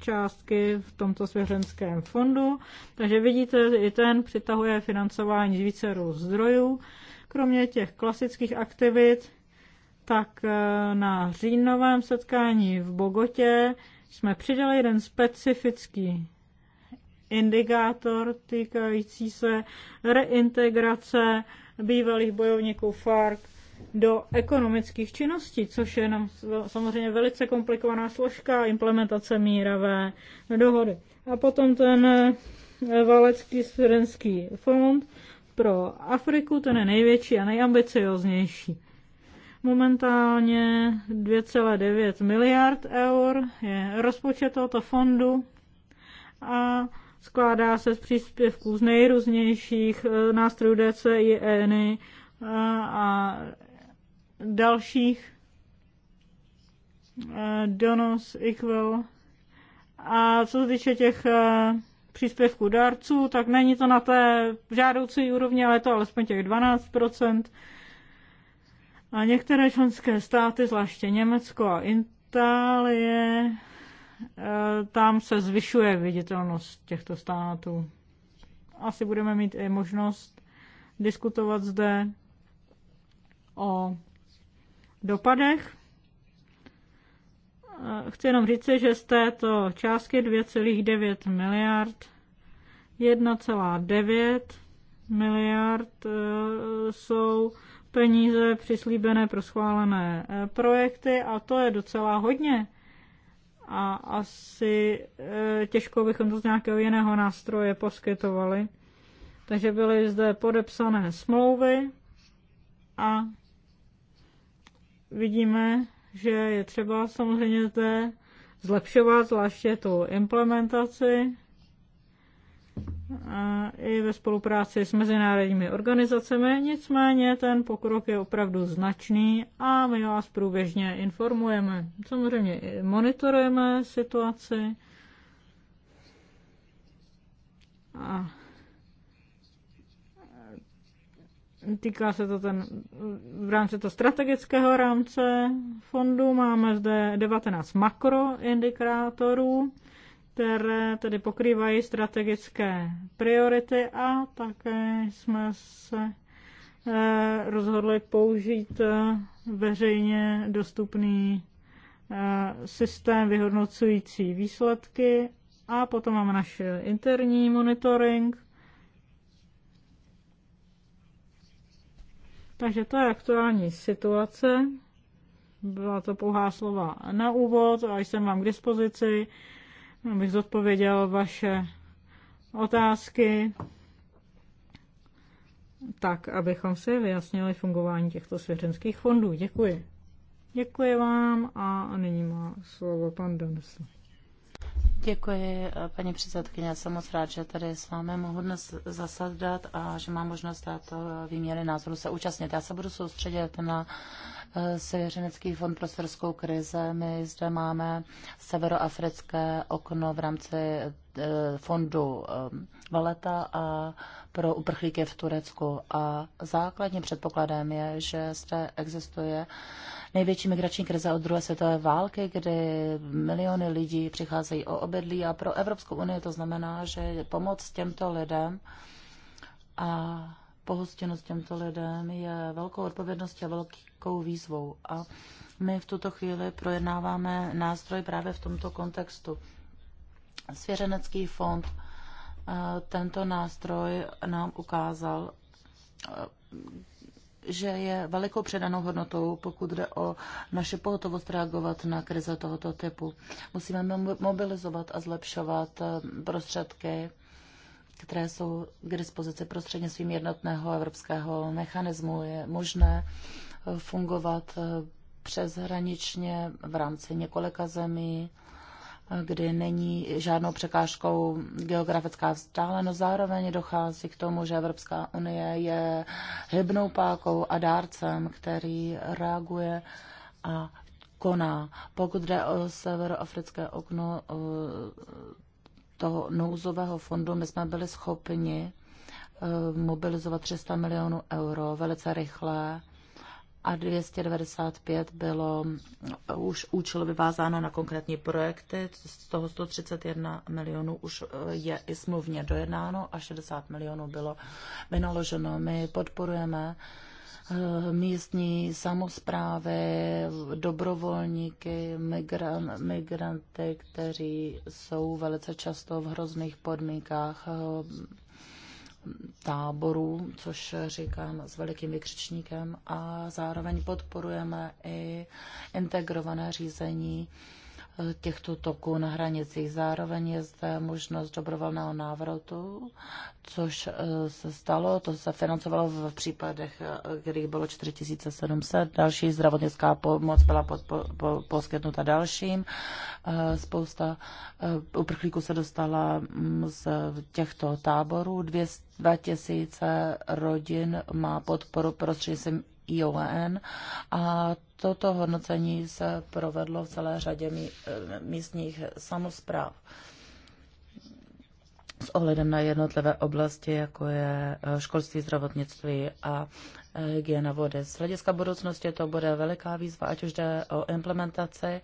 částky v tomto svěřenském fondu. Takže vidíte, i ten přitahuje financování z více zdrojů. Kromě těch klasických aktivit, tak eh, na říjnovém setkání v Bogotě jsme přidali jeden specifický indikátor týkající se reintegrace bývalých bojovníků FARC do ekonomických činností, což je nám samozřejmě velice komplikovaná složka implementace míravé dohody. A potom ten eh, Valecký studentský fond pro Afriku, ten je největší a nejambicioznější. Momentálně 2,9 miliard eur je rozpočet tohoto fondu a Skládá se z příspěvků z nejrůznějších e, nástrojů DCI, ENI e, a dalších e, donos, equal. A co se týče těch příspěvků dárců, tak není to na té žádoucí úrovni, ale je to alespoň těch 12%. A některé členské státy, zvláště Německo a Itálie, Eh, tam se zvyšuje viditelnost těchto států. Asi budeme mít i možnost diskutovat zde o dopadech. Eh, chci jenom říci, že z této částky 2,9 miliard 1,9 miliard eh, jsou peníze přislíbené pro schválené projekty a to je docela hodně a asi eh, těžko bychom to z nějakého jiného nástroje poskytovali. Takže byly zde podepsané smlouvy a vidíme, že je třeba samozřejmě zde zlepšovat zvláště tu implementaci i ve spolupráci s mezinárodními organizacemi, nicméně ten pokrok je opravdu značný a my vás průběžně informujeme. Samozřejmě monitorujeme situaci a Týká se to ten, v rámci toho strategického rámce fondu máme zde 19 makroindikátorů které tedy pokrývají strategické priority a také jsme se eh, rozhodli použít eh, veřejně dostupný eh, systém vyhodnocující výsledky a potom máme náš interní monitoring. Takže to je aktuální situace. Byla to pouhá slova na úvod a jsem vám k dispozici abych zodpověděl vaše otázky, tak abychom si vyjasnili fungování těchto svěřenských fondů. Děkuji. Děkuji vám a nyní má slovo pan Donesl. Děkuji, paní předsedkyně. jsem moc rád, že tady s vámi mohu dnes zasadat a že mám možnost této výměny názoru se účastnit. Já se budu soustředit na eh, Svěřenecký fond pro svěrskou krize. My zde máme severoafrické okno v rámci eh, fondu eh, Valeta a pro uprchlíky v Turecku. A základním předpokladem je, že zde existuje největší migrační krize od druhé světové války, kdy miliony lidí přicházejí o obydlí a pro Evropskou unii to znamená, že pomoc těmto lidem a pohostěnost těmto lidem je velkou odpovědností a velkou výzvou. A my v tuto chvíli projednáváme nástroj právě v tomto kontextu. Svěřenecký fond, eh, tento nástroj nám ukázal, eh, že je velikou předanou hodnotou, pokud jde o naše pohotovost reagovat na krize tohoto typu. Musíme mobilizovat a zlepšovat eh, prostředky, které jsou k dispozici prostřednictvím jednotného evropského mechanismu. Je možné eh, fungovat eh, přeshraničně v rámci několika zemí kdy není žádnou překážkou geografická vzdálenost. Zároveň dochází k tomu, že Evropská unie je hybnou pákou a dárcem, který reaguje a koná. Pokud jde o severoafrické okno eh, toho nouzového fondu, my jsme byli schopni eh, mobilizovat 300 milionů euro velice rychle a 295 bylo eh, už účel vyvázáno na konkrétní projekty, z toho 131 milionů už eh, je i smluvně dojednáno a 60 milionů bylo vynaloženo. My podporujeme eh, místní samozprávy, dobrovolníky, migranty, kteří jsou velice často v hrozných podmínkách táborů, což říkám s velikým vykřičníkem, a zároveň podporujeme i integrované řízení těchto toků na hranicích. Zároveň je zde možnost dobrovolného návratu, což eh, se stalo, to se financovalo v případech, eh, kterých bylo 4700. Další zdravotnická pomoc byla pod, po, po, poskytnuta dalším. Eh, spousta uprchlíků se dostala mm, z těchto táborů. 2000 rodin má podporu prostřednictvím ION a toto hodnocení se provedlo v celé řadě místních samozpráv s ohledem na jednotlivé oblasti, jako je eh, školství, zdravotnictví a eh, hygiena vody. Z hlediska budoucnosti to bude veliká výzva, ať už jde o implementaci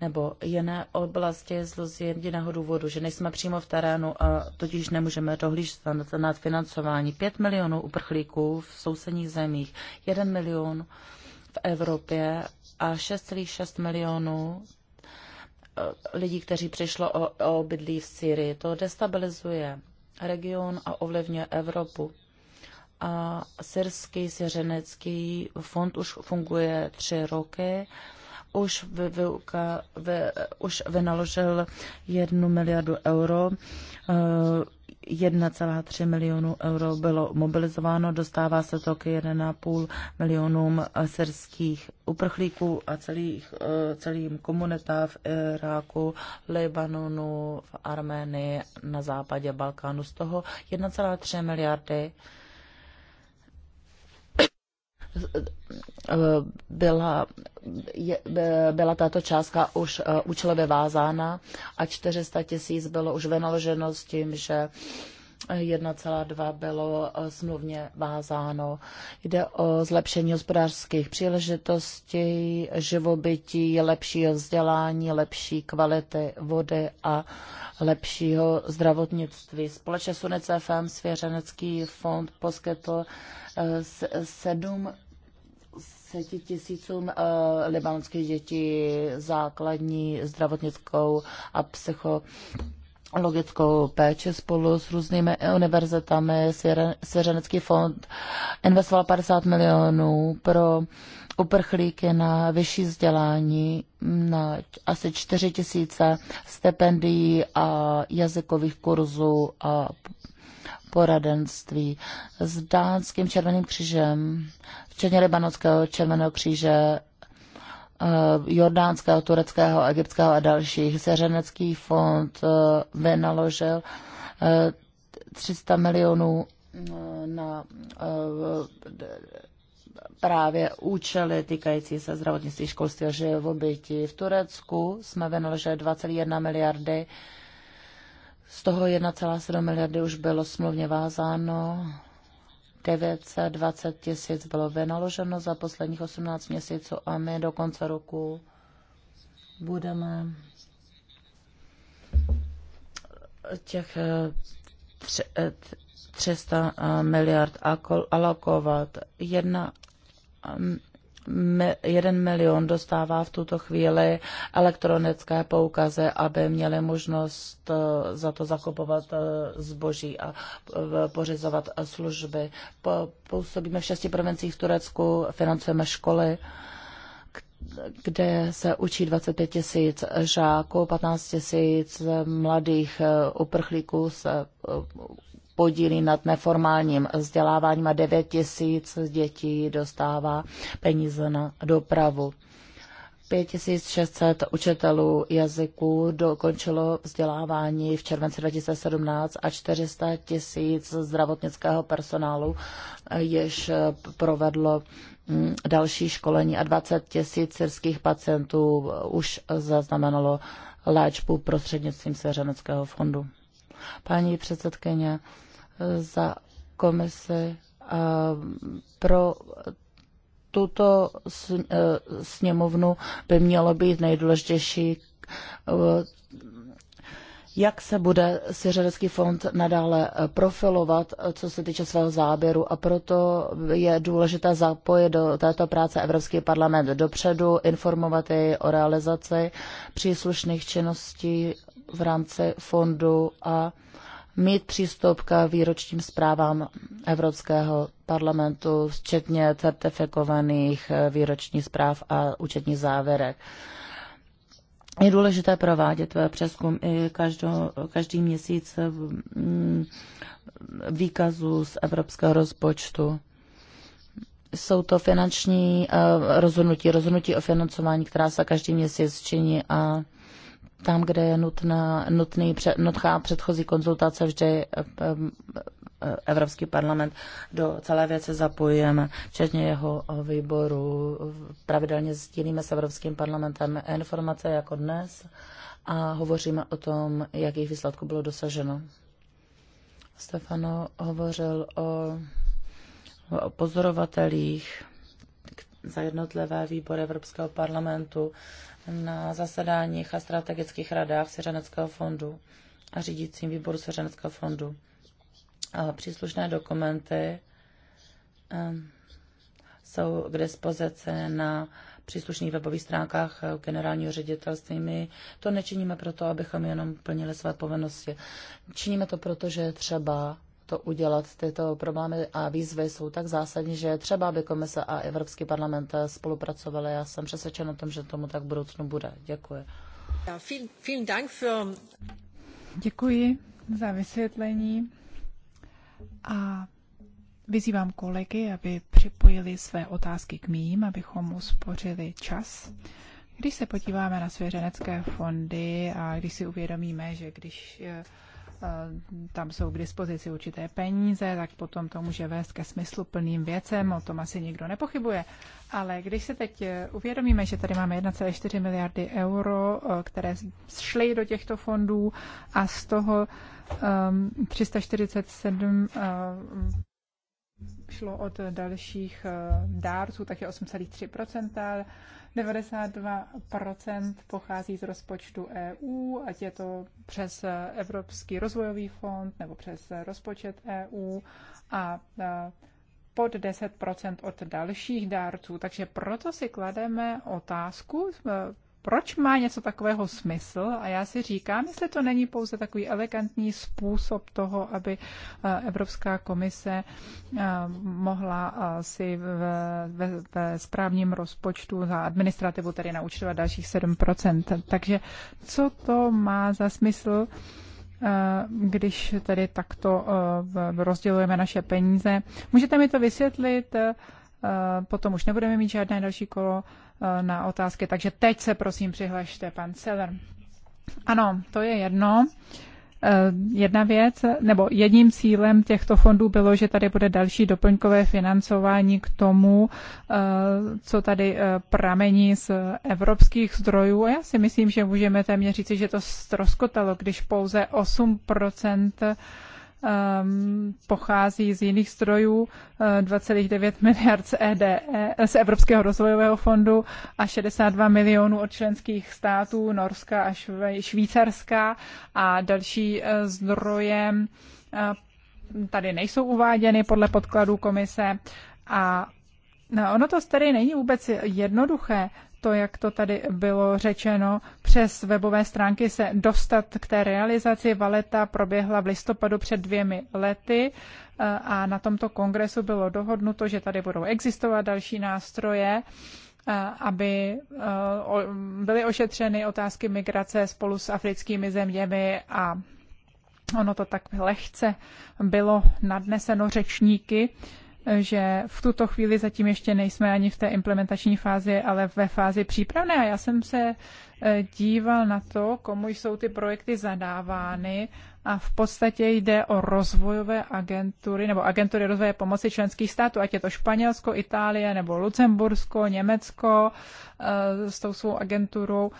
nebo jiné oblasti z jediného důvodu, že nejsme přímo v terénu a totiž nemůžeme dohlížet nad financování. 5 milionů uprchlíků v sousedních zemích, 1 milion v Evropě a 6,6 milionů eh, lidí, kteří přišlo o, o obydlí v Syrii. To destabilizuje region a ovlivňuje Evropu. A syrský, syřenecký fond už funguje tři roky už, vyvuka, vy, už vynaložil 1 miliardu euro. Uh, eh, 1,3 milionu euro bylo mobilizováno, dostává se to k 1,5 milionům syrských uprchlíků a celých, eh, celým komunitám v Iráku, Libanonu, v Arménii, na západě Balkánu. Z toho 1,3 miliardy Eh, byla, je, eh, byla tato částka už eh, účelově vázána a 400 tisíc bylo už vynaloženo s tím, že 1,2 bylo smluvně vázáno. Jde o zlepšení hospodářských příležitostí, živobytí, lepšího vzdělání, lepší kvality vody a lepšího zdravotnictví. Společně s UNICEFem Svěřenecký fond poskytl 7 10 tisícům eh, libanonských dětí základní zdravotnickou a psycho logickou péči spolu s různými univerzitami. Svěřenecký fond investoval 50 milionů pro uprchlíky na vyšší vzdělání, na asi 4 tisíce stipendií a jazykových kurzů a poradenství s dánským Červeným křižem včetně Libanonského červeného kříže, eh, jordánského, tureckého, egyptského a dalších. Seřenecký fond eh, vynaložil 300 eh, milionů na právě účely týkající se zdravotnictví, školství a živobytí. V Turecku jsme vynaložili 2,1 miliardy, z toho 1,7 miliardy už bylo smluvně vázáno 920 tisíc bylo vynaloženo za posledních 18 měsíců a my do konce roku budeme těch 300 eh, eh, eh, miliard alokovat. Jedna mm, jeden milion dostává v tuto chvíli elektronické poukaze, aby měli možnost eh, za to zakupovat eh, zboží a eh, pořizovat služby. Působíme v šesti provinciích v Turecku, financujeme školy kde se učí 25 tisíc žáků, 15 tisíc mladých uprchlíků se podílí nad neformálním vzděláváním a 9 tisíc dětí dostává peníze na dopravu. 5600 učitelů jazyků dokončilo vzdělávání v červenci 2017 a 400 tisíc zdravotnického personálu eh, jež eh, provedlo mm, další školení a 20 tisíc syrských pacientů eh, už zaznamenalo léčbu prostřednictvím Svěřeneckého fondu. Paní předsedkyně, za komise a pro tuto e, sněmovnu by mělo být nejdůležitější, e, jak se bude Syřecký fond nadále profilovat, co se týče svého záběru a proto je důležité zapojit do této práce Evropský parlament dopředu, informovat jej o realizaci příslušných činností v rámci fondu a uh, mít přístup k výročním zprávám Evropského parlamentu, včetně certifikovaných eh, výročních zpráv a účetních závěrek. Je důležité provádět eh, přeskum i každou, každý měsíc eh, mm, výkazu z evropského rozpočtu jsou to finanční rozhodnutí, rozhodnutí o financování, která se každý měsíc činí a tam, kde je nutná, nutný, nutná předchozí konzultace, vždy eh, eh, Evropský parlament do celé věce zapojujeme, včetně jeho výboru. Pravidelně sdílíme s Evropským parlamentem informace jako dnes a hovoříme o tom, jakých výsledků bylo dosaženo. Stefano hovořil o, o pozorovatelích za jednotlivé výbory Evropského parlamentu na zasedáních a strategických radách Svěřeneckého fondu a řídícím výboru Svěřeneckého fondu. A příslušné dokumenty jsou k dispozici na příslušných webových stránkách generálního ředitelství. My to nečiníme proto, abychom jenom plnili své povinnosti. Činíme to proto, že třeba to udělat. Tyto problémy a výzvy jsou tak zásadní, že třeba, aby komise a Evropský parlament spolupracovali. Já jsem přesvědčen o tom, že tomu tak v budoucnu bude. Děkuji. Děkuji za vysvětlení a vyzývám kolegy, aby připojili své otázky k mým, abychom uspořili čas. Když se podíváme na svěřenecké fondy a když si uvědomíme, že když eh, Eh, tam jsou k dispozici určité peníze, tak potom to může vést ke smysluplným věcem, o tom asi nikdo nepochybuje. Ale když se teď eh, uvědomíme, že tady máme 1,4 miliardy euro, eh, které šly do těchto fondů a z toho um, 347 um, šlo od dalších dárců, tak je 8,3%, 92% pochází z rozpočtu EU, ať je to přes Evropský rozvojový fond nebo přes rozpočet EU a pod 10 od dalších dárců. Takže proto si klademe otázku, e, proč má něco takového smysl? A já si říkám, jestli to není pouze takový elegantní způsob toho, aby eh, Evropská komise eh, mohla eh, si ve, ve správním rozpočtu za administrativu tedy naučtovat dalších 7%. Takže co to má za smysl? když tedy takto rozdělujeme naše peníze. Můžete mi to vysvětlit, potom už nebudeme mít žádné další kolo Eh, na otázky. Takže teď se prosím přihlašte, pan Seller. Ano, to je jedno. Eh, jedna věc, nebo jedním cílem těchto fondů bylo, že tady bude další doplňkové financování k tomu, eh, co tady pramení z evropských zdrojů. A já si myslím, že můžeme téměř říci, že to stroskotalo, když pouze 8 Ehm, pochází z jiných zdrojů 2,9 eh, miliard z, EDE, e, z Evropského rozvojového fondu a 62 milionů od členských států Norska a Švýcarska a další eh, zdrojem eh, tady nejsou uváděny podle podkladů komise a No, ono to tedy není vůbec jednoduché to, jak to tady bylo řečeno, přes webové stránky se dostat k té realizaci. Valeta proběhla v listopadu před dvěmi lety eh, a na tomto kongresu bylo dohodnuto, že tady budou existovat další nástroje eh, aby eh, byly ošetřeny otázky migrace spolu s africkými zeměmi a ono to tak lehce bylo nadneseno řečníky že v tuto chvíli zatím ještě nejsme ani v té implementační fázi, ale ve fázi přípravné. A já jsem se eh, díval na to, komu jsou ty projekty zadávány a v podstatě jde o rozvojové agentury nebo agentury rozvoje pomoci členských států, ať je to Španělsko, Itálie nebo Lucembursko, Německo eh, s tou svou agenturou.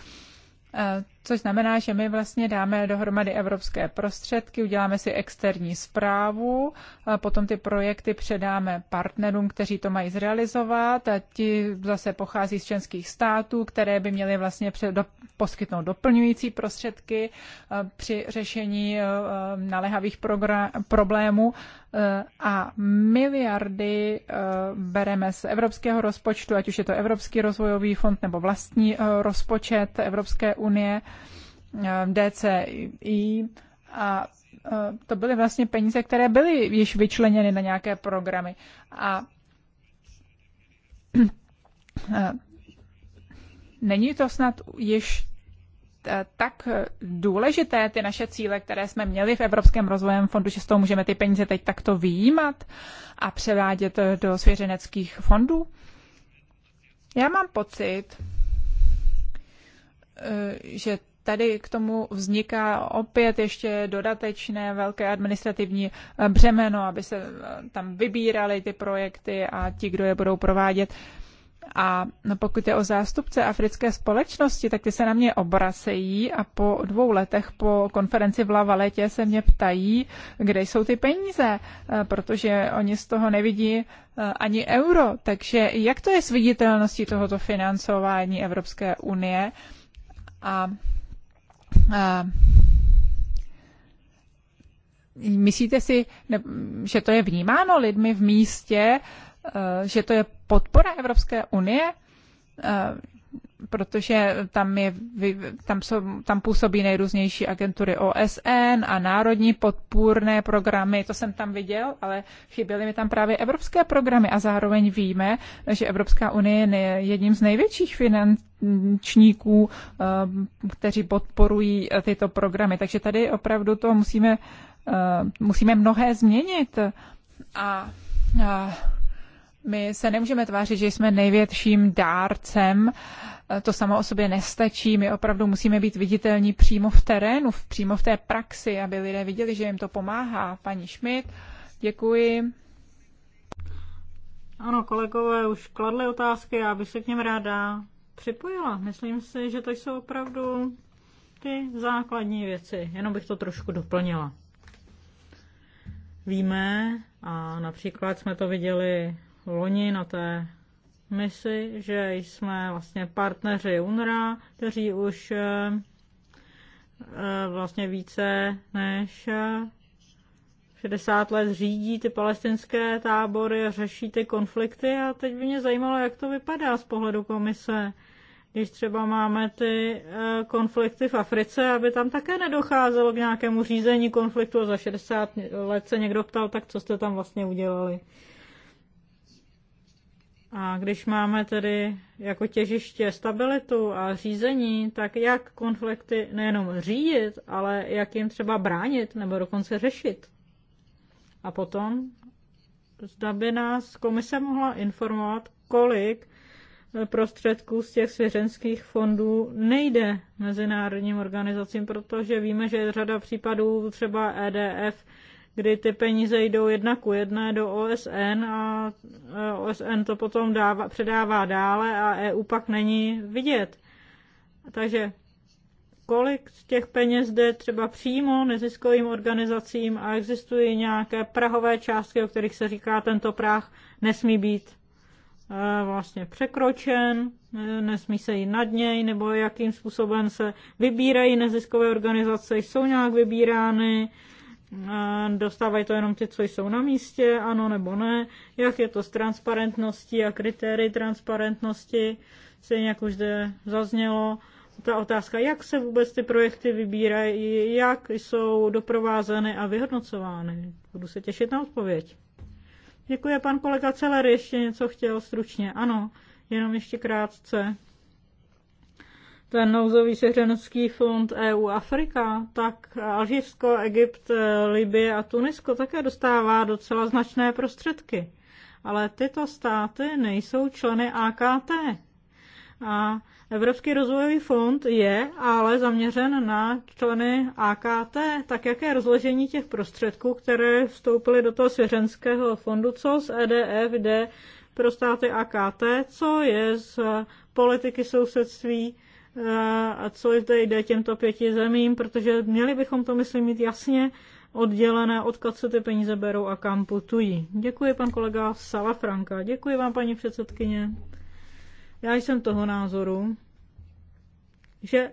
Eh, což znamená, že my vlastně dáme dohromady evropské prostředky, uděláme si externí zprávu, potom ty projekty předáme partnerům, kteří to mají zrealizovat, a ti zase pochází z členských států, které by měly vlastně do, poskytnout doplňující prostředky při řešení naléhavých problémů a miliardy bereme z evropského rozpočtu, ať už je to Evropský rozvojový fond nebo vlastní rozpočet Evropské unie. Eh, DCI a eh, to byly vlastně peníze, které byly již vyčleněny na nějaké programy. A eh, není to snad již tak důležité ty naše cíle, které jsme měli v Evropském rozvojem fondu, že z toho můžeme ty peníze teď takto výjímat a převádět do svěřeneckých fondů? Já mám pocit, že tady k tomu vzniká opět ještě dodatečné velké administrativní eh, břemeno, aby se eh, tam vybíraly ty projekty a ti, kdo je budou provádět. A no, pokud je o zástupce africké společnosti, tak ty se na mě obracejí a po dvou letech po konferenci v Lavaletě se mě ptají, kde jsou ty peníze, eh, protože oni z toho nevidí ani euro. Takže jak to je s viditelností tohoto financování Evropské unie? A Eh, myslíte si, že to je vnímáno lidmi v místě, eh, že to je podpora Evropské unie? Eh, protože tam, je, tam, jsou, tam působí nejrůznější agentury OSN a národní podpůrné programy, to jsem tam viděl, ale chyběly mi tam právě evropské programy a zároveň víme, že Evropská unie je jedním z největších finančníků, eh, kteří podporují tyto programy. Takže tady opravdu to musíme, eh, musíme mnohé změnit a, a eh, my se nemůžeme tvářit, že jsme největším dárcem uh, to samo o sobě nestačí. My opravdu musíme být viditelní přímo v terénu, přímo v té praxi, aby lidé viděli, že jim to pomáhá. Paní Schmidt, děkuji. Ano, kolegové už kladli otázky, já bych se k něm ráda připojila. Myslím si, že to jsou opravdu ty základní věci. Jenom bych to trošku doplnila. Víme, a například jsme to viděli loni na té misi, že jsme vlastně partneři UNRA, kteří už eh, eh, vlastně více než 60 eh, let řídí ty palestinské tábory, řeší ty konflikty a teď by mě zajímalo, jak to vypadá z pohledu komise, když třeba máme ty konflikty v Africe, aby tam také nedocházelo k nějakému řízení konfliktu a za 60 let se někdo ptal, tak co jste tam vlastně udělali. A když máme tedy jako těžiště stabilitu a řízení, tak jak konflikty nejenom řídit, ale jak jim třeba bránit nebo dokonce řešit. A potom, zda by nás komise mohla informovat, kolik eh, prostředků z těch svěřenských fondů nejde mezinárodním organizacím, protože víme, že je řada případů třeba EDF kdy ty peníze jdou jedna ku jedné do OSN a e, OSN to potom dává, předává dále a EU pak není vidět. Takže kolik z těch peněz jde třeba přímo neziskovým organizacím a existují nějaké prahové částky, o kterých se říká, tento práh nesmí být e, vlastně překročen, e, nesmí se jít nad něj, nebo jakým způsobem se vybírají neziskové organizace, jsou nějak vybírány, Dostávají to jenom ty, co jsou na místě, ano nebo ne. Jak je to s transparentností a kritérii transparentnosti, stejně jak už zde zaznělo. Ta otázka, jak se vůbec ty projekty vybírají, jak jsou doprovázeny a vyhodnocovány. Budu se těšit na odpověď. Děkuji, pan kolega Celer ještě něco chtěl stručně. Ano, jenom ještě krátce ten nouzový svěřenský fond EU Afrika, tak Alžírsko, Egypt, eh, Libie a Tunisko také dostává docela značné prostředky. Ale tyto státy nejsou členy AKT. A Evropský rozvojový fond je ale zaměřen na členy AKT, tak jaké rozložení těch prostředků, které vstoupily do toho svěřenského fondu, co z EDF jde pro státy AKT, co je z politiky sousedství a co zde jde těmto pěti zemím, protože měli bychom to, myslím, mít jasně oddělené, odkud se ty peníze berou a kam putují. Děkuji, pan kolega Salafranka. Děkuji vám, paní předsedkyně. Já jsem toho názoru, že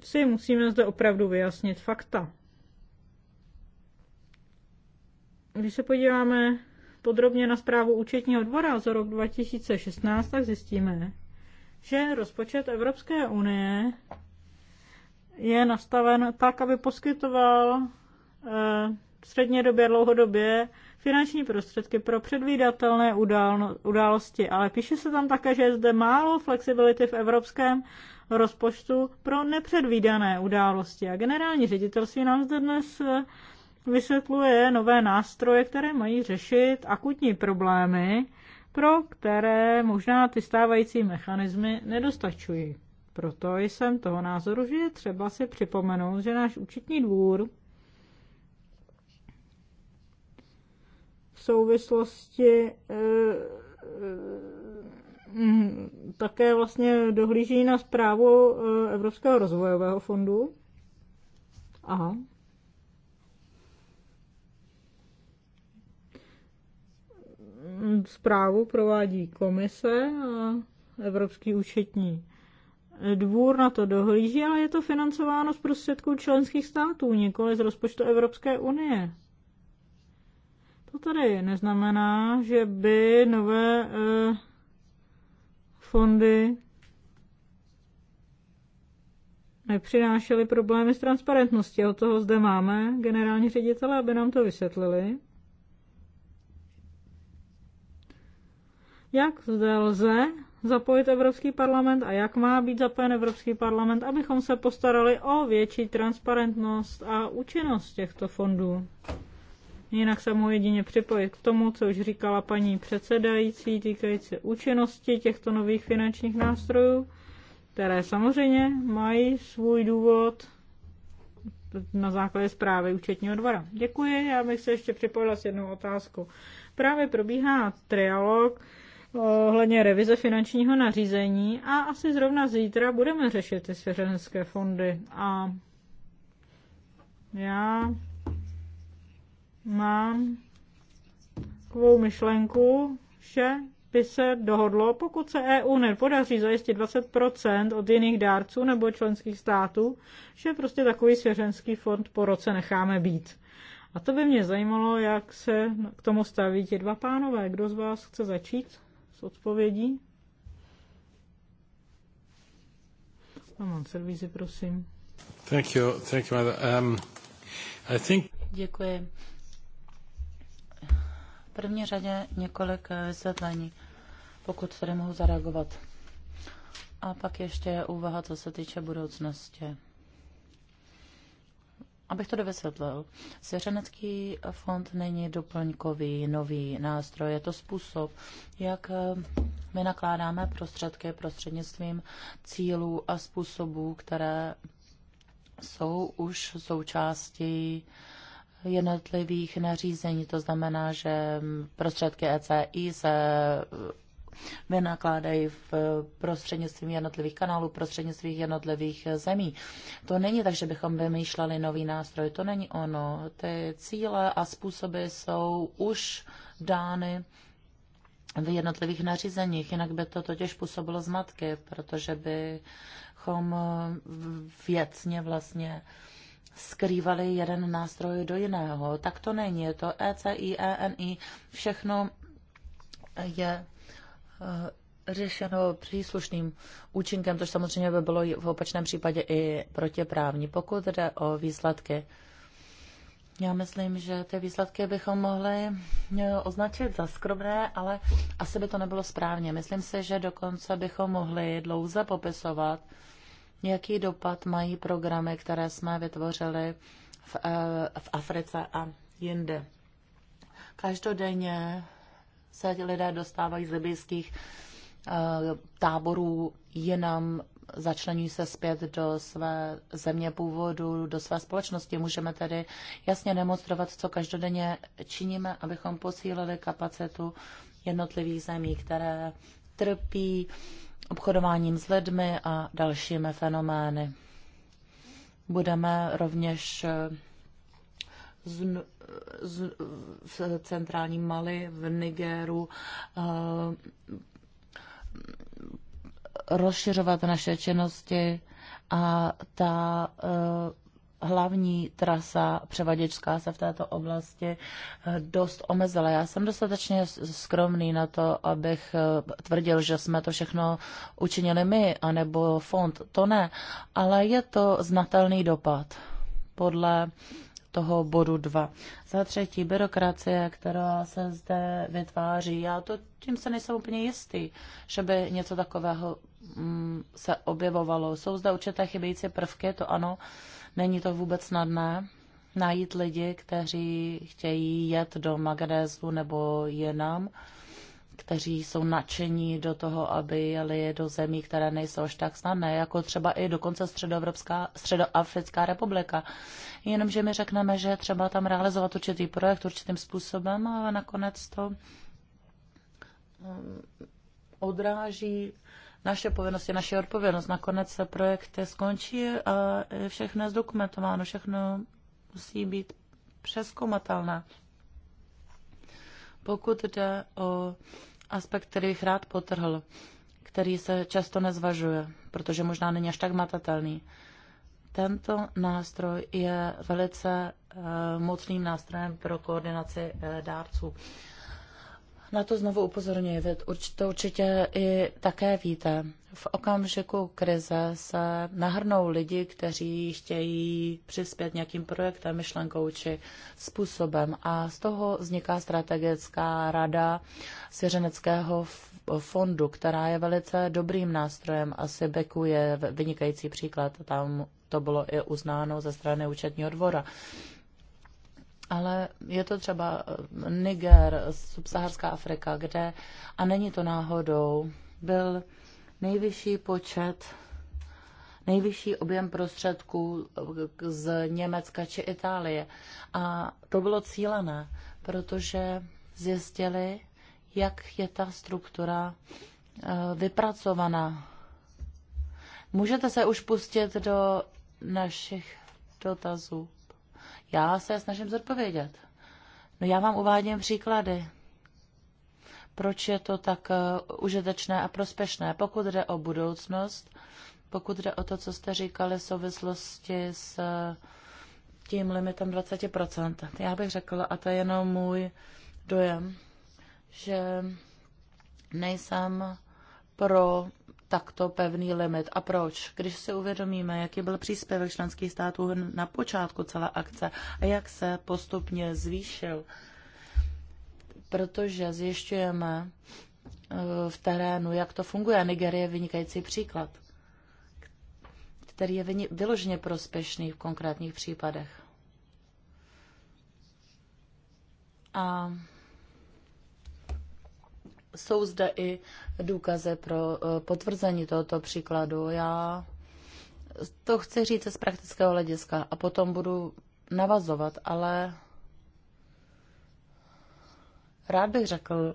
si musíme zde opravdu vyjasnit fakta. Když se podíváme podrobně na zprávu účetního dvora za rok 2016, tak zjistíme, že rozpočet Evropské unie je nastaven tak, aby poskytoval eh, střednědobě, dlouhodobě finanční prostředky pro předvídatelné události, ale píše se tam také, že je zde málo flexibility v evropském rozpočtu pro nepředvídané události. A generální ředitelství nám zde dnes vysvětluje nové nástroje, které mají řešit akutní problémy, pro které možná ty stávající mechanismy nedostačují. Proto jsem toho názoru, že je třeba si připomenout, že náš účetní dvůr v souvislosti eh, eh, mm, také vlastně dohlíží na zprávu eh, Evropského rozvojového fondu. Aha. Mm, zprávu provádí komise a Evropský účetní dvůr na to dohlíží, ale je to financováno z prostředků členských států, nikoli z rozpočtu Evropské unie. To tady neznamená, že by nové e, fondy nepřinášely problémy s transparentností. Od toho zde máme generální ředitele, aby nám to vysvětlili. jak zde lze zapojit Evropský parlament a jak má být zapojen Evropský parlament, abychom se postarali o větší transparentnost a účinnost těchto fondů. Jinak se mohu jedině připojit k tomu, co už říkala paní předsedající týkající účinnosti těchto nových finančních nástrojů, které samozřejmě mají svůj důvod na základě zprávy účetního dvora. Děkuji, já bych se ještě připojila s jednou otázkou. Právě probíhá trialog ohledně revize finančního nařízení a asi zrovna zítra budeme řešit ty svěřenské fondy. A já mám takovou myšlenku, že by se dohodlo, pokud se EU nepodaří zajistit 20% od jiných dárců nebo členských států, že prostě takový svěřenský fond po roce necháme být. A to by mě zajímalo, jak se k tomu staví ti dva pánové. Kdo z vás chce začít? s odpovědí? Mám servízy, prosím. Thank you, thank you, um, I think... Děkuji. V první řadě několik eh, vysvětlení, pokud tedy mohu zareagovat. A pak ještě úvaha, co se týče budoucnosti. Abych to dovysvětlil, Svěřenecký fond není doplňkový nový nástroj, je to způsob, jak eh, my nakládáme prostředky prostřednictvím cílů a způsobů, které jsou už součástí jednotlivých nařízení. To znamená, že prostředky ECI se vynakládají v eh, prostřednictvím jednotlivých kanálů, prostřednictvím jednotlivých eh, zemí. To není tak, že bychom vymýšleli nový nástroj, to není ono. Ty cíle a způsoby jsou už dány v jednotlivých nařízeních, jinak by to totiž působilo zmatky, protože bychom eh, věcně vlastně skrývali jeden nástroj do jiného. Tak to není, je to ECI, ENI, všechno je Eh, řešeno příslušným účinkem, což samozřejmě by bylo v opačném případě i protiprávní, pokud jde o výsledky. Já myslím, že ty výsledky bychom mohli eh, označit za skromné, ale asi by to nebylo správně. Myslím si, že dokonce bychom mohli dlouze popisovat, jaký dopad mají programy, které jsme vytvořili v, eh, v Africe a jinde. Každodenně se lidé dostávají z libijských eh, táborů jenom začlení se zpět do své země původu, do své společnosti. Můžeme tedy jasně demonstrovat, co každodenně činíme, abychom posílili kapacitu jednotlivých zemí, které trpí obchodováním s lidmi a dalšími fenomény. Budeme rovněž eh, z, z, v centrální Mali, v Nigeru, eh, rozšiřovat naše činnosti a ta eh, hlavní trasa převaděčská se v této oblasti eh, dost omezila. Já jsem dostatečně skromný na to, abych tvrdil, že jsme to všechno učinili my, anebo fond. To ne, ale je to znatelný dopad. Podle uh, toho bodu 2. Za třetí, byrokracie, která se zde vytváří. Já to tím se nejsem úplně jistý, že by něco takového mm, se objevovalo. Jsou zde určité chybějící prvky, to ano, není to vůbec snadné najít lidi, kteří chtějí jet do Magadézu nebo jinam. nám kteří jsou nadšení do toho, aby jeli do zemí, které nejsou až tak snadné, jako třeba i dokonce Středoevropská, Středoafrická republika. Jenomže my řekneme, že třeba tam realizovat určitý projekt určitým způsobem a nakonec to um, odráží naše povinnosti, naše odpovědnost. Nakonec se projekty skončí a všechno je zdokumentováno, všechno musí být přeskoumatelné. Pokud jde o aspekt, který bych rád potrhl, který se často nezvažuje, protože možná není až tak matatelný. Tento nástroj je velice eh, mocným nástrojem pro koordinaci eh, dárců. Na to znovu upozorňuji, to určitě i také víte. V okamžiku krize se nahrnou lidi, kteří chtějí přispět nějakým projektem, myšlenkou či způsobem a z toho vzniká strategická rada Svěřeneckého fondu, která je velice dobrým nástrojem a Sibeku je vynikající příklad. Tam to bylo i uznáno ze strany účetního dvora ale je to třeba eh, Niger, subsaharská Afrika, kde, a není to náhodou, byl nejvyšší počet, nejvyšší objem prostředků eh, z Německa či Itálie. A to bylo cílené, protože zjistili, jak je ta struktura eh, vypracovaná. Můžete se už pustit do našich dotazů. Já se snažím zodpovědět. No já vám uvádím příklady, proč je to tak eh, užitečné a prospešné. Pokud jde o budoucnost, pokud jde o to, co jste říkali v souvislosti s eh, tím limitem 20%, já bych řekla, a to je jenom můj dojem, že nejsem pro takto pevný limit. A proč? Když si uvědomíme, jaký byl příspěvek členských států na počátku celé akce a jak se postupně zvýšil, protože zjišťujeme eh, v terénu, jak to funguje. Nigerie je vynikající příklad, který je vyloženě prospěšný v konkrétních případech. A jsou zde i důkazy pro eh, potvrzení tohoto příkladu. Já to chci říct z praktického hlediska a potom budu navazovat, ale rád bych řekl,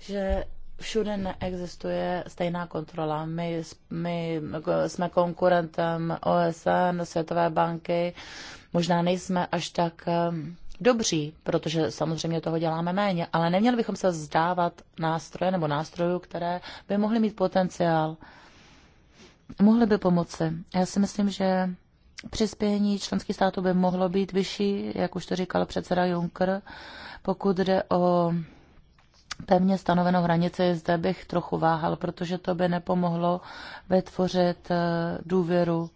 že všude neexistuje stejná kontrola. My, my eh, jsme konkurentem OSN, Světové banky, možná nejsme až tak eh, dobří, protože samozřejmě toho děláme méně, ale neměli bychom se vzdávat nástroje nebo nástrojů, které by mohly mít potenciál, mohly by pomoci. Já si myslím, že přispění členských států by mohlo být vyšší, jak už to říkal předseda Juncker, pokud jde o pevně stanovenou hranici, zde bych trochu váhal, protože to by nepomohlo vytvořit eh, důvěru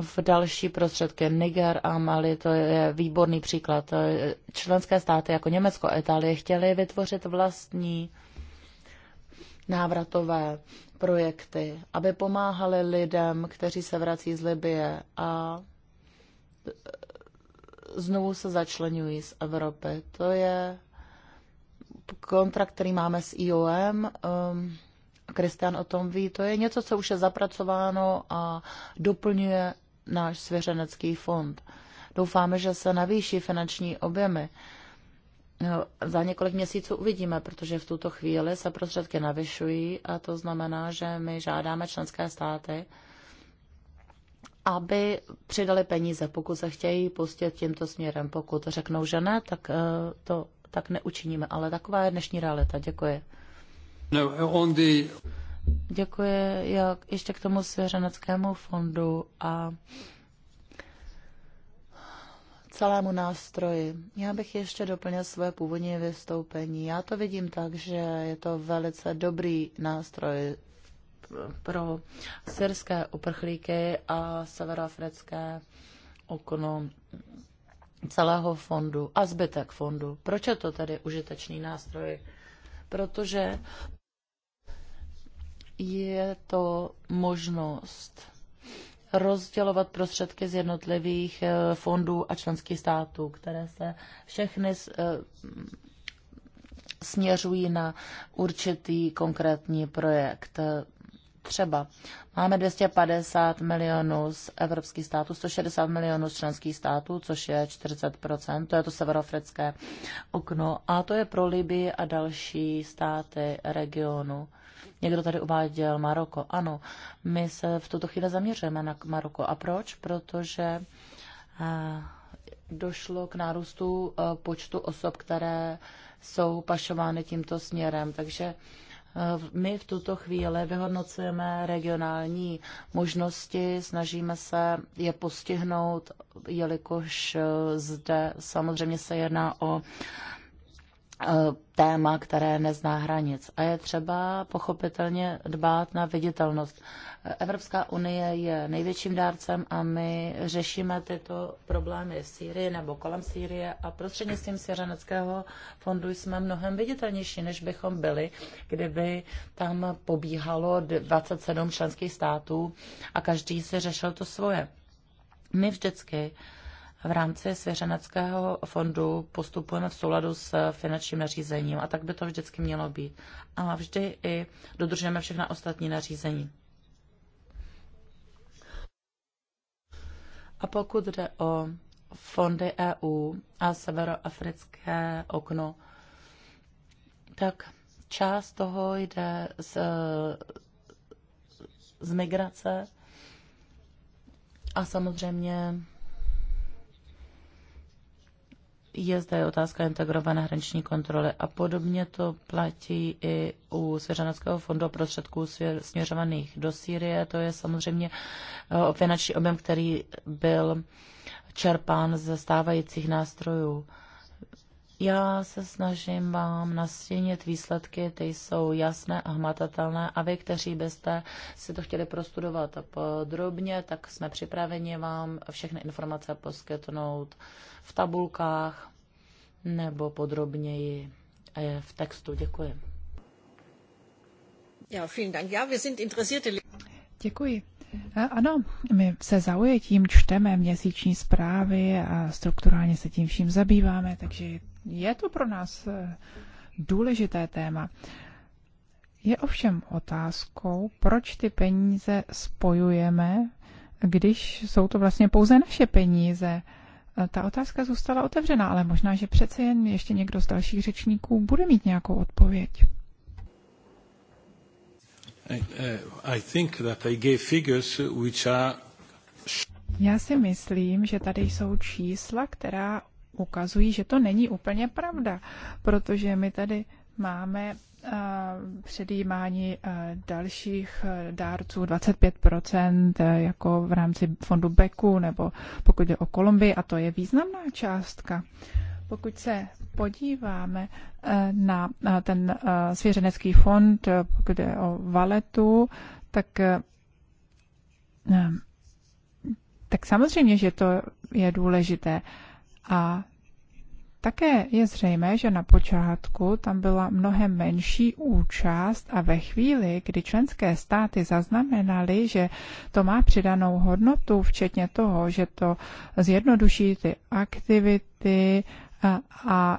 v další prostředky. Niger a Mali, to je výborný příklad. Členské státy jako Německo a Itálie chtěly vytvořit vlastní návratové projekty, aby pomáhali lidem, kteří se vrací z Libie a znovu se začlenují z Evropy. To je kontrakt, který máme s IOM. Um, Kristian o tom ví, to je něco, co už je zapracováno a doplňuje náš svěřenecký fond. Doufáme, že se navýší finanční objemy. No, za několik měsíců uvidíme, protože v tuto chvíli se prostředky navyšují a to znamená, že my žádáme členské státy, aby přidali peníze, pokud se chtějí pustit tímto směrem. Pokud řeknou, že ne, tak eh, to tak neučiníme. Ale taková je dnešní realita. Děkuji. No, Děkuji. Jak ještě k tomu svěřeneckému fondu a celému nástroji. Já bych ještě doplnil své původní vystoupení. Já to vidím tak, že je to velice dobrý nástroj pro syrské uprchlíky a severoafrické okno celého fondu a zbytek fondu. Proč je to tedy užitečný nástroj? Protože je to možnost rozdělovat prostředky z jednotlivých eh, fondů a členských států, které se všechny eh, směřují na určitý konkrétní projekt. Třeba máme 250 milionů z evropských států, 160 milionů z členských států, což je 40%, to je to severoafrické okno a to je pro Libii a další státy regionu. Někdo tady uváděl Maroko. Ano, my se v tuto chvíli zaměřujeme na Maroko. A proč? Protože eh, došlo k nárůstu eh, počtu osob, které jsou pašovány tímto směrem. Takže eh, my v tuto chvíli vyhodnocujeme regionální možnosti, snažíme se je postihnout, jelikož zde samozřejmě se jedná o E, téma, které nezná hranic. A je třeba pochopitelně dbát na viditelnost. Evropská unie je největším dárcem a my řešíme tyto problémy v Sýrii nebo kolem Sýrie a prostřednictvím Syřaneckého fondu jsme mnohem viditelnější, než bychom byli, kdyby tam pobíhalo 27 členských států a každý si řešil to svoje. My vždycky uh, v rámci svěřeneckého fondu postupujeme v souladu s finančním nařízením a tak by to vždycky mělo být. A vždy i dodržujeme všechna ostatní nařízení. A pokud jde o fondy EU a severoafrické okno, tak část toho jde z, z migrace a samozřejmě je zde otázka integrované hraniční kontroly a podobně to platí i u Svěřeneckého fondu prostředků směřovaných do Sýrie. To je samozřejmě eh, finanční objem, který byl čerpán ze stávajících nástrojů. Já se snažím vám nastínit výsledky, ty jsou jasné a hmatatelné a vy, kteří byste si to chtěli prostudovat podrobně, tak jsme připraveni vám všechny informace poskytnout v tabulkách nebo podrobněji eh, v textu. Děkuji. Ja, vielen Dank. Ja, wir sind interessierte Děkuji. E, ano, my se zaujetím čteme měsíční zprávy a strukturálně se tím vším zabýváme, takže je to pro nás e, důležité téma. Je ovšem otázkou, proč ty peníze spojujeme, když jsou to vlastně pouze naše peníze. E, ta otázka zůstala otevřená, ale možná, že přece jen ještě někdo z dalších řečníků bude mít nějakou odpověď. Já si myslím, že tady jsou čísla, která ukazují, že to není úplně pravda, protože my tady máme uh, předjímání uh, dalších uh, dárců 25% jako v rámci fondu Beku nebo pokud jde o Kolumbii a to je významná částka. Pokud se podíváme eh, na ten eh, svěřenecký fond, eh, pokud je o valetu, tak tak samozřejmě, že to je důležité. A také je zřejmé, že na počátku tam byla mnohem menší účast a ve chvíli, kdy členské státy zaznamenaly, že to má přidanou hodnotu, včetně toho, že to zjednoduší ty aktivity, a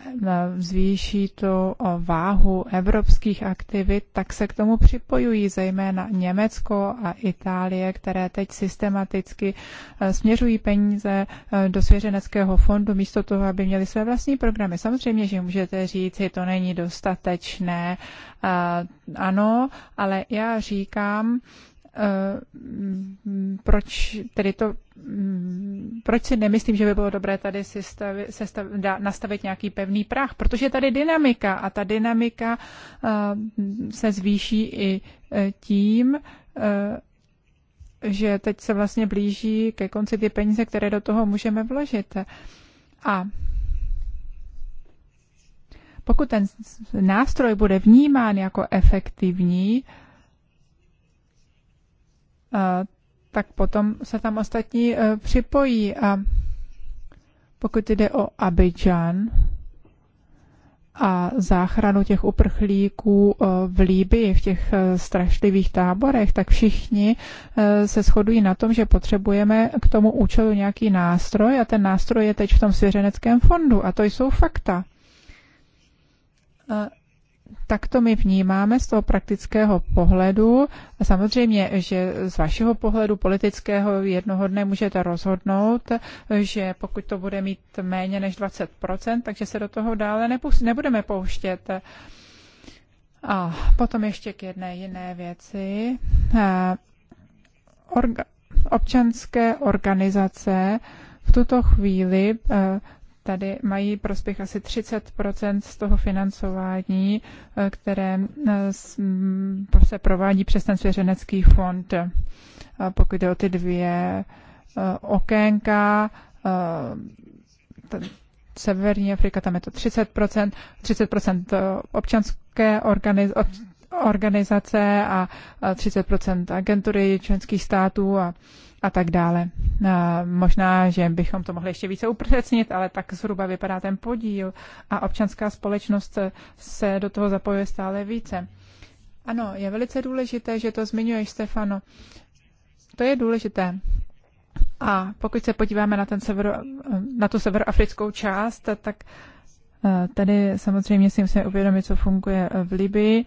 zvýší to váhu evropských aktivit, tak se k tomu připojují zejména Německo a Itálie, které teď systematicky e, směřují peníze e, do svěřeneckého fondu místo toho, aby měli své vlastní programy. Samozřejmě, že můžete říct, že to není dostatečné, ano, ale já říkám, Eh, proč tedy to, mm, proč si nemyslím, že by bylo dobré tady si stavi, se stav, da, nastavit nějaký pevný práh, protože je tady dynamika a ta dynamika uh, se zvýší i eh, tím, uh, že teď se vlastně blíží ke konci ty peníze, které do toho můžeme vložit. A pokud ten nástroj bude vnímán jako efektivní, uh, tak potom se tam ostatní e, připojí. A pokud jde o Abidžan a záchranu těch uprchlíků e, v Líbii, v těch e, strašlivých táborech, tak všichni se shodují na tom, že potřebujeme k tomu účelu nějaký nástroj a ten nástroj je teď v tom svěřeneckém fondu a to jsou fakta tak to my vnímáme z toho praktického pohledu. samozřejmě, že z vašeho pohledu politického jednoho dne můžete rozhodnout, že pokud to bude mít méně než 20%, takže se do toho dále nebudeme pouštět. A potom ještě k jedné jiné věci. Eh, orga, občanské organizace v tuto chvíli eh, tady mají prospěch asi 30 z toho financování, eh, které eh, mm, se provádí přes ten svěřenecký fond. Pokud jde o ty dvě eh, okénka, Severní Afrika, tam je to 30 30 občanské organizace a 30 agentury členských států a a tak dále. Možná, že bychom to mohli ještě více upřesnit, ale tak zhruba vypadá ten podíl a občanská společnost se do toho zapojuje stále více. Ano, je velice důležité, že to zmiňuješ, Stefano. To je důležité. A pokud se podíváme na, ten severo, na tu severoafrickou část, tak eh, tady samozřejmě si musíme uvědomit, co funguje v Libii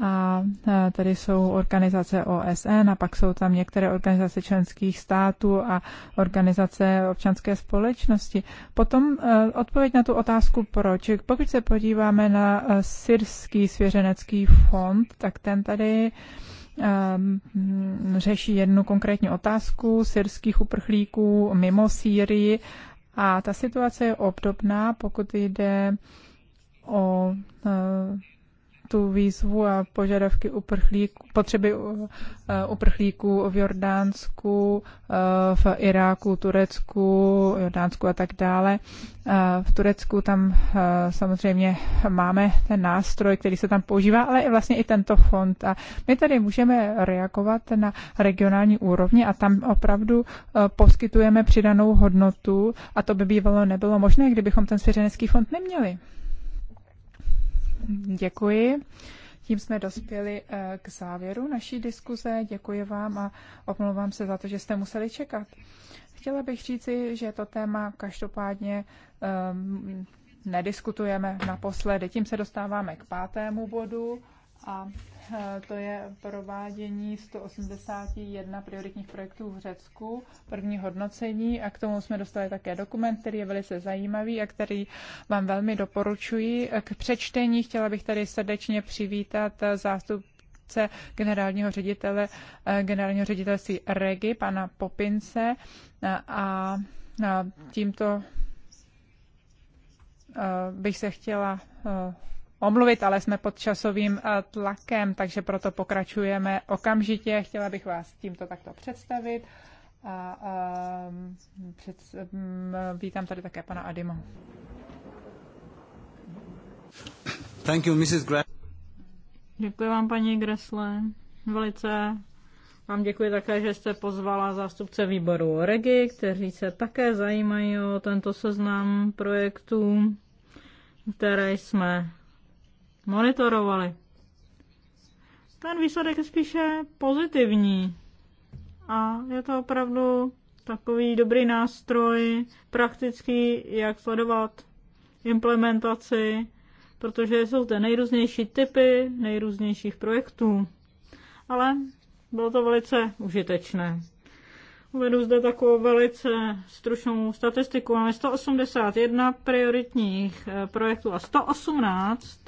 a e, tady jsou organizace OSN a pak jsou tam některé organizace členských států a organizace občanské společnosti. Potom e, odpověď na tu otázku proč. Pokud se podíváme na e, syrský svěřenecký fond, tak ten tady řeší jednu konkrétní otázku syrských uprchlíků mimo Sýrii a ta situace je obdobná, pokud jde o tu výzvu a požadavky uprchlíků, potřeby uh, uh, uprchlíků v Jordánsku, uh, v Iráku, Turecku, Jordánsku a tak dále. V Turecku tam samozřejmě máme ten nástroj, který se tam používá, ale i vlastně i tento fond. A my tady můžeme reagovat na regionální úrovni a tam opravdu poskytujeme přidanou hodnotu a to by bývalo nebylo možné, kdybychom ten svěřenecký fond neměli. Děkuji. Tím jsme dospěli eh, k závěru naší diskuze. Děkuji vám a omlouvám se za to, že jste museli čekat. Chtěla bych říci, že to téma každopádně um, nediskutujeme naposledy. Tím se dostáváme k pátému bodu a Eh, to je provádění 181 prioritních projektů v Řecku, první hodnocení a k tomu jsme dostali také dokument, který je velice zajímavý a který vám velmi doporučuji. Eh, k přečtení chtěla bych tady srdečně přivítat eh, zástup generálního ředitele, generálního ředitelství REGI, pana Popince a tímto bych se chtěla omluvit, ale jsme pod časovým eh, tlakem, takže proto pokračujeme okamžitě. Chtěla bych vás tímto takto představit a, a ehm, před, ehm, vítám tady také pana Adimo. Thank you, Mrs. Gra- Děkuji vám, paní Gresle. Velice vám děkuji také, že jste pozvala zástupce výboru Regi, kteří se také zajímají o tento seznam projektů, které jsme monitorovali. Ten výsledek je spíše pozitivní a je to opravdu takový dobrý nástroj, praktický, jak sledovat implementaci, protože jsou zde nejrůznější typy nejrůznějších projektů. Ale bylo to velice užitečné. Uvedu zde takovou velice stručnou statistiku. Máme 181 prioritních eh, projektů a 118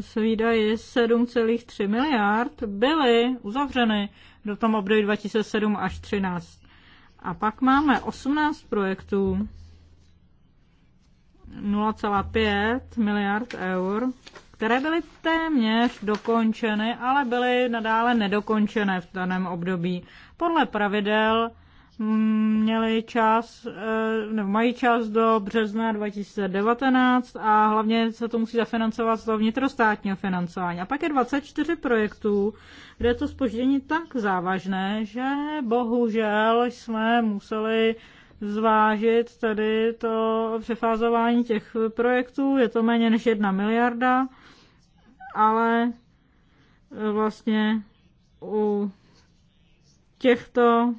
s výdaji 7,3 miliard byly uzavřeny do tom období 2007 až 2013. A pak máme 18 projektů 0,5 miliard eur, které byly téměř dokončeny, ale byly nadále nedokončené v daném období. Podle pravidel měli čas, eh, nebo mají čas do března 2019 a hlavně se to musí zafinancovat z toho vnitrostátního financování. A pak je 24 projektů, kde je to spoždění tak závažné, že bohužel jsme museli zvážit tady to přefázování těch projektů. Je to méně než jedna miliarda, ale eh, vlastně u těchto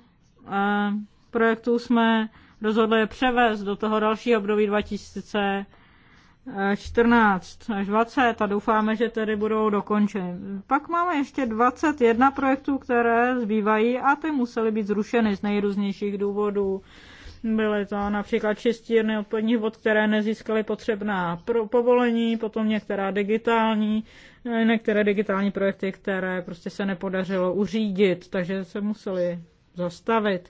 projektů jsme rozhodli převést do toho dalšího období 2014 až 20 a doufáme, že tedy budou dokončeny. Pak máme ještě 21 projektů, které zbývají a ty musely být zrušeny z nejrůznějších důvodů. Byly to například čistírny odpadních vod, které nezískaly potřebná povolení, potom některá digitální, eh, některé digitální projekty, které prostě se nepodařilo uřídit, takže se museli zastavit.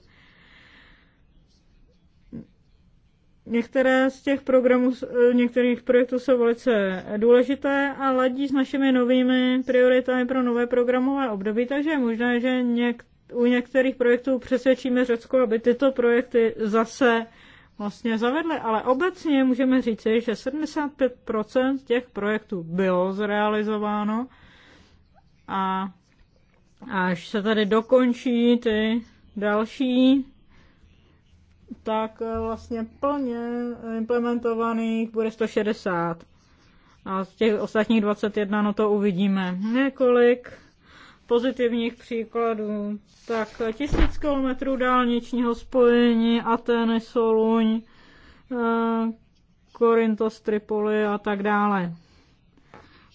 Některé z těch programů, eh, některých projektů jsou velice důležité a ladí s našimi novými prioritami pro nové programové období, takže je možné, že něk, u některých projektů přesvědčíme Řecko, aby tyto projekty zase vlastně zavedly. Ale obecně můžeme říci, že 75% těch projektů bylo zrealizováno a až se tady dokončí ty další, tak eh, vlastně plně implementovaných bude 160. A z těch ostatních 21, no to uvidíme. Několik pozitivních příkladů. Tak eh, tisíc kilometrů dálničního spojení, Ateny, Soluň, Korintos, eh, Tripoli a tak dále.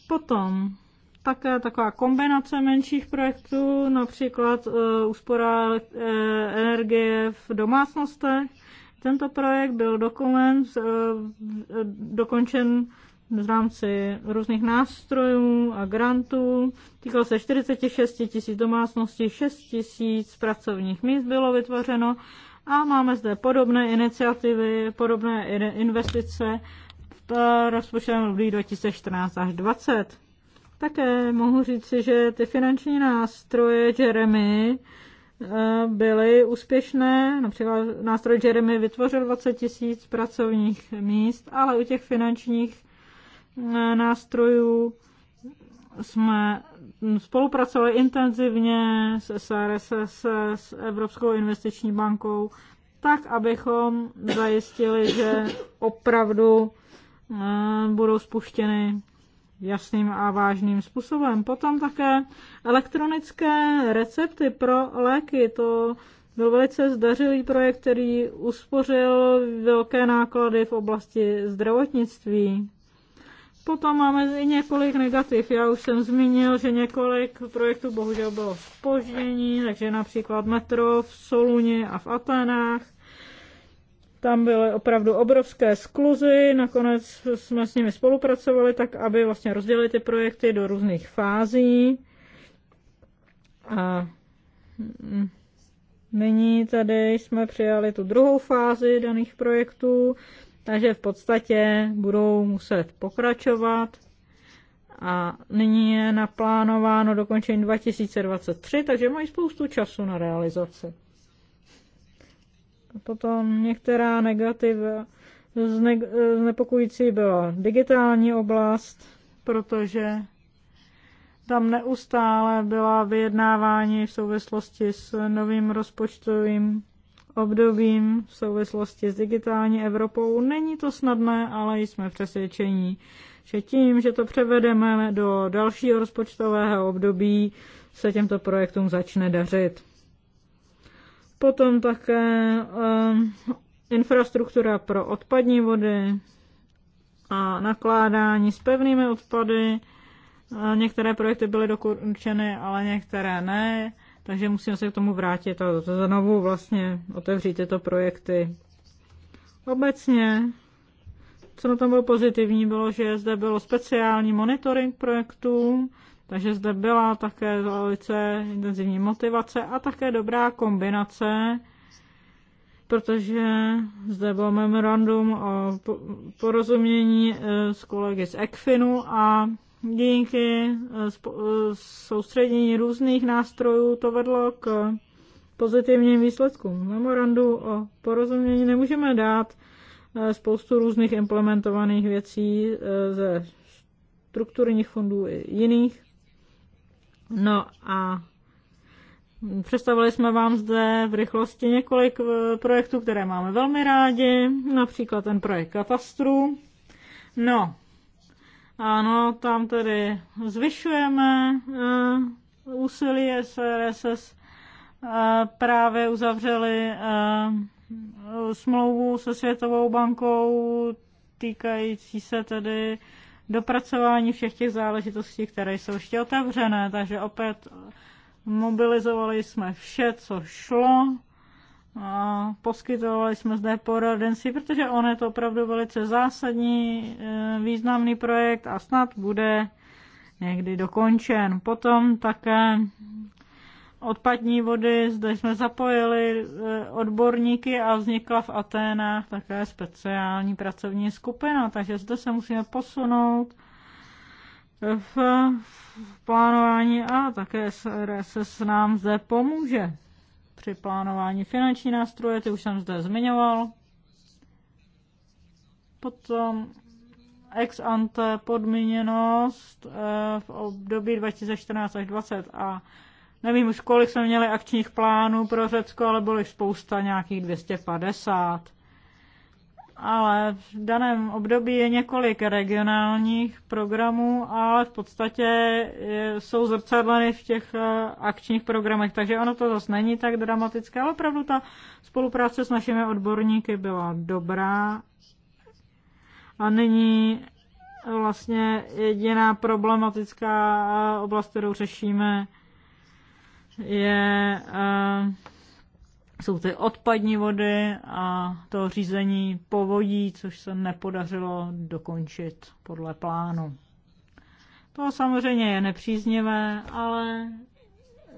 Potom také taková kombinace menších projektů, například e, úspora e, energie v domácnostech. Tento projekt byl dokument, e, dokončen v rámci různých nástrojů a grantů. Týkal se 46 tisíc domácností, 6 tisíc pracovních míst bylo vytvořeno a máme zde podobné iniciativy, podobné investice v rozpočtovém 2014 až 2020. Také mohu říci, že ty finanční nástroje Jeremy eh, byly úspěšné. Například nástroj Jeremy vytvořil 20 tisíc pracovních míst, ale u těch finančních eh, nástrojů jsme spolupracovali intenzivně s SRS, s Evropskou investiční bankou, tak, abychom zajistili, že opravdu eh, budou spuštěny jasným a vážným způsobem. Potom také elektronické recepty pro léky. To byl velice zdařilý projekt, který uspořil velké náklady v oblasti zdravotnictví. Potom máme i několik negativ. Já už jsem zmínil, že několik projektů bohužel bylo spoždění, takže například metro v Soluně a v Atenách tam byly opravdu obrovské skluzy, nakonec jsme s nimi spolupracovali tak, aby vlastně rozdělili ty projekty do různých fází. A mm, nyní tady jsme přijali tu druhou fázi daných projektů, takže v podstatě budou muset pokračovat. A nyní je naplánováno dokončení 2023, takže mají spoustu času na realizaci. Potom některá negativa. Zne, znepokojící byla digitální oblast, protože tam neustále byla vyjednávání v souvislosti s novým rozpočtovým obdobím, v souvislosti s digitální Evropou. Není to snadné, ale jsme přesvědčení, že tím, že to převedeme do dalšího rozpočtového období, se těmto projektům začne dařit. Potom také um, infrastruktura pro odpadní vody a nakládání s pevnými odpady. Některé projekty byly dokončeny, ale některé ne, takže musíme se k tomu vrátit a znovu vlastně otevřít tyto projekty. Obecně, co na tom bylo pozitivní, bylo, že zde bylo speciální monitoring projektů, takže zde byla také velice intenzivní motivace a také dobrá kombinace, protože zde bylo memorandum o porozumění eh, s kolegy z ECFINu a díky eh, eh, soustředění různých nástrojů to vedlo k pozitivním výsledkům. Memorandu o porozumění nemůžeme dát spoustu různých implementovaných věcí ze strukturních fondů i jiných. No a Představili jsme vám zde v rychlosti několik eh, projektů, které máme velmi rádi, například ten projekt Katastru. No, ano, tam tedy zvyšujeme uh, úsilí SRSS. Uh, eh, právě uzavřeli uh, smlouvu se Světovou bankou týkající se tedy dopracování všech těch záležitostí, které jsou ještě otevřené, takže opět mobilizovali jsme vše, co šlo, a poskytovali jsme zde poradenství, protože on je to opravdu velice zásadní, e, významný projekt a snad bude někdy dokončen. Potom také odpadní vody, zde jsme zapojili eh, odborníky a vznikla v Aténách také speciální pracovní skupina, takže zde se musíme posunout v, v plánování a také se s nám zde pomůže při plánování finanční nástroje, ty už jsem zde zmiňoval. Potom ex ante podmíněnost eh, v období 2014 až 2020 a Nevím už, kolik jsme měli akčních plánů pro Řecko, ale byly spousta, nějakých 250. Ale v daném období je několik regionálních programů, ale v podstatě jsou zrcadleny v těch eh, akčních programech, takže ono to zase není tak dramatické, ale opravdu ta spolupráce s našimi odborníky byla dobrá. A nyní vlastně jediná problematická eh, oblast, kterou řešíme, je, eh, jsou ty odpadní vody a to řízení povodí, což se nepodařilo dokončit podle plánu. To samozřejmě je nepříznivé, ale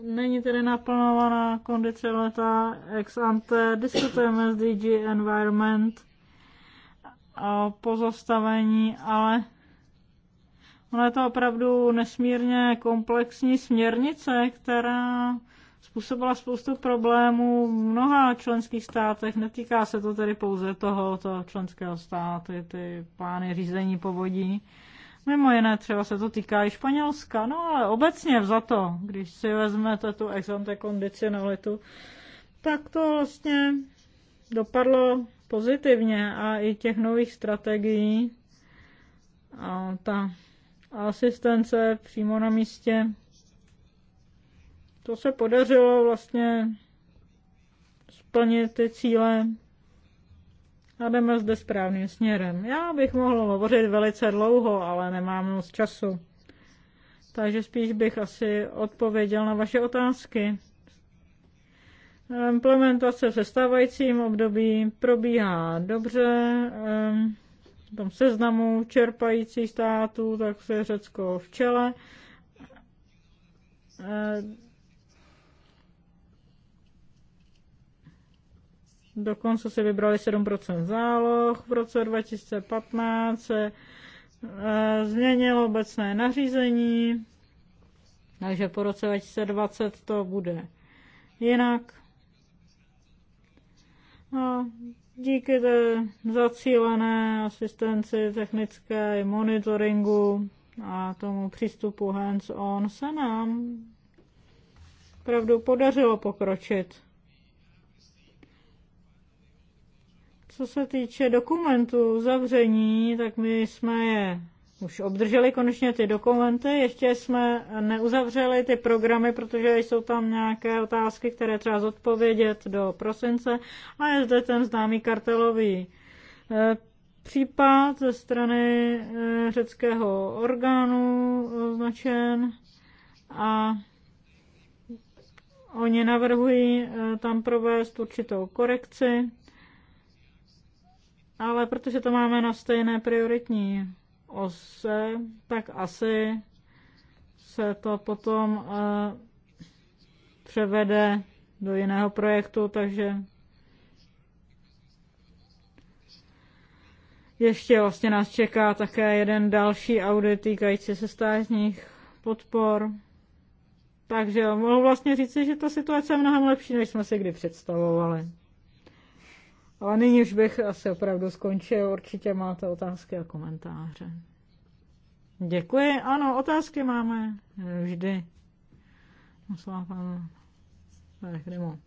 není tedy naplnovaná kondice leta ex ante. Diskutujeme s DG Environment o pozastavení, ale Ono je to opravdu nesmírně komplexní směrnice, která způsobila spoustu problémů v mnoha členských státech. Netýká se to tedy pouze toho, to členského státu, ty plány řízení povodí. Mimo jiné třeba se to týká i Španělska, no ale obecně za to, když si vezmete tu ex ante kondicionalitu, tak to vlastně dopadlo pozitivně a i těch nových strategií a ta asistence přímo na místě. To se podařilo vlastně splnit ty cíle a jdeme zde správným směrem. Já bych mohl hovořit velice dlouho, ale nemám moc času. Takže spíš bych asi odpověděl na vaše otázky. Implementace v sestávajícím období probíhá dobře. Um, tom seznamu čerpajících států, tak se Řecko v čele. Eh, dokonce si vybrali 7% záloh. V roce 2015 se eh, změnilo obecné nařízení, takže po roce 2020 to bude jinak. No, Díky té zacílené asistenci technické monitoringu a tomu přístupu hands-on se nám pravdu podařilo pokročit. Co se týče dokumentů zavření, tak my jsme je už obdrželi konečně ty dokumenty. Ještě jsme neuzavřeli ty programy, protože jsou tam nějaké otázky, které třeba zodpovědět do prosince. A je zde ten známý kartelový eh, případ ze strany eh, řeckého orgánu označen a oni navrhují eh, tam provést určitou korekci, ale protože to máme na stejné prioritní ose, tak asi se to potom eh, převede do jiného projektu, takže ještě vlastně nás čeká také jeden další audit týkající se státních podpor. Takže mohu vlastně říci, že ta situace je mnohem lepší, než jsme si kdy představovali. Ale nyní už bych asi opravdu skončil. Určitě máte otázky a komentáře. Děkuji. Ano, otázky máme vždy.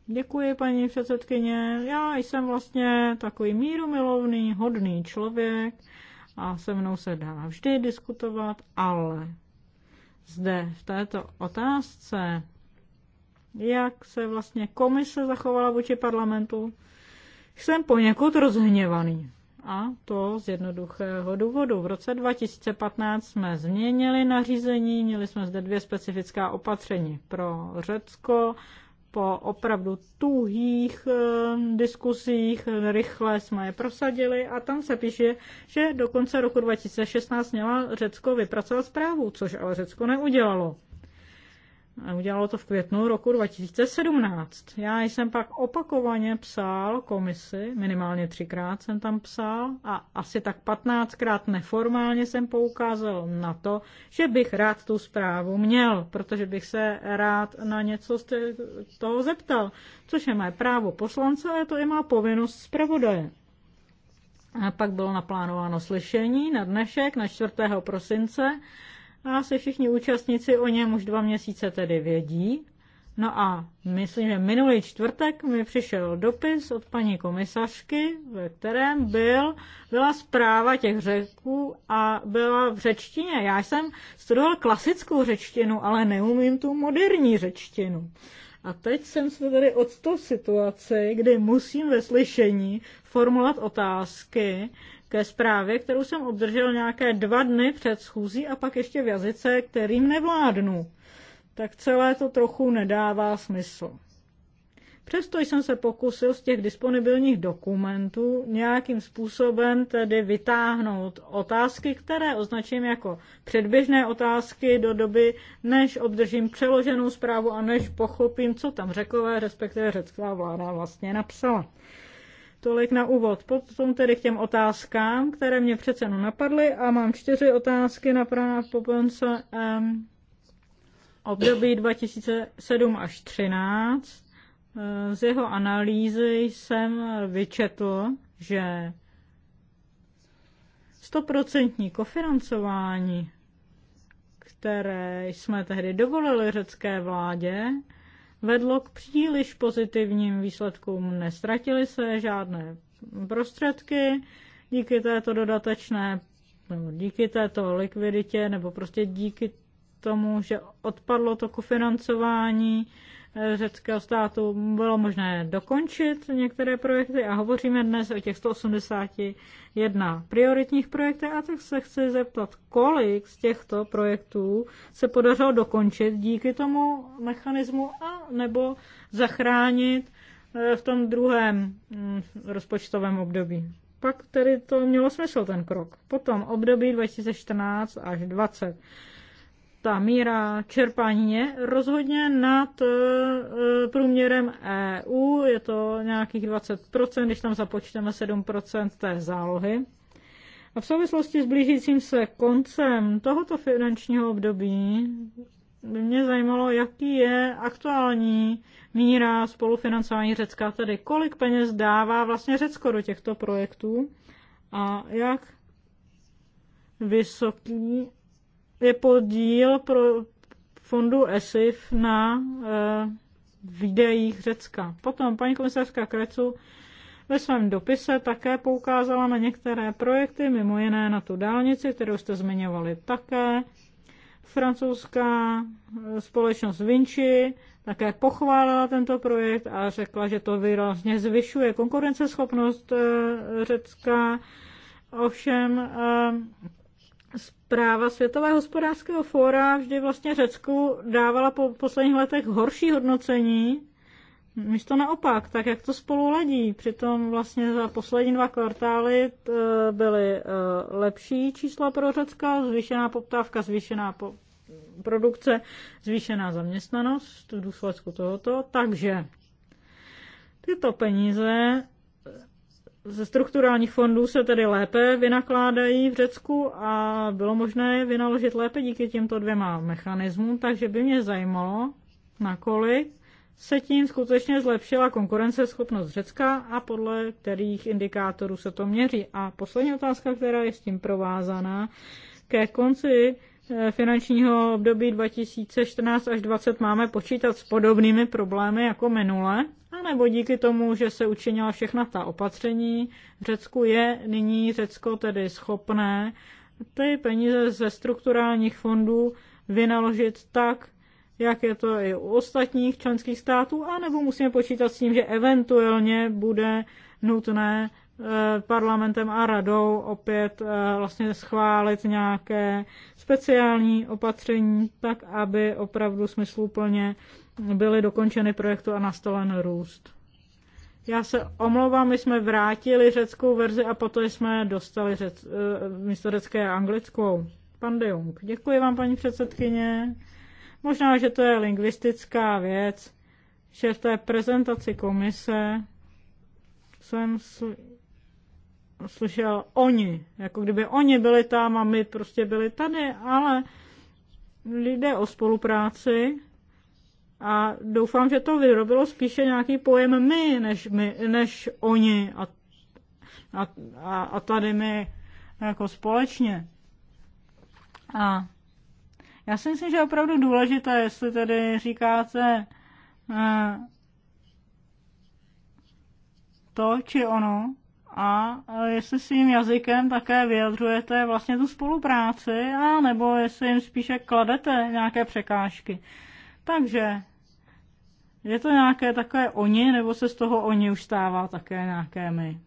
Děkuji, paní předsedkyně. Já jsem vlastně takový mírumilovný, hodný člověk a se mnou se dá vždy diskutovat, ale zde v této otázce, jak se vlastně komise zachovala vůči parlamentu, jsem poněkud rozhněvaný. A to z jednoduchého důvodu. V roce 2015 jsme změnili nařízení, měli jsme zde dvě specifická opatření pro Řecko. Po opravdu tuhých e, diskusích rychle jsme je prosadili a tam se píše, že do konce roku 2016 měla Řecko vypracovat zprávu, což ale Řecko neudělalo. A udělalo to v květnu roku 2017. Já jsem pak opakovaně psal komisi, minimálně třikrát jsem tam psal a asi tak patnáctkrát neformálně jsem poukázal na to, že bych rád tu zprávu měl, protože bych se rád na něco z toho zeptal, což je moje právo poslance a je to i má povinnost zpravodaje. A pak bylo naplánováno slyšení na dnešek, na 4. prosince a asi všichni účastníci o něm už dva měsíce tedy vědí. No a myslím, že minulý čtvrtek mi přišel dopis od paní komisařky, ve kterém byl, byla zpráva těch řeků a byla v řečtině. Já jsem studoval klasickou řečtinu, ale neumím tu moderní řečtinu. A teď jsem se tady od toho situaci, kdy musím ve slyšení formulovat otázky, ke zprávě, kterou jsem obdržel nějaké dva dny před schůzí a pak ještě v jazyce, kterým nevládnu. Tak celé to trochu nedává smysl. Přesto jsem se pokusil z těch disponibilních dokumentů nějakým způsobem tedy vytáhnout otázky, které označím jako předběžné otázky do doby, než obdržím přeloženou zprávu a než pochopím, co tam řekové, respektive řecká vláda vlastně napsala. Tolik na úvod. Potom tedy k těm otázkám, které mě přece jenom napadly a mám čtyři otázky na pana Popence Um, období 2007 až 2013. Eh, z jeho analýzy jsem vyčetl, že stoprocentní kofinancování, které jsme tehdy dovolili řecké vládě, vedlo k příliš pozitivním výsledkům. Nestratily se žádné prostředky díky této dodatečné, nebo díky této likviditě, nebo prostě díky tomu, že odpadlo to kofinancování řeckého státu bylo možné dokončit některé projekty a hovoříme dnes o těch 181 prioritních projektech a tak se chci zeptat, kolik z těchto projektů se podařilo dokončit díky tomu mechanismu a nebo zachránit eh, v tom druhém mm, rozpočtovém období. Pak tedy to mělo smysl ten krok. Potom období 2014 až 2020 ta míra čerpání je rozhodně nad e, průměrem EU, je to nějakých 20%, když tam započteme 7% té zálohy. A v souvislosti s blížícím se koncem tohoto finančního období by mě zajímalo, jaký je aktuální míra spolufinancování Řecka, tedy kolik peněz dává vlastně Řecko do těchto projektů a jak vysoký je podíl pro fondu ESIF na eh, výdejích Řecka. Potom paní komisařka Krecu ve svém dopise také poukázala na některé projekty, mimo jiné na tu dálnici, kterou jste zmiňovali také. Francouzská eh, společnost Vinci také pochválila tento projekt a řekla, že to výrazně zvyšuje konkurenceschopnost eh, Řecka. Ovšem Zpráva světové hospodářského fóra vždy vlastně Řecku dávala po posledních letech horší hodnocení, místo naopak, tak jak to spolu ladí. Přitom vlastně za poslední dva kvartály e, byly e, lepší čísla pro Řecka, zvýšená poptávka, zvýšená po produkce, zvýšená zaměstnanost v důsledku tohoto. Takže tyto peníze ze strukturálních fondů se tedy lépe vynakládají v Řecku a bylo možné je vynaložit lépe díky těmto dvěma mechanismům, takže by mě zajímalo, nakolik se tím skutečně zlepšila konkurenceschopnost Řecka a podle kterých indikátorů se to měří. A poslední otázka, která je s tím provázaná, ke konci Eh, finančního období 2014 až 2020 máme počítat s podobnými problémy jako minule, anebo díky tomu, že se učinila všechna ta opatření, v Řecku je nyní Řecko tedy schopné ty peníze ze strukturálních fondů vynaložit tak, jak je to i u ostatních členských států, anebo musíme počítat s tím, že eventuálně bude nutné Eh, parlamentem a radou opět eh, vlastně schválit nějaké speciální opatření, tak aby opravdu smysluplně byly dokončeny projektu a nastolen růst. Já se omlouvám, my jsme vrátili řeckou verzi a poté jsme dostali řec, eh, místo řecké anglickou. Pan de Jung, děkuji vám, paní předsedkyně. Možná, že to je lingvistická věc, že v té prezentaci komise jsem slyšel, slyšel oni, jako kdyby oni byli tam a my prostě byli tady, ale jde o spolupráci a doufám, že to vyrobilo spíše nějaký pojem my, než, my, než oni a, a, a, a tady my jako společně. A já si myslím, že je opravdu důležité, jestli tedy říkáte eh, to či ono, a jestli svým jazykem také vyjadřujete vlastně tu spolupráci, a nebo jestli jim spíše kladete nějaké překážky. Takže je to nějaké takové oni, nebo se z toho oni už stává také nějaké my?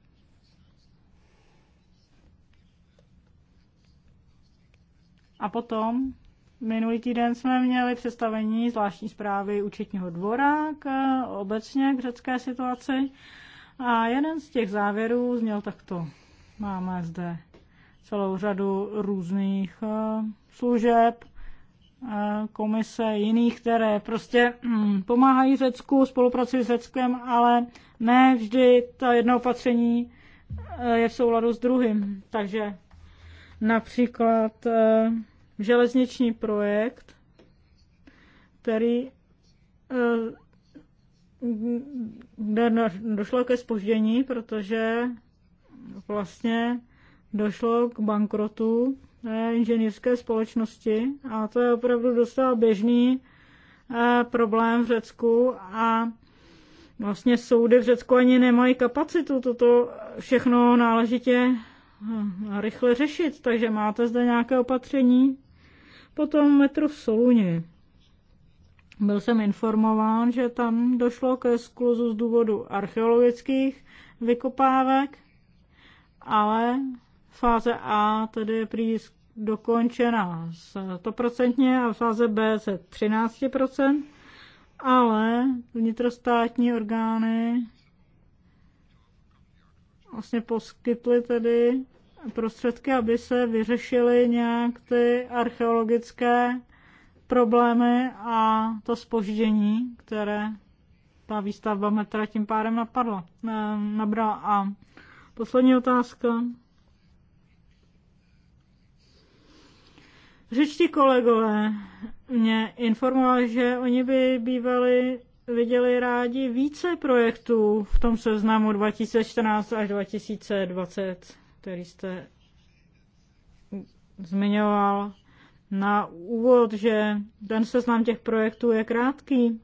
A potom minulý týden jsme měli představení zvláštní zprávy účetního dvora k eh, obecně k řecké situaci. A jeden z těch závěrů zněl takto. Máme zde celou řadu různých eh, služeb, eh, komise jiných, které prostě hm, pomáhají Řecku, spolupracují s Řeckem, ale ne vždy ta jedno opatření eh, je v souladu s druhým. Takže například železniční projekt, který No, došlo ke spoždění, protože vlastně došlo k bankrotu inženýrské společnosti a to je opravdu dostal běžný eh, problém v Řecku a vlastně soudy v Řecku ani nemají kapacitu toto všechno náležitě eh, rychle řešit, takže máte zde nějaké opatření. Potom metro v Soluně. Byl jsem informován, že tam došlo ke skluzu z důvodu archeologických vykopávek, ale fáze A tedy je prý dokončena 100% a fáze B se 13%, ale vnitrostátní orgány vlastně poskytly tedy prostředky, aby se vyřešily nějak ty archeologické problémy a to spoždění, které ta výstavba metra tím pádem napadla, eh, nabrala. A poslední otázka. Řečtí kolegové mě informovali, že oni by bývali viděli rádi více projektů v tom seznamu 2014 až 2020, který jste zmiňoval na úvod, že ten seznam těch projektů je krátký,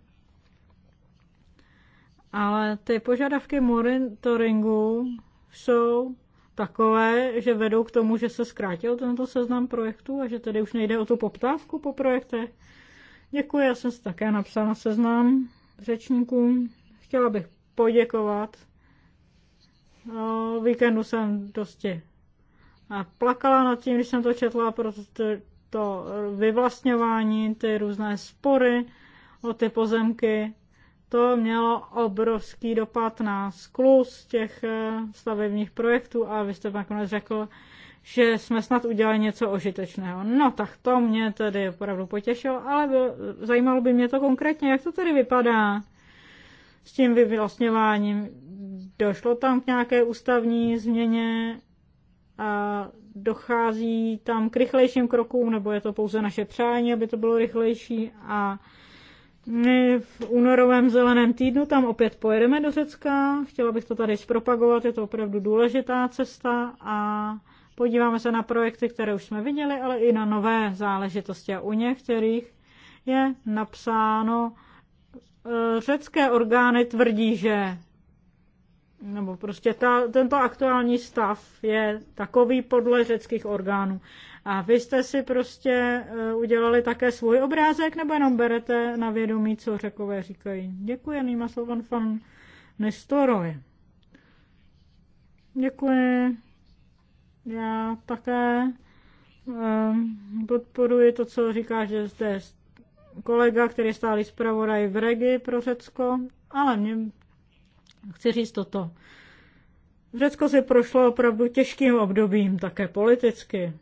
ale ty požadavky monitoringu jsou takové, že vedou k tomu, že se zkrátil tento seznam projektů a že tedy už nejde o tu poptávku po projektech. Děkuji, já jsem si také napsala seznam řečníkům. Chtěla bych poděkovat. O no, víkendu jsem dosti a plakala nad tím, když jsem to četla, protože to vyvlastňování, ty různé spory o ty pozemky, to mělo obrovský dopad na sklus těch eh, stavebních projektů a vy jste nakonec řekl, že jsme snad udělali něco ožitečného. No tak to mě tedy opravdu potěšilo, ale zajímalo by mě to konkrétně, jak to tedy vypadá s tím vyvlastňováním. Došlo tam k nějaké ústavní změně a dochází tam k rychlejším krokům, nebo je to pouze naše přání, aby to bylo rychlejší a my v únorovém zeleném týdnu tam opět pojedeme do Řecka, chtěla bych to tady zpropagovat, je to opravdu důležitá cesta a podíváme se na projekty, které už jsme viděli, ale i na nové záležitosti a u některých je napsáno, e, řecké orgány tvrdí, že nebo prostě ta, tento aktuální stav je takový podle řeckých orgánů. A vy jste si prostě eh, udělali také svůj obrázek, nebo jenom berete na vědomí, co řekové říkají? Děkuji, Nýma Slovan fan Nestorovi. Děkuji. Já také eh, podporuji to, co říká, že zde kolega, který stálý zpravodaj v Regi pro Řecko, ale mě Chci říct toto. Řecko si prošlo opravdu těžkým obdobím, také politicky.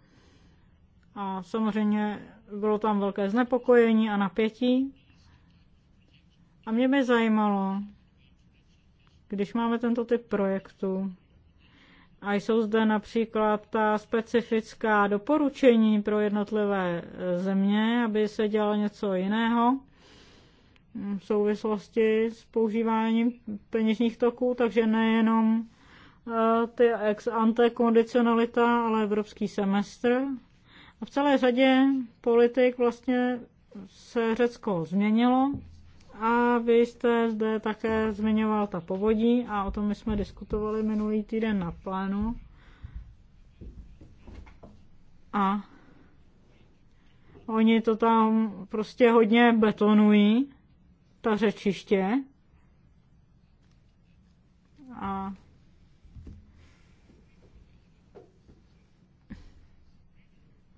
A samozřejmě bylo tam velké znepokojení a napětí. A mě by zajímalo, když máme tento typ projektu, a jsou zde například ta specifická doporučení pro jednotlivé země, aby se dělalo něco jiného, v souvislosti s používáním peněžních toků, takže nejenom eh, ty ex ante kondicionalita, ale evropský semestr. A v celé řadě politik vlastně se Řecko změnilo a vy jste zde také zmiňoval ta povodí a o tom my jsme diskutovali minulý týden na plénu. A oni to tam prostě hodně betonují to řečiště. A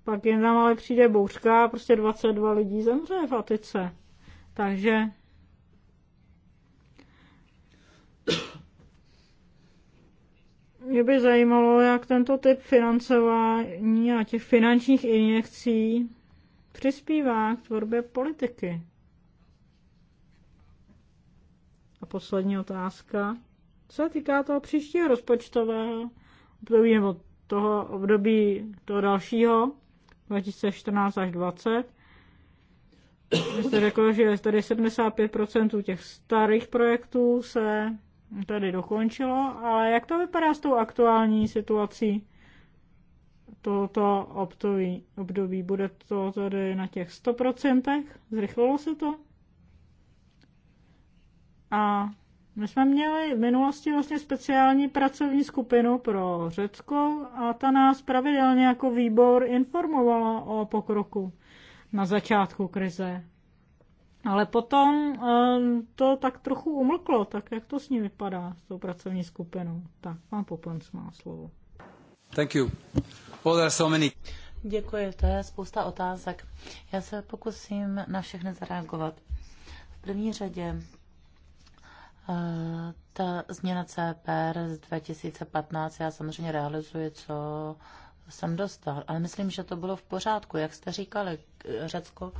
pak jen tam ale přijde bouřka a prostě 22 lidí zemře v Atice. Takže mě by zajímalo, jak tento typ financování a těch finančních injekcí přispívá k tvorbě politiky. poslední otázka. Co se týká toho příštího rozpočtového období nebo toho období toho dalšího, 2014 až 20, vy jste řekl, že tady 75% těch starých projektů se tady dokončilo, ale jak to vypadá s tou aktuální situací tohoto období? období? Bude to tady na těch 100%? Zrychlilo se to? A my jsme měli v minulosti vlastně speciální pracovní skupinu pro Řecko a ta nás pravidelně jako výbor informovala o pokroku na začátku krize. Ale potom ehm, to tak trochu umlklo, tak jak to s ní vypadá, s tou pracovní skupinou. Tak, pan Poplanc má slovo. Thank you. Well, there are so many. Děkuji, to je spousta otázek. Já se pokusím na všechny zareagovat. V první řadě ta změna CPR z 2015, já samozřejmě realizuji, co jsem dostal, ale myslím, že to bylo v pořádku. Jak jste říkali, Řecko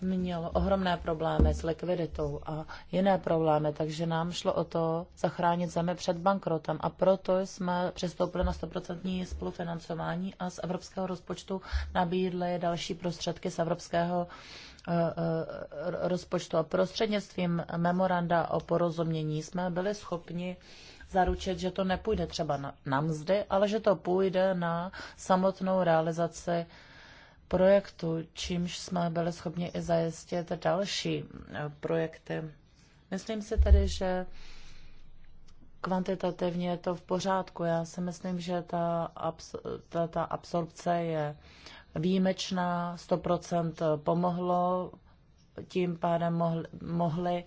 mělo ohromné problémy s likviditou a jiné problémy, takže nám šlo o to zachránit zemi před bankrotem a proto jsme přistoupili na 100% spolufinancování a z evropského rozpočtu nabídli další prostředky z evropského Eh, eh, rozpočtu a prostřednictvím memoranda o porozumění jsme byli schopni zaručit, že to nepůjde třeba na, na mzdy, ale že to půjde na samotnou realizaci projektu, čímž jsme byli schopni i zajistit další eh, projekty. Myslím si tedy, že kvantitativně je to v pořádku. Já si myslím, že ta, abs- ta, ta absorpce je výjimečná, 100% pomohlo, tím pádem mohli, mohli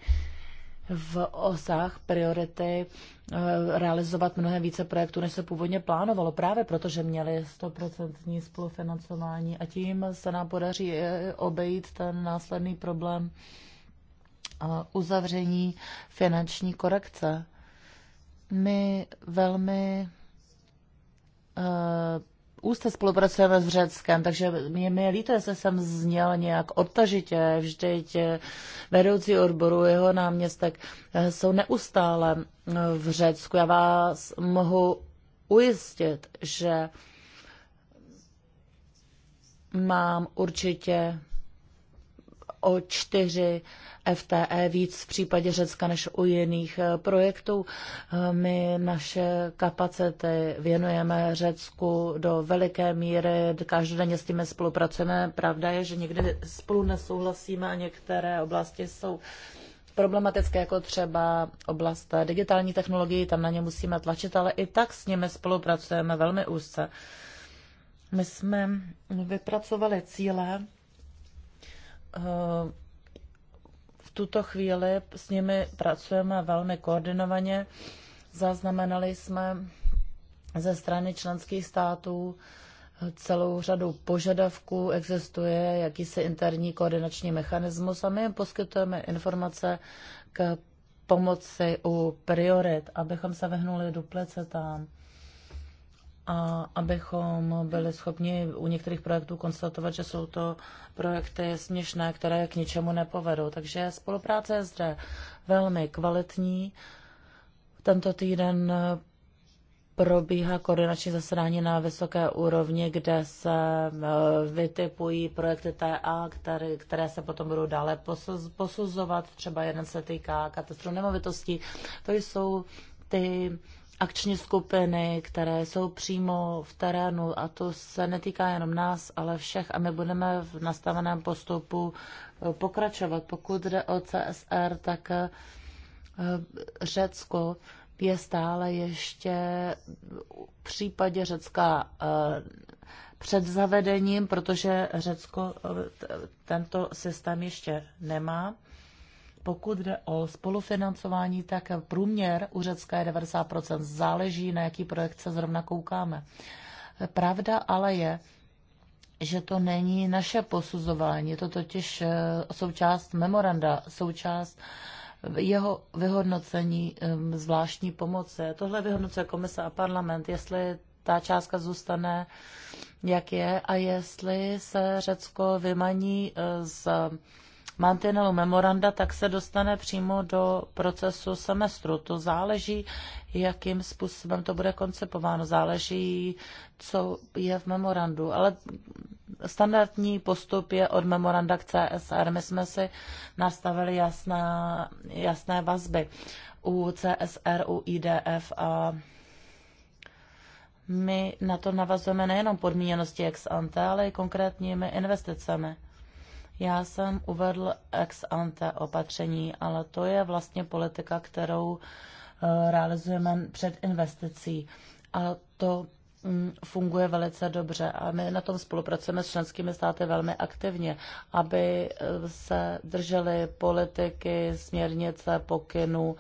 v osách priority eh, realizovat mnohem více projektů, než se původně plánovalo, právě protože měli 100% spolufinancování a tím se nám podaří eh, obejít ten následný problém eh, uzavření finanční korekce. My velmi úzce spolupracujeme s Řeckem, takže mě, mě líto, že jsem zněl nějak odtažitě, vždyť eh, vedoucí odboru, jeho náměstek eh, jsou neustále eh, v Řecku. Já vás mohu ujistit, že mám určitě o čtyři FTE víc v případě Řecka než u jiných eh, projektů. Eh, my naše kapacity věnujeme Řecku do veliké míry, každodenně s tím spolupracujeme. Pravda je, že někdy spolu nesouhlasíme a některé oblasti jsou problematické, jako třeba oblast digitální technologií, tam na ně musíme tlačit, ale i tak s nimi spolupracujeme velmi úzce. My jsme vypracovali cíle Eh, v tuto chvíli s nimi pracujeme velmi koordinovaně. Zaznamenali jsme ze strany členských států eh, celou řadu požadavků, existuje jakýsi interní koordinační mechanismus a my jim poskytujeme informace k pomoci u priorit, abychom se vyhnuli duplicitám a abychom byli schopni u některých projektů konstatovat, že jsou to projekty směšné, které k ničemu nepovedou. Takže spolupráce je zde velmi kvalitní. Tento týden probíhá koordinační zasedání na vysoké úrovni, kde se e, vytipují projekty TA, které, které se potom budou dále posuzovat. Třeba jeden se týká katastru nemovitostí. To jsou ty akční skupiny, které jsou přímo v terénu a to se netýká jenom nás, ale všech a my budeme v nastaveném postupu eh, pokračovat. Pokud jde o CSR, tak eh, Řecko je stále ještě v případě Řecka eh, před zavedením, protože Řecko tento systém ještě nemá. Pokud jde o spolufinancování, tak průměr u Řecka je 90%. Záleží, na jaký projekt se zrovna koukáme. Pravda ale je, že to není naše posuzování, je to totiž eh, součást memoranda, součást jeho vyhodnocení eh, zvláštní pomoci. Tohle vyhodnocuje komise a parlament, jestli ta částka zůstane, jak je, a jestli se Řecko vymaní eh, z mantinelu memoranda, tak se dostane přímo do procesu semestru. To záleží, jakým způsobem to bude koncipováno. Záleží, co je v memorandu. Ale standardní postup je od memoranda k CSR. My jsme si nastavili jasná, jasné vazby u CSR, u IDF a my na to navazujeme nejenom podmíněnosti ex ante, ale i konkrétními investicemi. Já jsem uvedl ex ante opatření, ale to je vlastně politika, kterou eh, realizujeme před investicí. A to mm, funguje velice dobře a my na tom spolupracujeme s členskými státy velmi aktivně, aby eh, se drželi politiky, směrnice, pokynů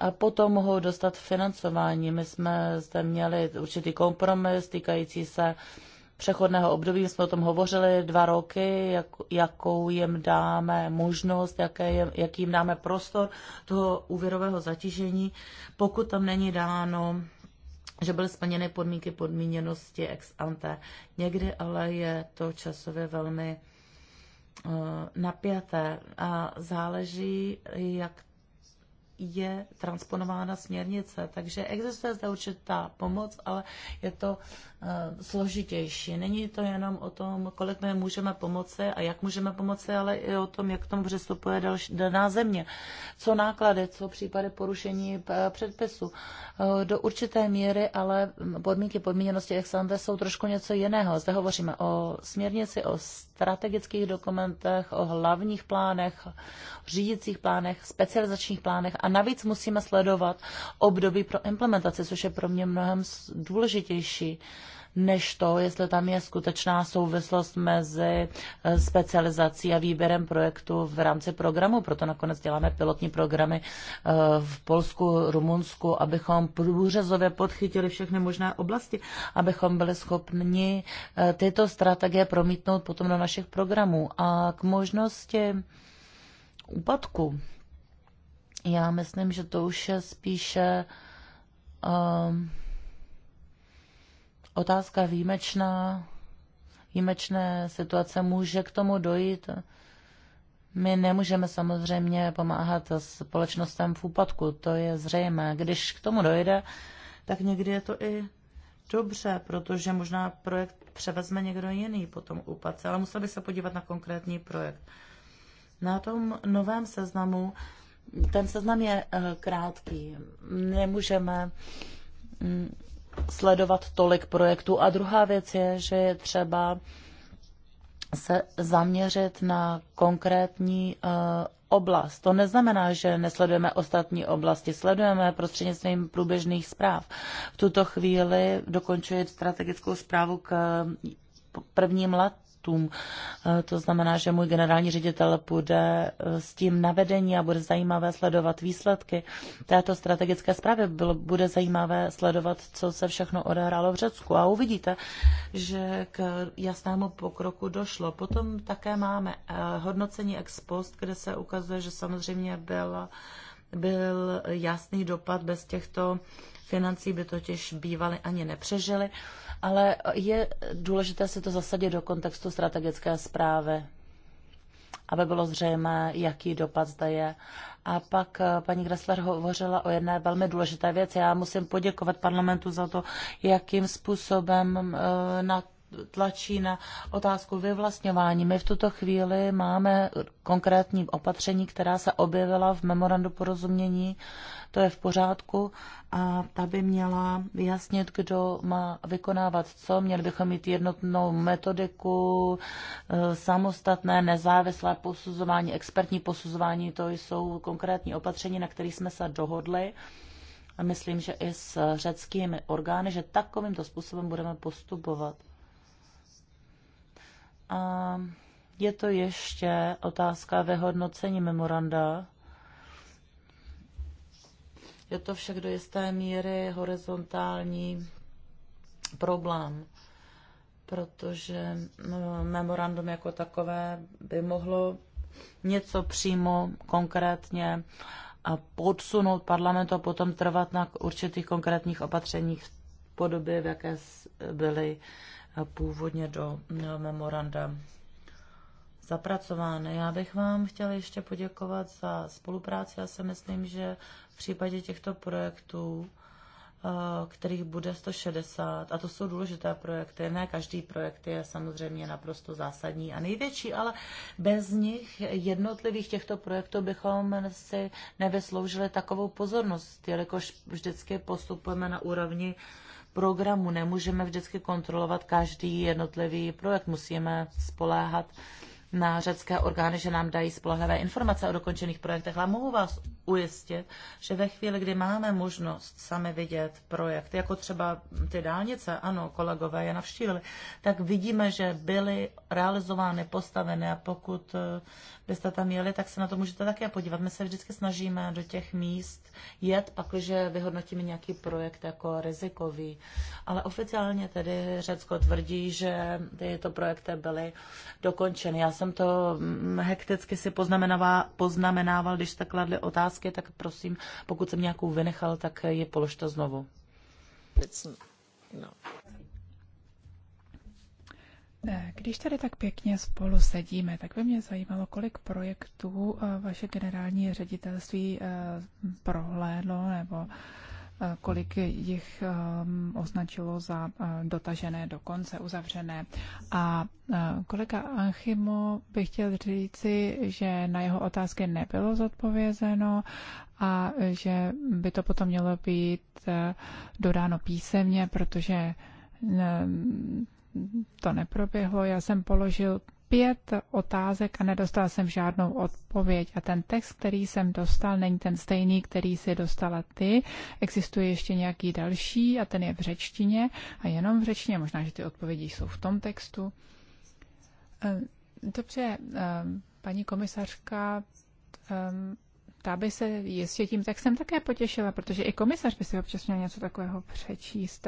a potom mohou dostat financování. My jsme zde měli určitý kompromis týkající se uh, přechodného období, jsme o tom hovořili dva roky, jak, jakou jim dáme možnost, jaké, jak jim dáme prostor toho úvěrového zatížení, pokud tam není dáno že byly splněny podmínky podmíněnosti ex ante. Někdy ale je to časově velmi uh, napjaté a záleží, jak je transponována směrnice. Takže existuje zde určitá pomoc, ale je to uh, Eh, složitější. Není to jenom o tom, kolik my můžeme pomoci a jak můžeme pomoci, ale i o tom, jak k tomu přistupuje další, daná země. Co náklady, co případy porušení eh, předpisu. Eh, do určité míry, ale podmínky podmíněnosti Exante jsou trošku něco jiného. Zde hovoříme o směrnici, o strategických dokumentech, o hlavních plánech, řídicích plánech, specializačních plánech a navíc musíme sledovat období pro implementaci, což je pro mě mnohem důležitější než to, jestli tam je skutečná souvislost mezi eh, specializací a výběrem projektu v rámci programu. Proto nakonec děláme pilotní programy eh, v Polsku, Rumunsku, abychom průřezově podchytili všechny možné oblasti, abychom byli schopni eh, tyto strategie promítnout potom do našich programů. A k možnosti úpadku. Já myslím, že to už je spíše um, otázka výjimečná, výjimečné situace, může k tomu dojít. My nemůžeme samozřejmě pomáhat společnostem v úpadku, to je zřejmé. Když k tomu dojde, tak někdy je to i dobře, protože možná projekt převezme někdo jiný po tom úpadce, ale musel bych se podívat na konkrétní projekt. Na tom novém seznamu, ten seznam je eh, krátký, nemůžeme mm, sledovat tolik projektů. A druhá věc je, že je třeba se zaměřit na konkrétní eh, oblast. To neznamená, že nesledujeme ostatní oblasti, sledujeme prostřednictvím průběžných zpráv. V tuto chvíli dokončuji strategickou zprávu k eh, prvním letům starostům. Eh, to znamená, že můj generální ředitel bude eh, s tím navedení a bude zajímavé sledovat výsledky této strategické zprávy. bude zajímavé sledovat, co se všechno odehrálo v Řecku. A uvidíte, že k jasnému pokroku došlo. Potom také máme eh, hodnocení ex post, kde se ukazuje, že samozřejmě byla byl jasný dopad. Bez těchto financí by totiž bývali ani nepřežili. Ale je důležité si to zasadit do kontextu strategické zprávy, aby bylo zřejmé, jaký dopad zde je. A pak eh, paní Gressler hovořila o jedné velmi důležité věci. Já musím poděkovat parlamentu za to, jakým způsobem eh, na tlačí na otázku vyvlastňování. My v tuto chvíli máme konkrétní opatření, která se objevila v memorandu porozumění, to je v pořádku a ta by měla vyjasnit, kdo má vykonávat co. Měli bychom mít jednotnou metodiku, e, samostatné, nezávislé posuzování, expertní posuzování, to jsou konkrétní opatření, na kterých jsme se dohodli a myslím, že i s řeckými orgány, že takovýmto způsobem budeme postupovat. A je to ještě otázka vyhodnocení memoranda. Je to však do jisté míry horizontální problém, protože memorandum jako takové by mohlo něco přímo konkrétně a podsunout parlamentu a potom trvat na určitých konkrétních opatřeních v podobě, v jaké byly původně do eh, memoranda zapracovány. Já bych vám chtěla ještě poděkovat za spolupráci. Já si myslím, že v případě těchto projektů, eh, kterých bude 160, a to jsou důležité projekty, ne každý projekt je samozřejmě naprosto zásadní a největší, ale bez nich jednotlivých těchto projektů bychom si nevysloužili takovou pozornost, jelikož vždycky postupujeme na úrovni uh, programu. Nemůžeme vždycky kontrolovat každý jednotlivý projekt, musíme spoléhat na řecké orgány, že nám dají spolehlivé informace o dokončených projektech, A mohu vás ujistit, že ve chvíli, kdy máme možnost sami vidět projekt, jako třeba ty dálnice, ano, kolegové je navštívili, tak vidíme, že byly realizovány, postaveny a pokud eh, byste tam jeli, tak se na to můžete také podívat. My se vždycky snažíme do těch míst jet, pakliže vyhodnotíme nějaký projekt jako rizikový. Ale oficiálně tedy Řecko tvrdí, že tyto projekty byly dokončeny. Já jsem to mm, hekticky si poznamenával, poznamenával, když jste kladli otázky, tak prosím, pokud jsem nějakou vynechal, tak je položte znovu. Když tady tak pěkně spolu sedíme, tak by mě zajímalo, kolik projektů eh, vaše generální ředitelství eh, prohlédlo nebo kolik jich um, označilo za uh, dotažené do konce, uzavřené. A uh, kolega Anchimo by chtěl říci, že na jeho otázky nebylo zodpovězeno a že by to potom mělo být uh, dodáno písemně, protože um, to neproběhlo. Já jsem položil pět otázek a nedostal jsem žádnou odpověď. A ten text, který jsem dostal, není ten stejný, který si dostala ty. Existuje ještě nějaký další a ten je v řečtině a jenom v řečtině. Možná, že ty odpovědi jsou v tom textu. Eh, dobře, eh, paní komisařka, eh, ta by se jistě tím textem také potěšila, protože i komisař by si občas měl něco takového přečíst.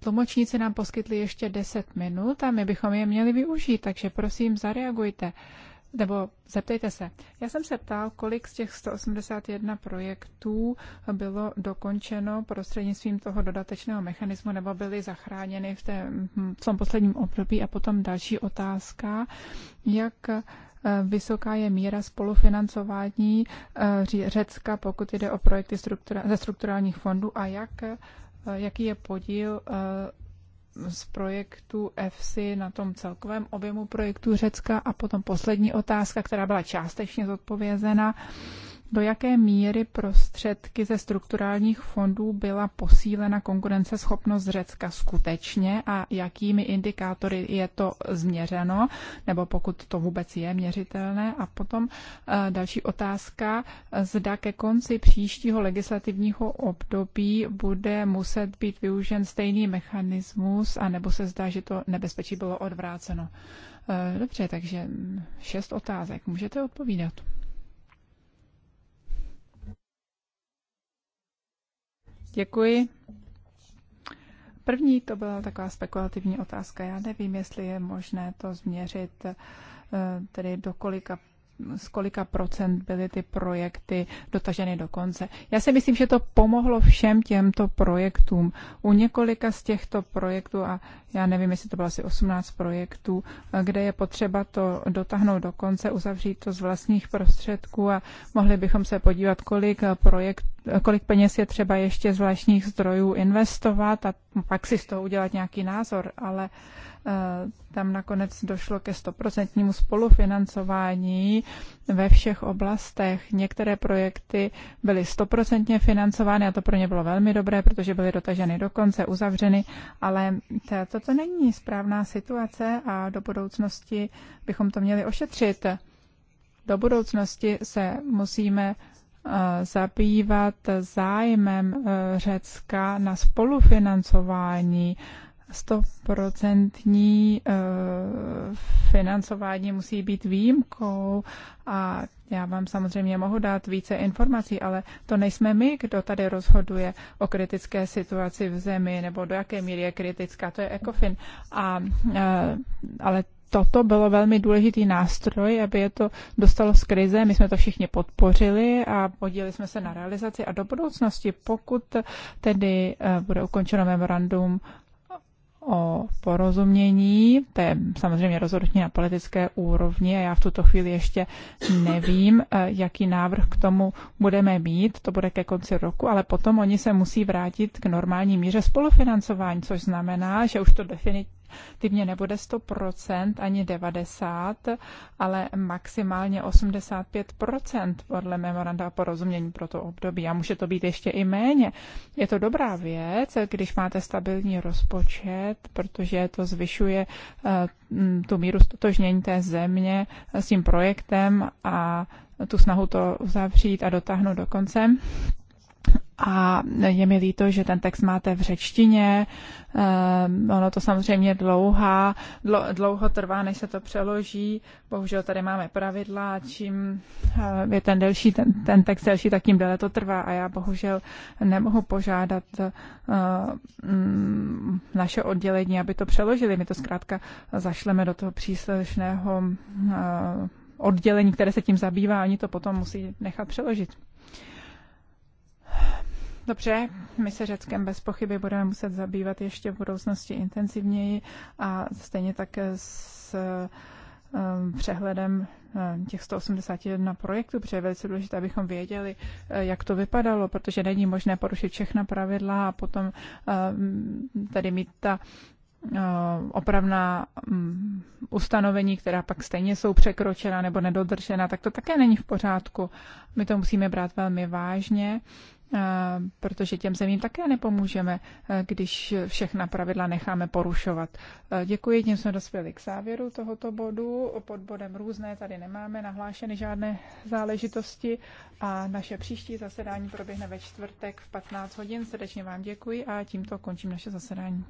Tlumočníci nám poskytli ještě 10 minut a my bychom je měli využít, takže prosím zareagujte. Nebo zeptejte se. Já jsem se ptal, kolik z těch 181 projektů bylo dokončeno prostřednictvím toho dodatečného mechanismu nebo byly zachráněny v, té, hm, v tom posledním období. A potom další otázka, jak eh, vysoká je míra spolufinancování eh, Řecka, pokud jde o projekty struktura, ze strukturálních fondů a jak Eh, jaký je podíl eh, z projektu EFSI na tom celkovém objemu projektu Řecka. A potom poslední otázka, která byla částečně zodpovězena, do jaké míry prostředky ze strukturálních fondů byla posílena konkurenceschopnost Řecka skutečně a jakými indikátory je to změřeno, nebo pokud to vůbec je měřitelné. A potom eh, další otázka, zda ke konci příštího legislativního období bude muset být využen stejný mechanismus, anebo se zdá, že to nebezpečí bylo odvráceno. Eh, dobře, takže šest otázek. Můžete odpovídat. Děkuji. První to byla taková spekulativní otázka. Já nevím, jestli je možné to změřit eh, tedy do kolika z kolika procent byly ty projekty dotaženy do konce. Já si myslím, že to pomohlo všem těmto projektům. U několika z těchto projektů, a já nevím, jestli to bylo asi 18 projektů, kde je potřeba to dotáhnout do konce, uzavřít to z vlastních prostředků a mohli bychom se podívat, kolik projekt, kolik peněz je třeba ještě z vlastních zdrojů investovat a pak si z toho udělat nějaký názor, ale Eh, tam nakonec došlo ke stoprocentnímu spolufinancování ve všech oblastech. Některé projekty byly stoprocentně financovány a to pro ně bylo velmi dobré, protože byly dotaženy do konce, uzavřeny, ale toto není správná situace a do budoucnosti bychom to měli ošetřit. Do budoucnosti se musíme eh, zabývat zájmem eh, Řecka na spolufinancování stoprocentní eh, financování musí být výjimkou a já vám samozřejmě mohu dát více informací, ale to nejsme my, kdo tady rozhoduje o kritické situaci v zemi nebo do jaké míry je kritická, to je ECOFIN. A, eh, ale toto bylo velmi důležitý nástroj, aby je to dostalo z krize. My jsme to všichni podpořili a podíleli jsme se na realizaci. A do budoucnosti, pokud tedy eh, bude ukončeno memorandum o porozumění. To je samozřejmě rozhodnutí na politické úrovni a já v tuto chvíli ještě nevím, eh, jaký návrh k tomu budeme mít. To bude ke konci roku, ale potom oni se musí vrátit k normální míře spolufinancování, což znamená, že už to definitivně definitivně nebude 100% ani 90%, ale maximálně 85% podle memoranda o porozumění pro to období. A může to být ještě i méně. Je to dobrá věc, když máte stabilní rozpočet, protože to zvyšuje eh, tu míru stotožnění té země eh, s tím projektem a tu snahu to uzavřít a dotáhnout do konce a je mi líto, že ten text máte v řečtině. Um, ono to samozřejmě dlouhá, dlo, dlouho trvá, než se to přeloží. Bohužel tady máme pravidla, čím uh, je ten, delší, ten, ten text delší, tak tím déle to trvá. A já bohužel nemohu požádat uh, naše oddělení, aby to přeložili. My to zkrátka zašleme do toho příslušného uh, oddělení, které se tím zabývá, oni to potom musí nechat přeložit. Dobře, my se Řeckem bez pochyby budeme muset zabývat ještě v budoucnosti intenzivněji a stejně tak s eh, přehledem eh, těch 181 projektů, protože je velice důležité, abychom věděli, eh, jak to vypadalo, protože není možné porušit všechna pravidla a potom tady mít ta opravná mm, ustanovení, která pak stejně jsou překročena nebo nedodržena, tak to také není v pořádku. My to musíme brát velmi vážně Eh, protože těm zemím také nepomůžeme, eh, když všechna pravidla necháme porušovat. Eh, děkuji, tím jsme dospěli k závěru tohoto bodu. Pod bodem různé tady nemáme nahlášeny žádné záležitosti a naše příští zasedání proběhne ve čtvrtek v 15 hodin. Srdečně vám děkuji a tímto končím naše zasedání.